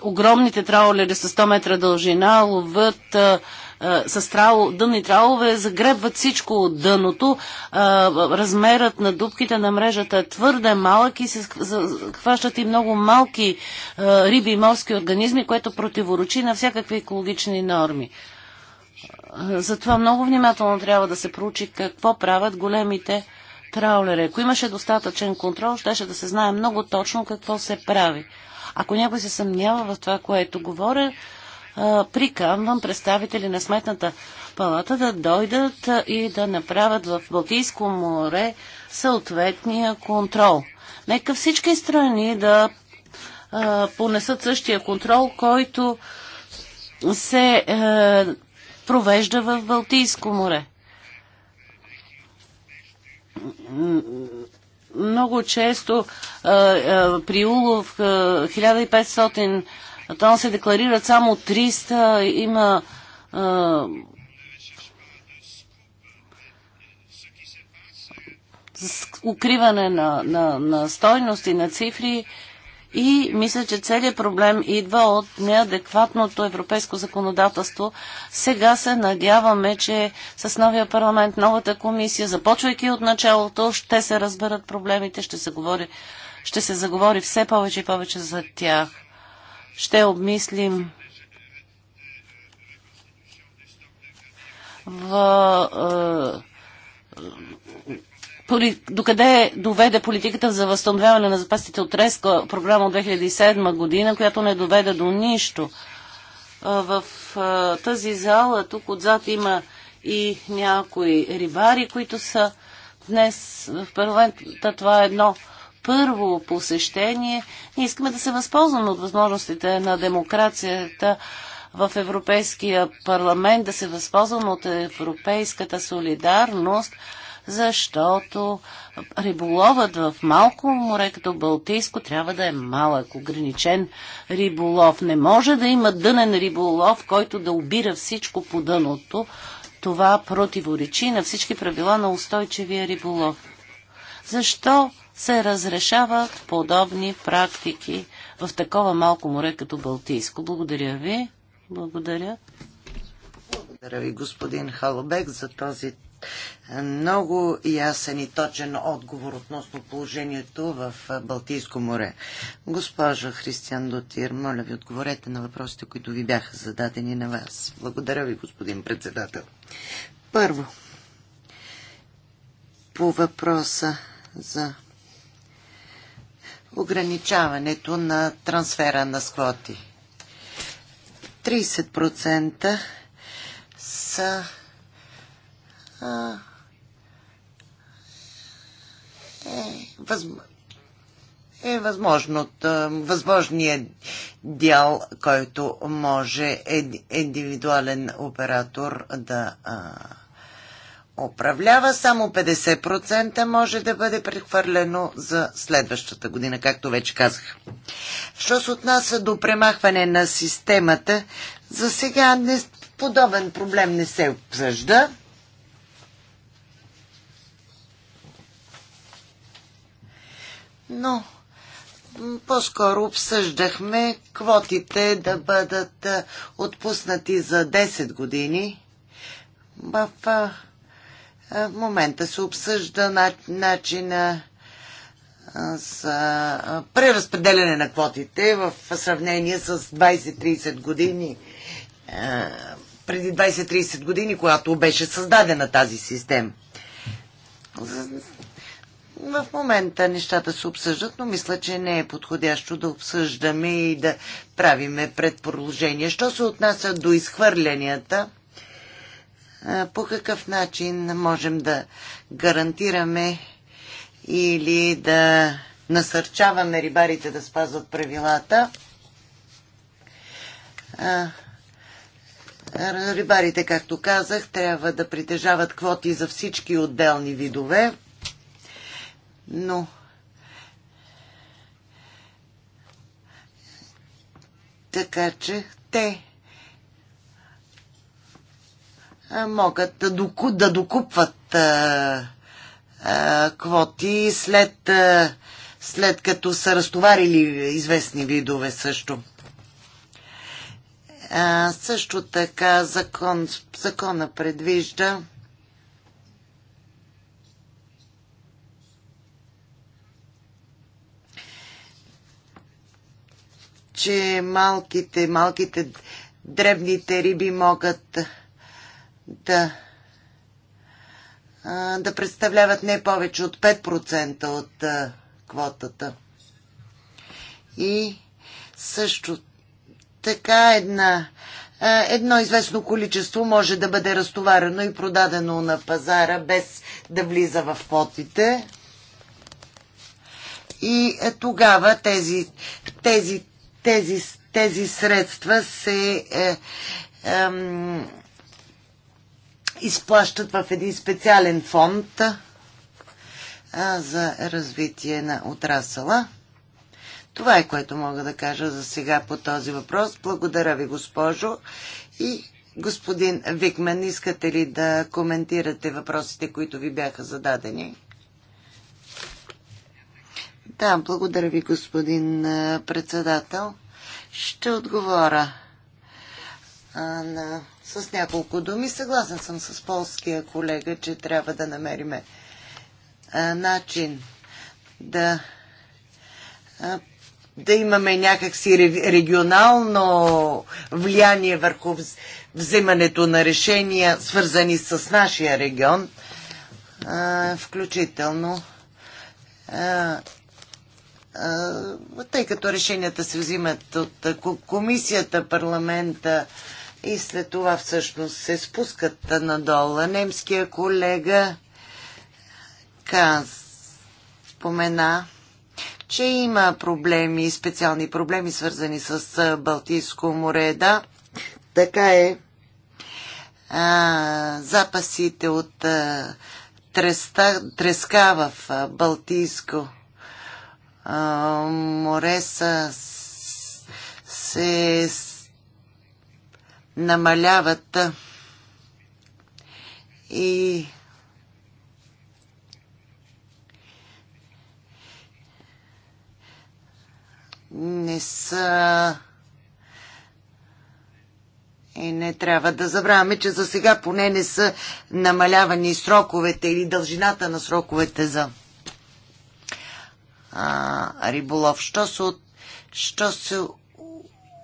Огромните траулери с 100 метра дължина ловът с трал, дънни траулове, загребват всичко от дъното. размерът на дубките на мрежата е твърде малък и се хващат и много малки риби и морски организми, което противоречи на всякакви екологични норми. Затова много внимателно трябва да се проучи какво правят големите траулери. Ако имаше достатъчен контрол, щеше да се знае много точно какво се прави. Ако някой се съмнява в това, което говоря, приканвам представители на Сметната палата да дойдат и да направят в Балтийско море съответния контрол. Нека всички страни да понесат същия контрол, който се е, провежда в Балтийско море. Много често при улов 1500 там се декларират само 300, има укриване на, на, на стойности, на цифри. И мисля, че целият проблем идва от неадекватното европейско законодателство. Сега се надяваме, че с новия парламент, новата комисия, започвайки от началото, ще се разберат проблемите, ще се, говори, ще се заговори все повече и повече за тях. Ще обмислим в е, докъде доведе политиката за възстановяване на запасите от резка програма от 2007 година, която не доведе до нищо. В тази зала, тук отзад има и някои рибари, които са днес в парламента. Това е едно първо посещение. Ние искаме да се възползваме от възможностите на демокрацията в Европейския парламент, да се възползваме от европейската солидарност – защото риболовът в малко море, като Балтийско, трябва да е малък, ограничен риболов. Не може да има дънен риболов, който да обира всичко по дъното. Това противоречи на всички правила на устойчивия риболов. Защо се разрешават подобни практики в такова малко море като Балтийско? Благодаря ви. Благодаря. Благодаря ви, господин Халобек, за този много ясен и точен отговор относно положението в Балтийско море. Госпожо Християн Дотир, моля ви, отговорете на въпросите, които ви бяха зададени на вас. Благодаря ви, господин председател. Първо, по въпроса за ограничаването на трансфера на сквоти. 30% са е, въз... е възможно, възможният дял, който може индивидуален оператор да а, управлява. Само 50% може да бъде прехвърлено за следващата година, както вече казах. Що се отнася до премахване на системата, за сега не, подобен проблем не се обсъжда. но по-скоро обсъждахме квотите да бъдат отпуснати за 10 години. В, в момента се обсъжда начина с преразпределяне на квотите в сравнение с 20-30 години преди 20-30 години, когато беше създадена тази система. В момента нещата се обсъждат, но мисля, че не е подходящо да обсъждаме и да правиме предположения. Що се отнася до изхвърлянията, по какъв начин можем да гарантираме или да насърчаваме рибарите да спазват правилата. Рибарите, както казах, трябва да притежават квоти за всички отделни видове но така че те могат да, доку, да докупват а, а, квоти след, а, след като са разтоварили известни видове също. А, също така закон, закона предвижда че малките, малките дребните риби могат да да представляват не повече от 5% от квотата. И също така една, едно известно количество може да бъде разтоварено и продадено на пазара без да влиза в квотите. И е, тогава тези, тези тези, тези средства се е, е, изплащат в един специален фонд е, за развитие на отрасъла. Това е което мога да кажа за сега по този въпрос. Благодаря ви, госпожо. И господин Викмен, искате ли да коментирате въпросите, които ви бяха зададени? Да, благодаря ви, господин председател. Ще отговоря а, на, с няколко думи. Съгласен съм с полския колега, че трябва да намериме а, начин да, а, да имаме някакси регионално влияние върху взимането на решения, свързани с нашия регион, а, включително тъй като решенията се взимат от комисията, парламента и след това всъщност се спускат надолу. Немския колега каз спомена, че има проблеми, специални проблеми, свързани с Балтийско море. Да, така е. А, запасите от а, треста, треска в а, Балтийско море са, се намаляват и не са и не трябва да забравяме, че за сега поне не са намалявани сроковете или дължината на сроковете за а, риболов. Що се, от, що се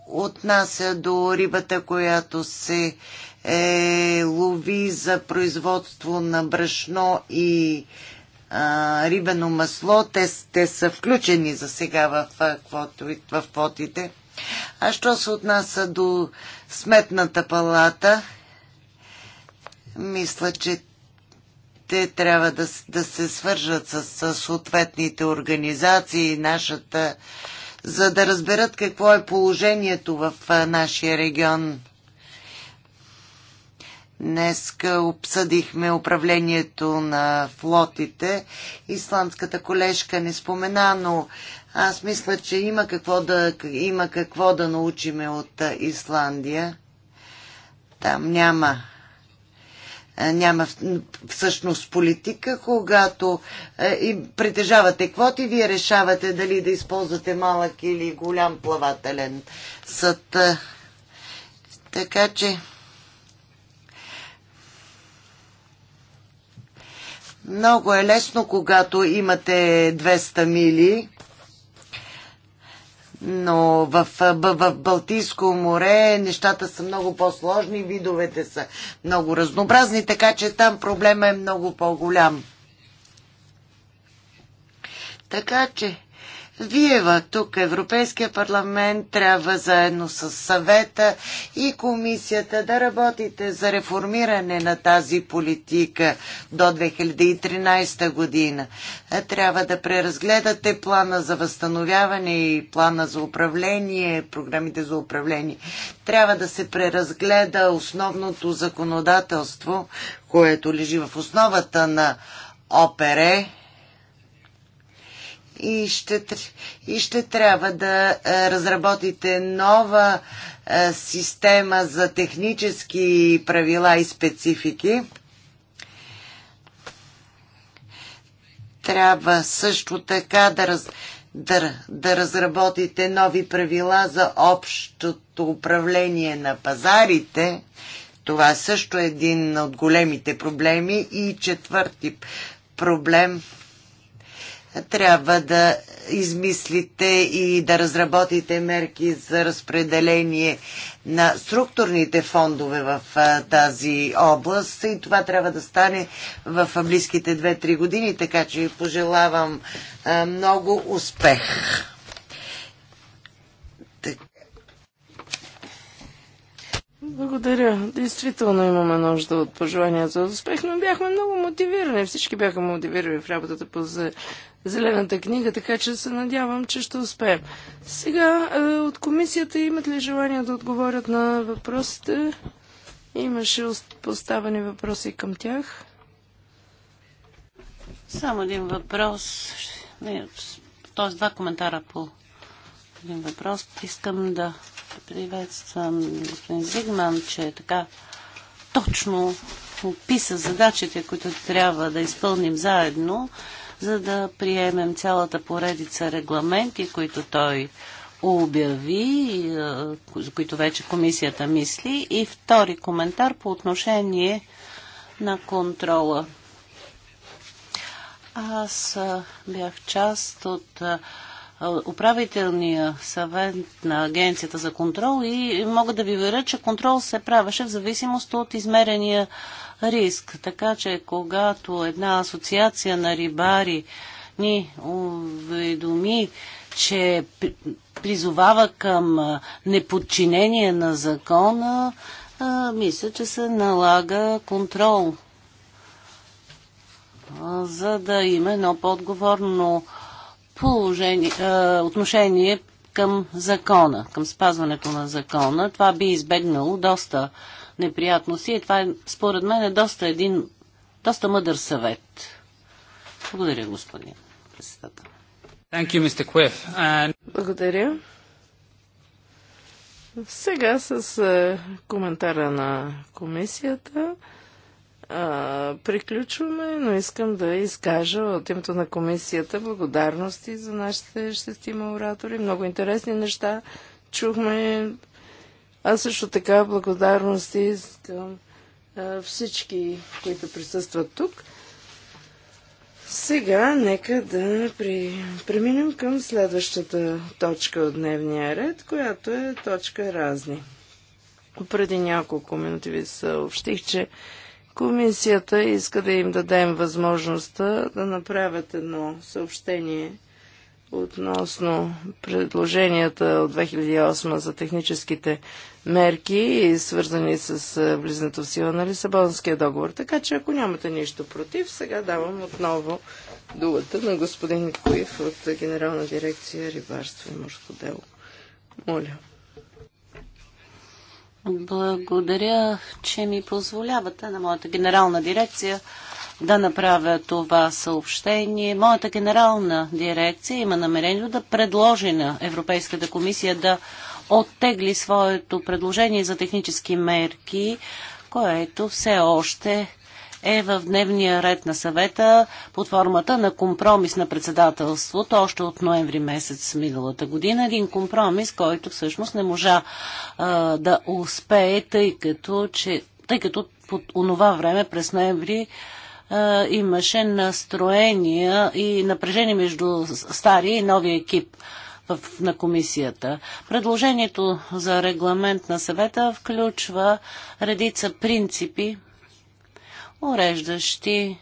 отнася до рибата, която се е, лови за производство на брашно и а, рибено масло, те, те са включени за сега в, в, в потите. А що се отнася до сметната палата, мисля, че те трябва да, да се свържат с, с съответните организации, нашата, за да разберат какво е положението в нашия регион. Днес обсъдихме управлението на флотите. Исландската колежка не спомена, но аз мисля, че има какво да, има какво да научиме от Исландия. Там няма е, няма всъщност политика, когато е, и притежавате квоти, вие решавате дали да използвате малък или голям плавателен съд. Е, така че много е лесно, когато имате 200 мили но в, в, в Балтийско море нещата са много по-сложни, видовете са много разнообразни, така че там проблема е много по-голям. Така че Виева, тук Европейския парламент трябва заедно с съвета и комисията да работите за реформиране на тази политика до 2013 година. Е, трябва да преразгледате плана за възстановяване и плана за управление, програмите за управление. Трябва да се преразгледа основното законодателство, което лежи в основата на ОПЕРЕ, и ще, и ще трябва да е, разработите нова е, система за технически правила и специфики. Трябва също така да, раз, да, да разработите нови правила за общото управление на пазарите. Това също е един от големите проблеми. И четвърти проблем – трябва да измислите и да разработите мерки за разпределение на структурните фондове в тази област и това трябва да стане в близките 2-3 години, така че ви пожелавам много успех. Благодаря. Действително имаме нужда от пожелания за успех, но бяхме много мотивирани. Всички бяха мотивирани в работата по зелената книга, така че се надявам, че ще успеем. Сега е, от комисията имат ли желание да отговорят на въпросите? Имаше поставени въпроси към тях. Само един въпрос, т.е. два коментара по един въпрос. Искам да приветствам господин Зигман, че така точно описа задачите, които трябва да изпълним заедно за да приемем цялата поредица регламенти, които той обяви, е, за които вече комисията мисли. И втори коментар по отношение на контрола. Аз е, бях част от е, управителния съвет на Агенцията за контрол и мога да ви веря, че контрол се правеше в зависимост от измерения риск. Така че, когато една асоциация на рибари ни уведоми, че призовава към неподчинение на закона, мисля, че се налага контрол, за да има едно по-отговорно отношение към закона, към спазването на закона. Това би избегнало доста неприятности. И това е, според мен е доста един, доста мъдър съвет. Благодаря, господин председател. Благодаря. Сега с е, коментара на комисията а, е, приключваме, но искам да изкажа от името на комисията благодарности за нашите шестима оратори. Много интересни неща чухме, аз също така благодарности към всички, които присъстват тук. Сега нека да при... преминем към следващата точка от дневния ред, която е точка разни. Преди няколко минути ви съобщих, че комисията иска да им дадем възможността да направят едно съобщение относно предложенията от 2008 за техническите мерки, свързани с е, влизането в сила на Лисабонския договор. Така че, ако нямате нищо против, сега давам отново думата на господин Куев от Генерална дирекция Рибарство и морско дело. Моля. Благодаря, че ми позволявате на моята генерална дирекция да направя това съобщение. Моята генерална дирекция има намерение да предложи на Европейската комисия да оттегли своето предложение за технически мерки, което все още е в дневния ред на съвета под формата на компромис на председателството още от ноември месец миналата година. Един компромис, който всъщност не можа а, да успее, тъй като, че, тъй като под онова време през ноември имаше настроения и напрежение между стария и новия екип в, на комисията. Предложението за регламент на съвета включва редица принципи, уреждащи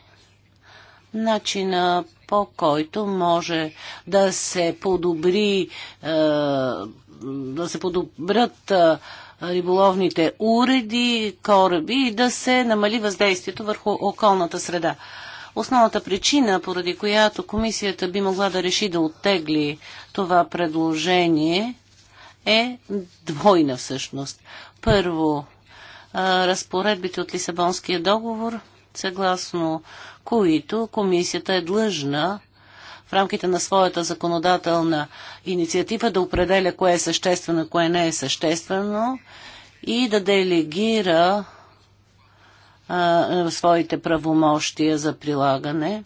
начина по който може да се подобри е, да се подобрят е, риболовните уреди, кораби и да се намали въздействието върху околната среда. Основната причина, поради която комисията би могла да реши да оттегли това предложение, е двойна всъщност. Първо, е, разпоредбите от Лисабонския договор – съгласно които комисията е длъжна в рамките на своята законодателна инициатива да определя кое е съществено, кое не е съществено и да делегира а, своите правомощия за прилагане.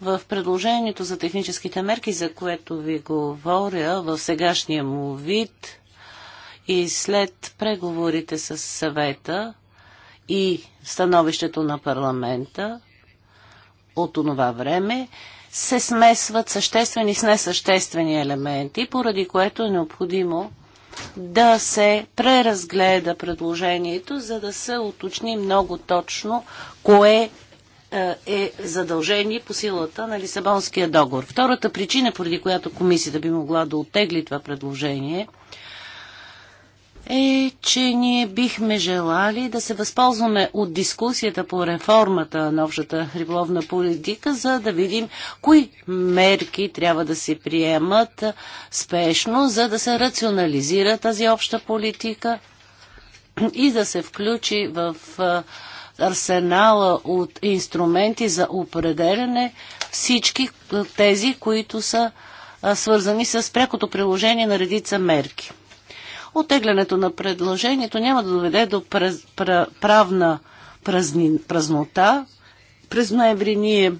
В предложението за техническите мерки, за което ви говоря в сегашния му вид и след преговорите с съвета, и становището на парламента от онова време се смесват съществени с несъществени елементи, поради което е необходимо да се преразгледа предложението, за да се уточни много точно кое е, е задължение по силата на Лисабонския договор. Втората причина, поради която комисията би могла да оттегли това предложение – е, че ние бихме желали да се възползваме от дискусията по реформата на общата риболовна политика, за да видим кои мерки трябва да се приемат спешно, за да се рационализира тази обща политика и да се включи в арсенала от инструменти за определене всички тези, които са свързани с прякото приложение на редица мерки. Отеглянето на предложението няма да доведе до през, пра, правна празни, празнота. През ноември ние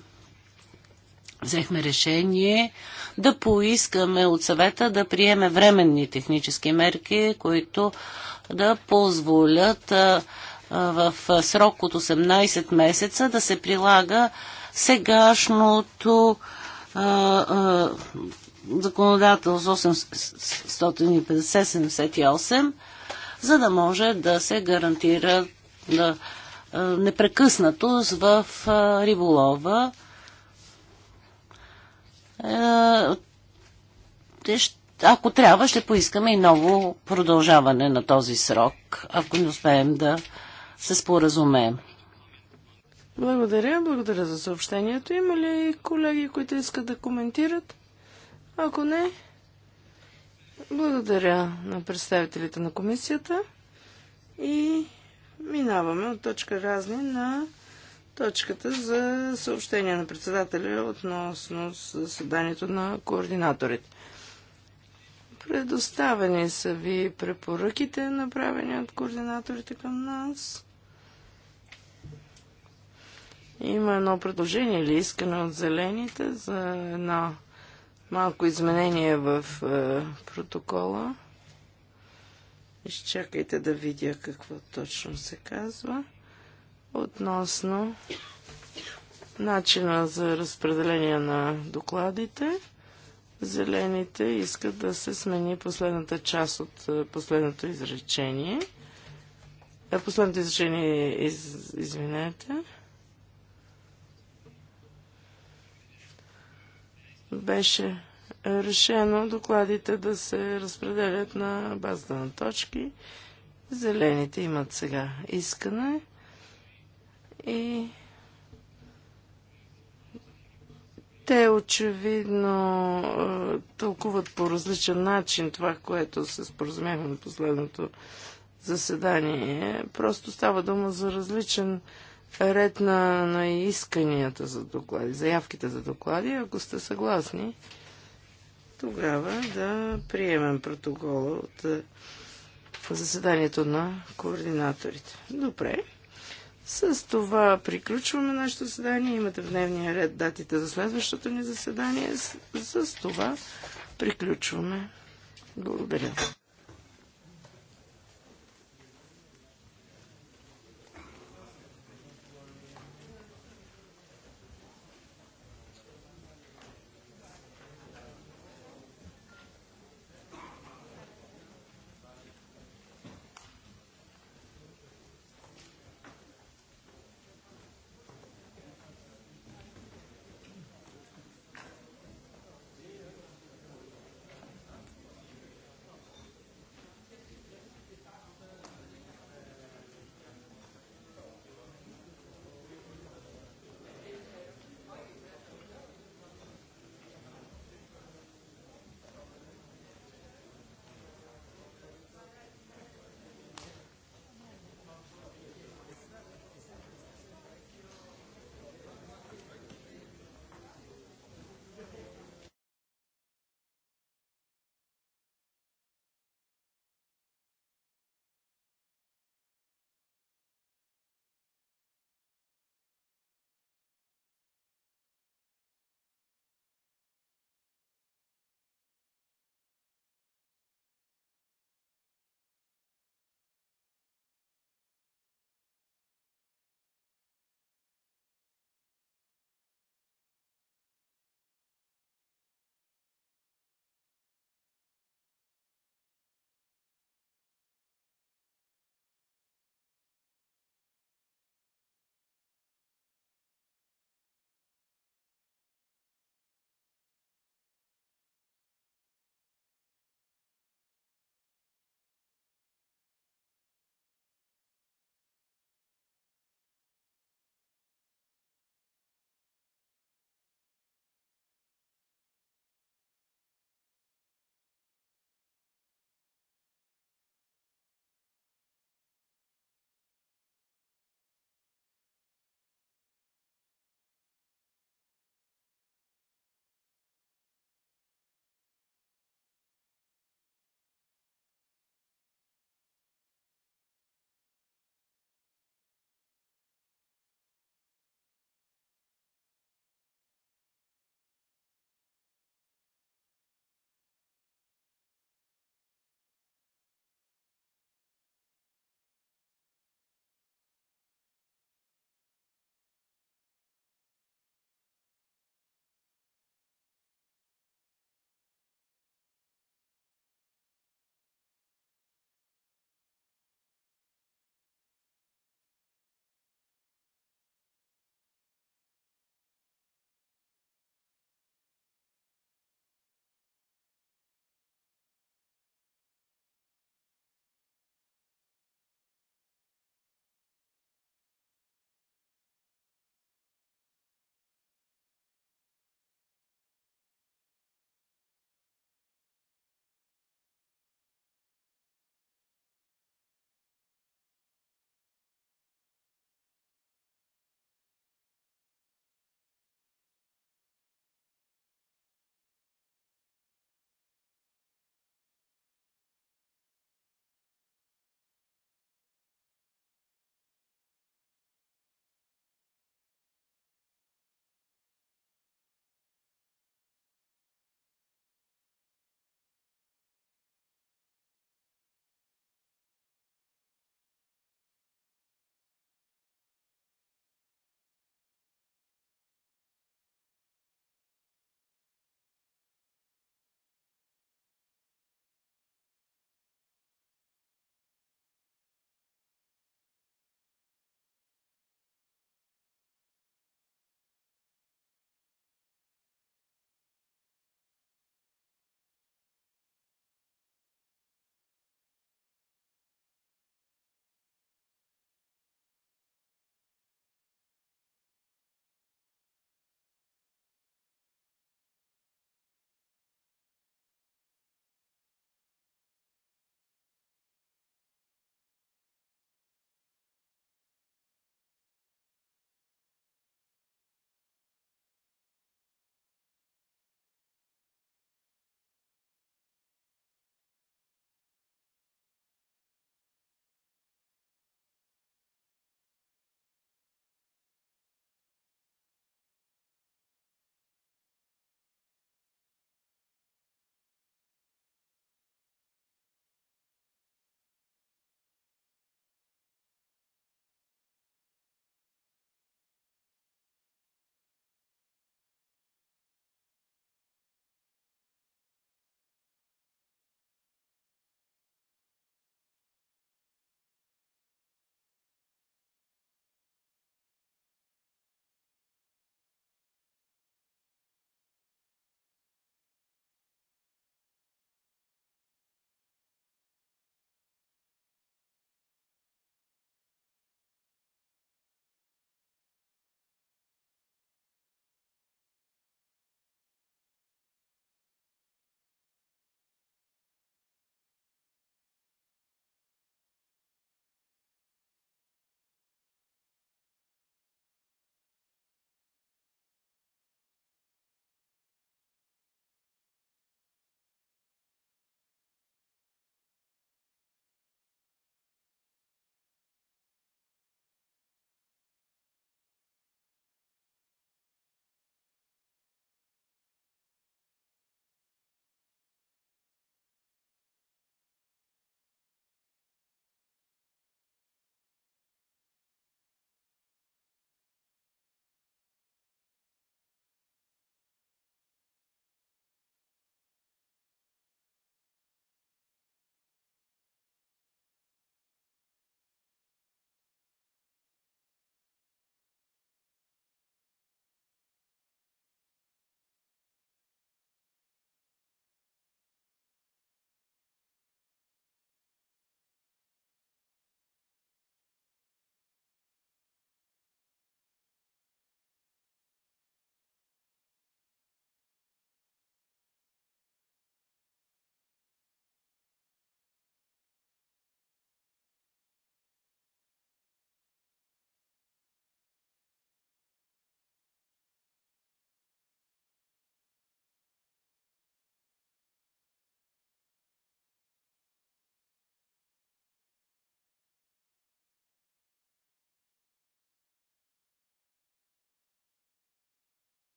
взехме решение да поискаме от съвета да приеме временни технически мерки, които да позволят в срок от 18 месеца да се прилага сегашното законодателство 850-78, за да може да се гарантира да, е, непрекъснатост в е, риболова. Е, ако трябва, ще поискаме и ново продължаване на този срок, ако не успеем да се споразумеем. Благодаря, благодаря за съобщението. Има ли колеги, които искат да коментират? Ако не, благодаря на представителите на комисията и минаваме от точка разни на точката за съобщение на председателя относно заседанието на координаторите. Предоставени са ви препоръките, направени от координаторите към нас. Има едно предложение или искане от зелените за една малко изменение в е, протокола. Изчакайте да видя какво точно се казва. Относно начина за разпределение на докладите, зелените искат да се смени последната част от е, последното изречение. Е, последното изречение, из, извинете. беше решено докладите да се разпределят на базата на точки. Зелените имат сега искане и те очевидно е, тълкуват по различен начин това, което се споразумяхме на последното заседание. Просто става дума за различен ред на, на исканията за доклади, заявките за доклади, ако сте съгласни, тогава да приемем протокола от е, заседанието на координаторите. Добре. С това приключваме нашето заседание. Имате в дневния ред датите за следващото ни заседание. С, с това приключваме. Благодаря.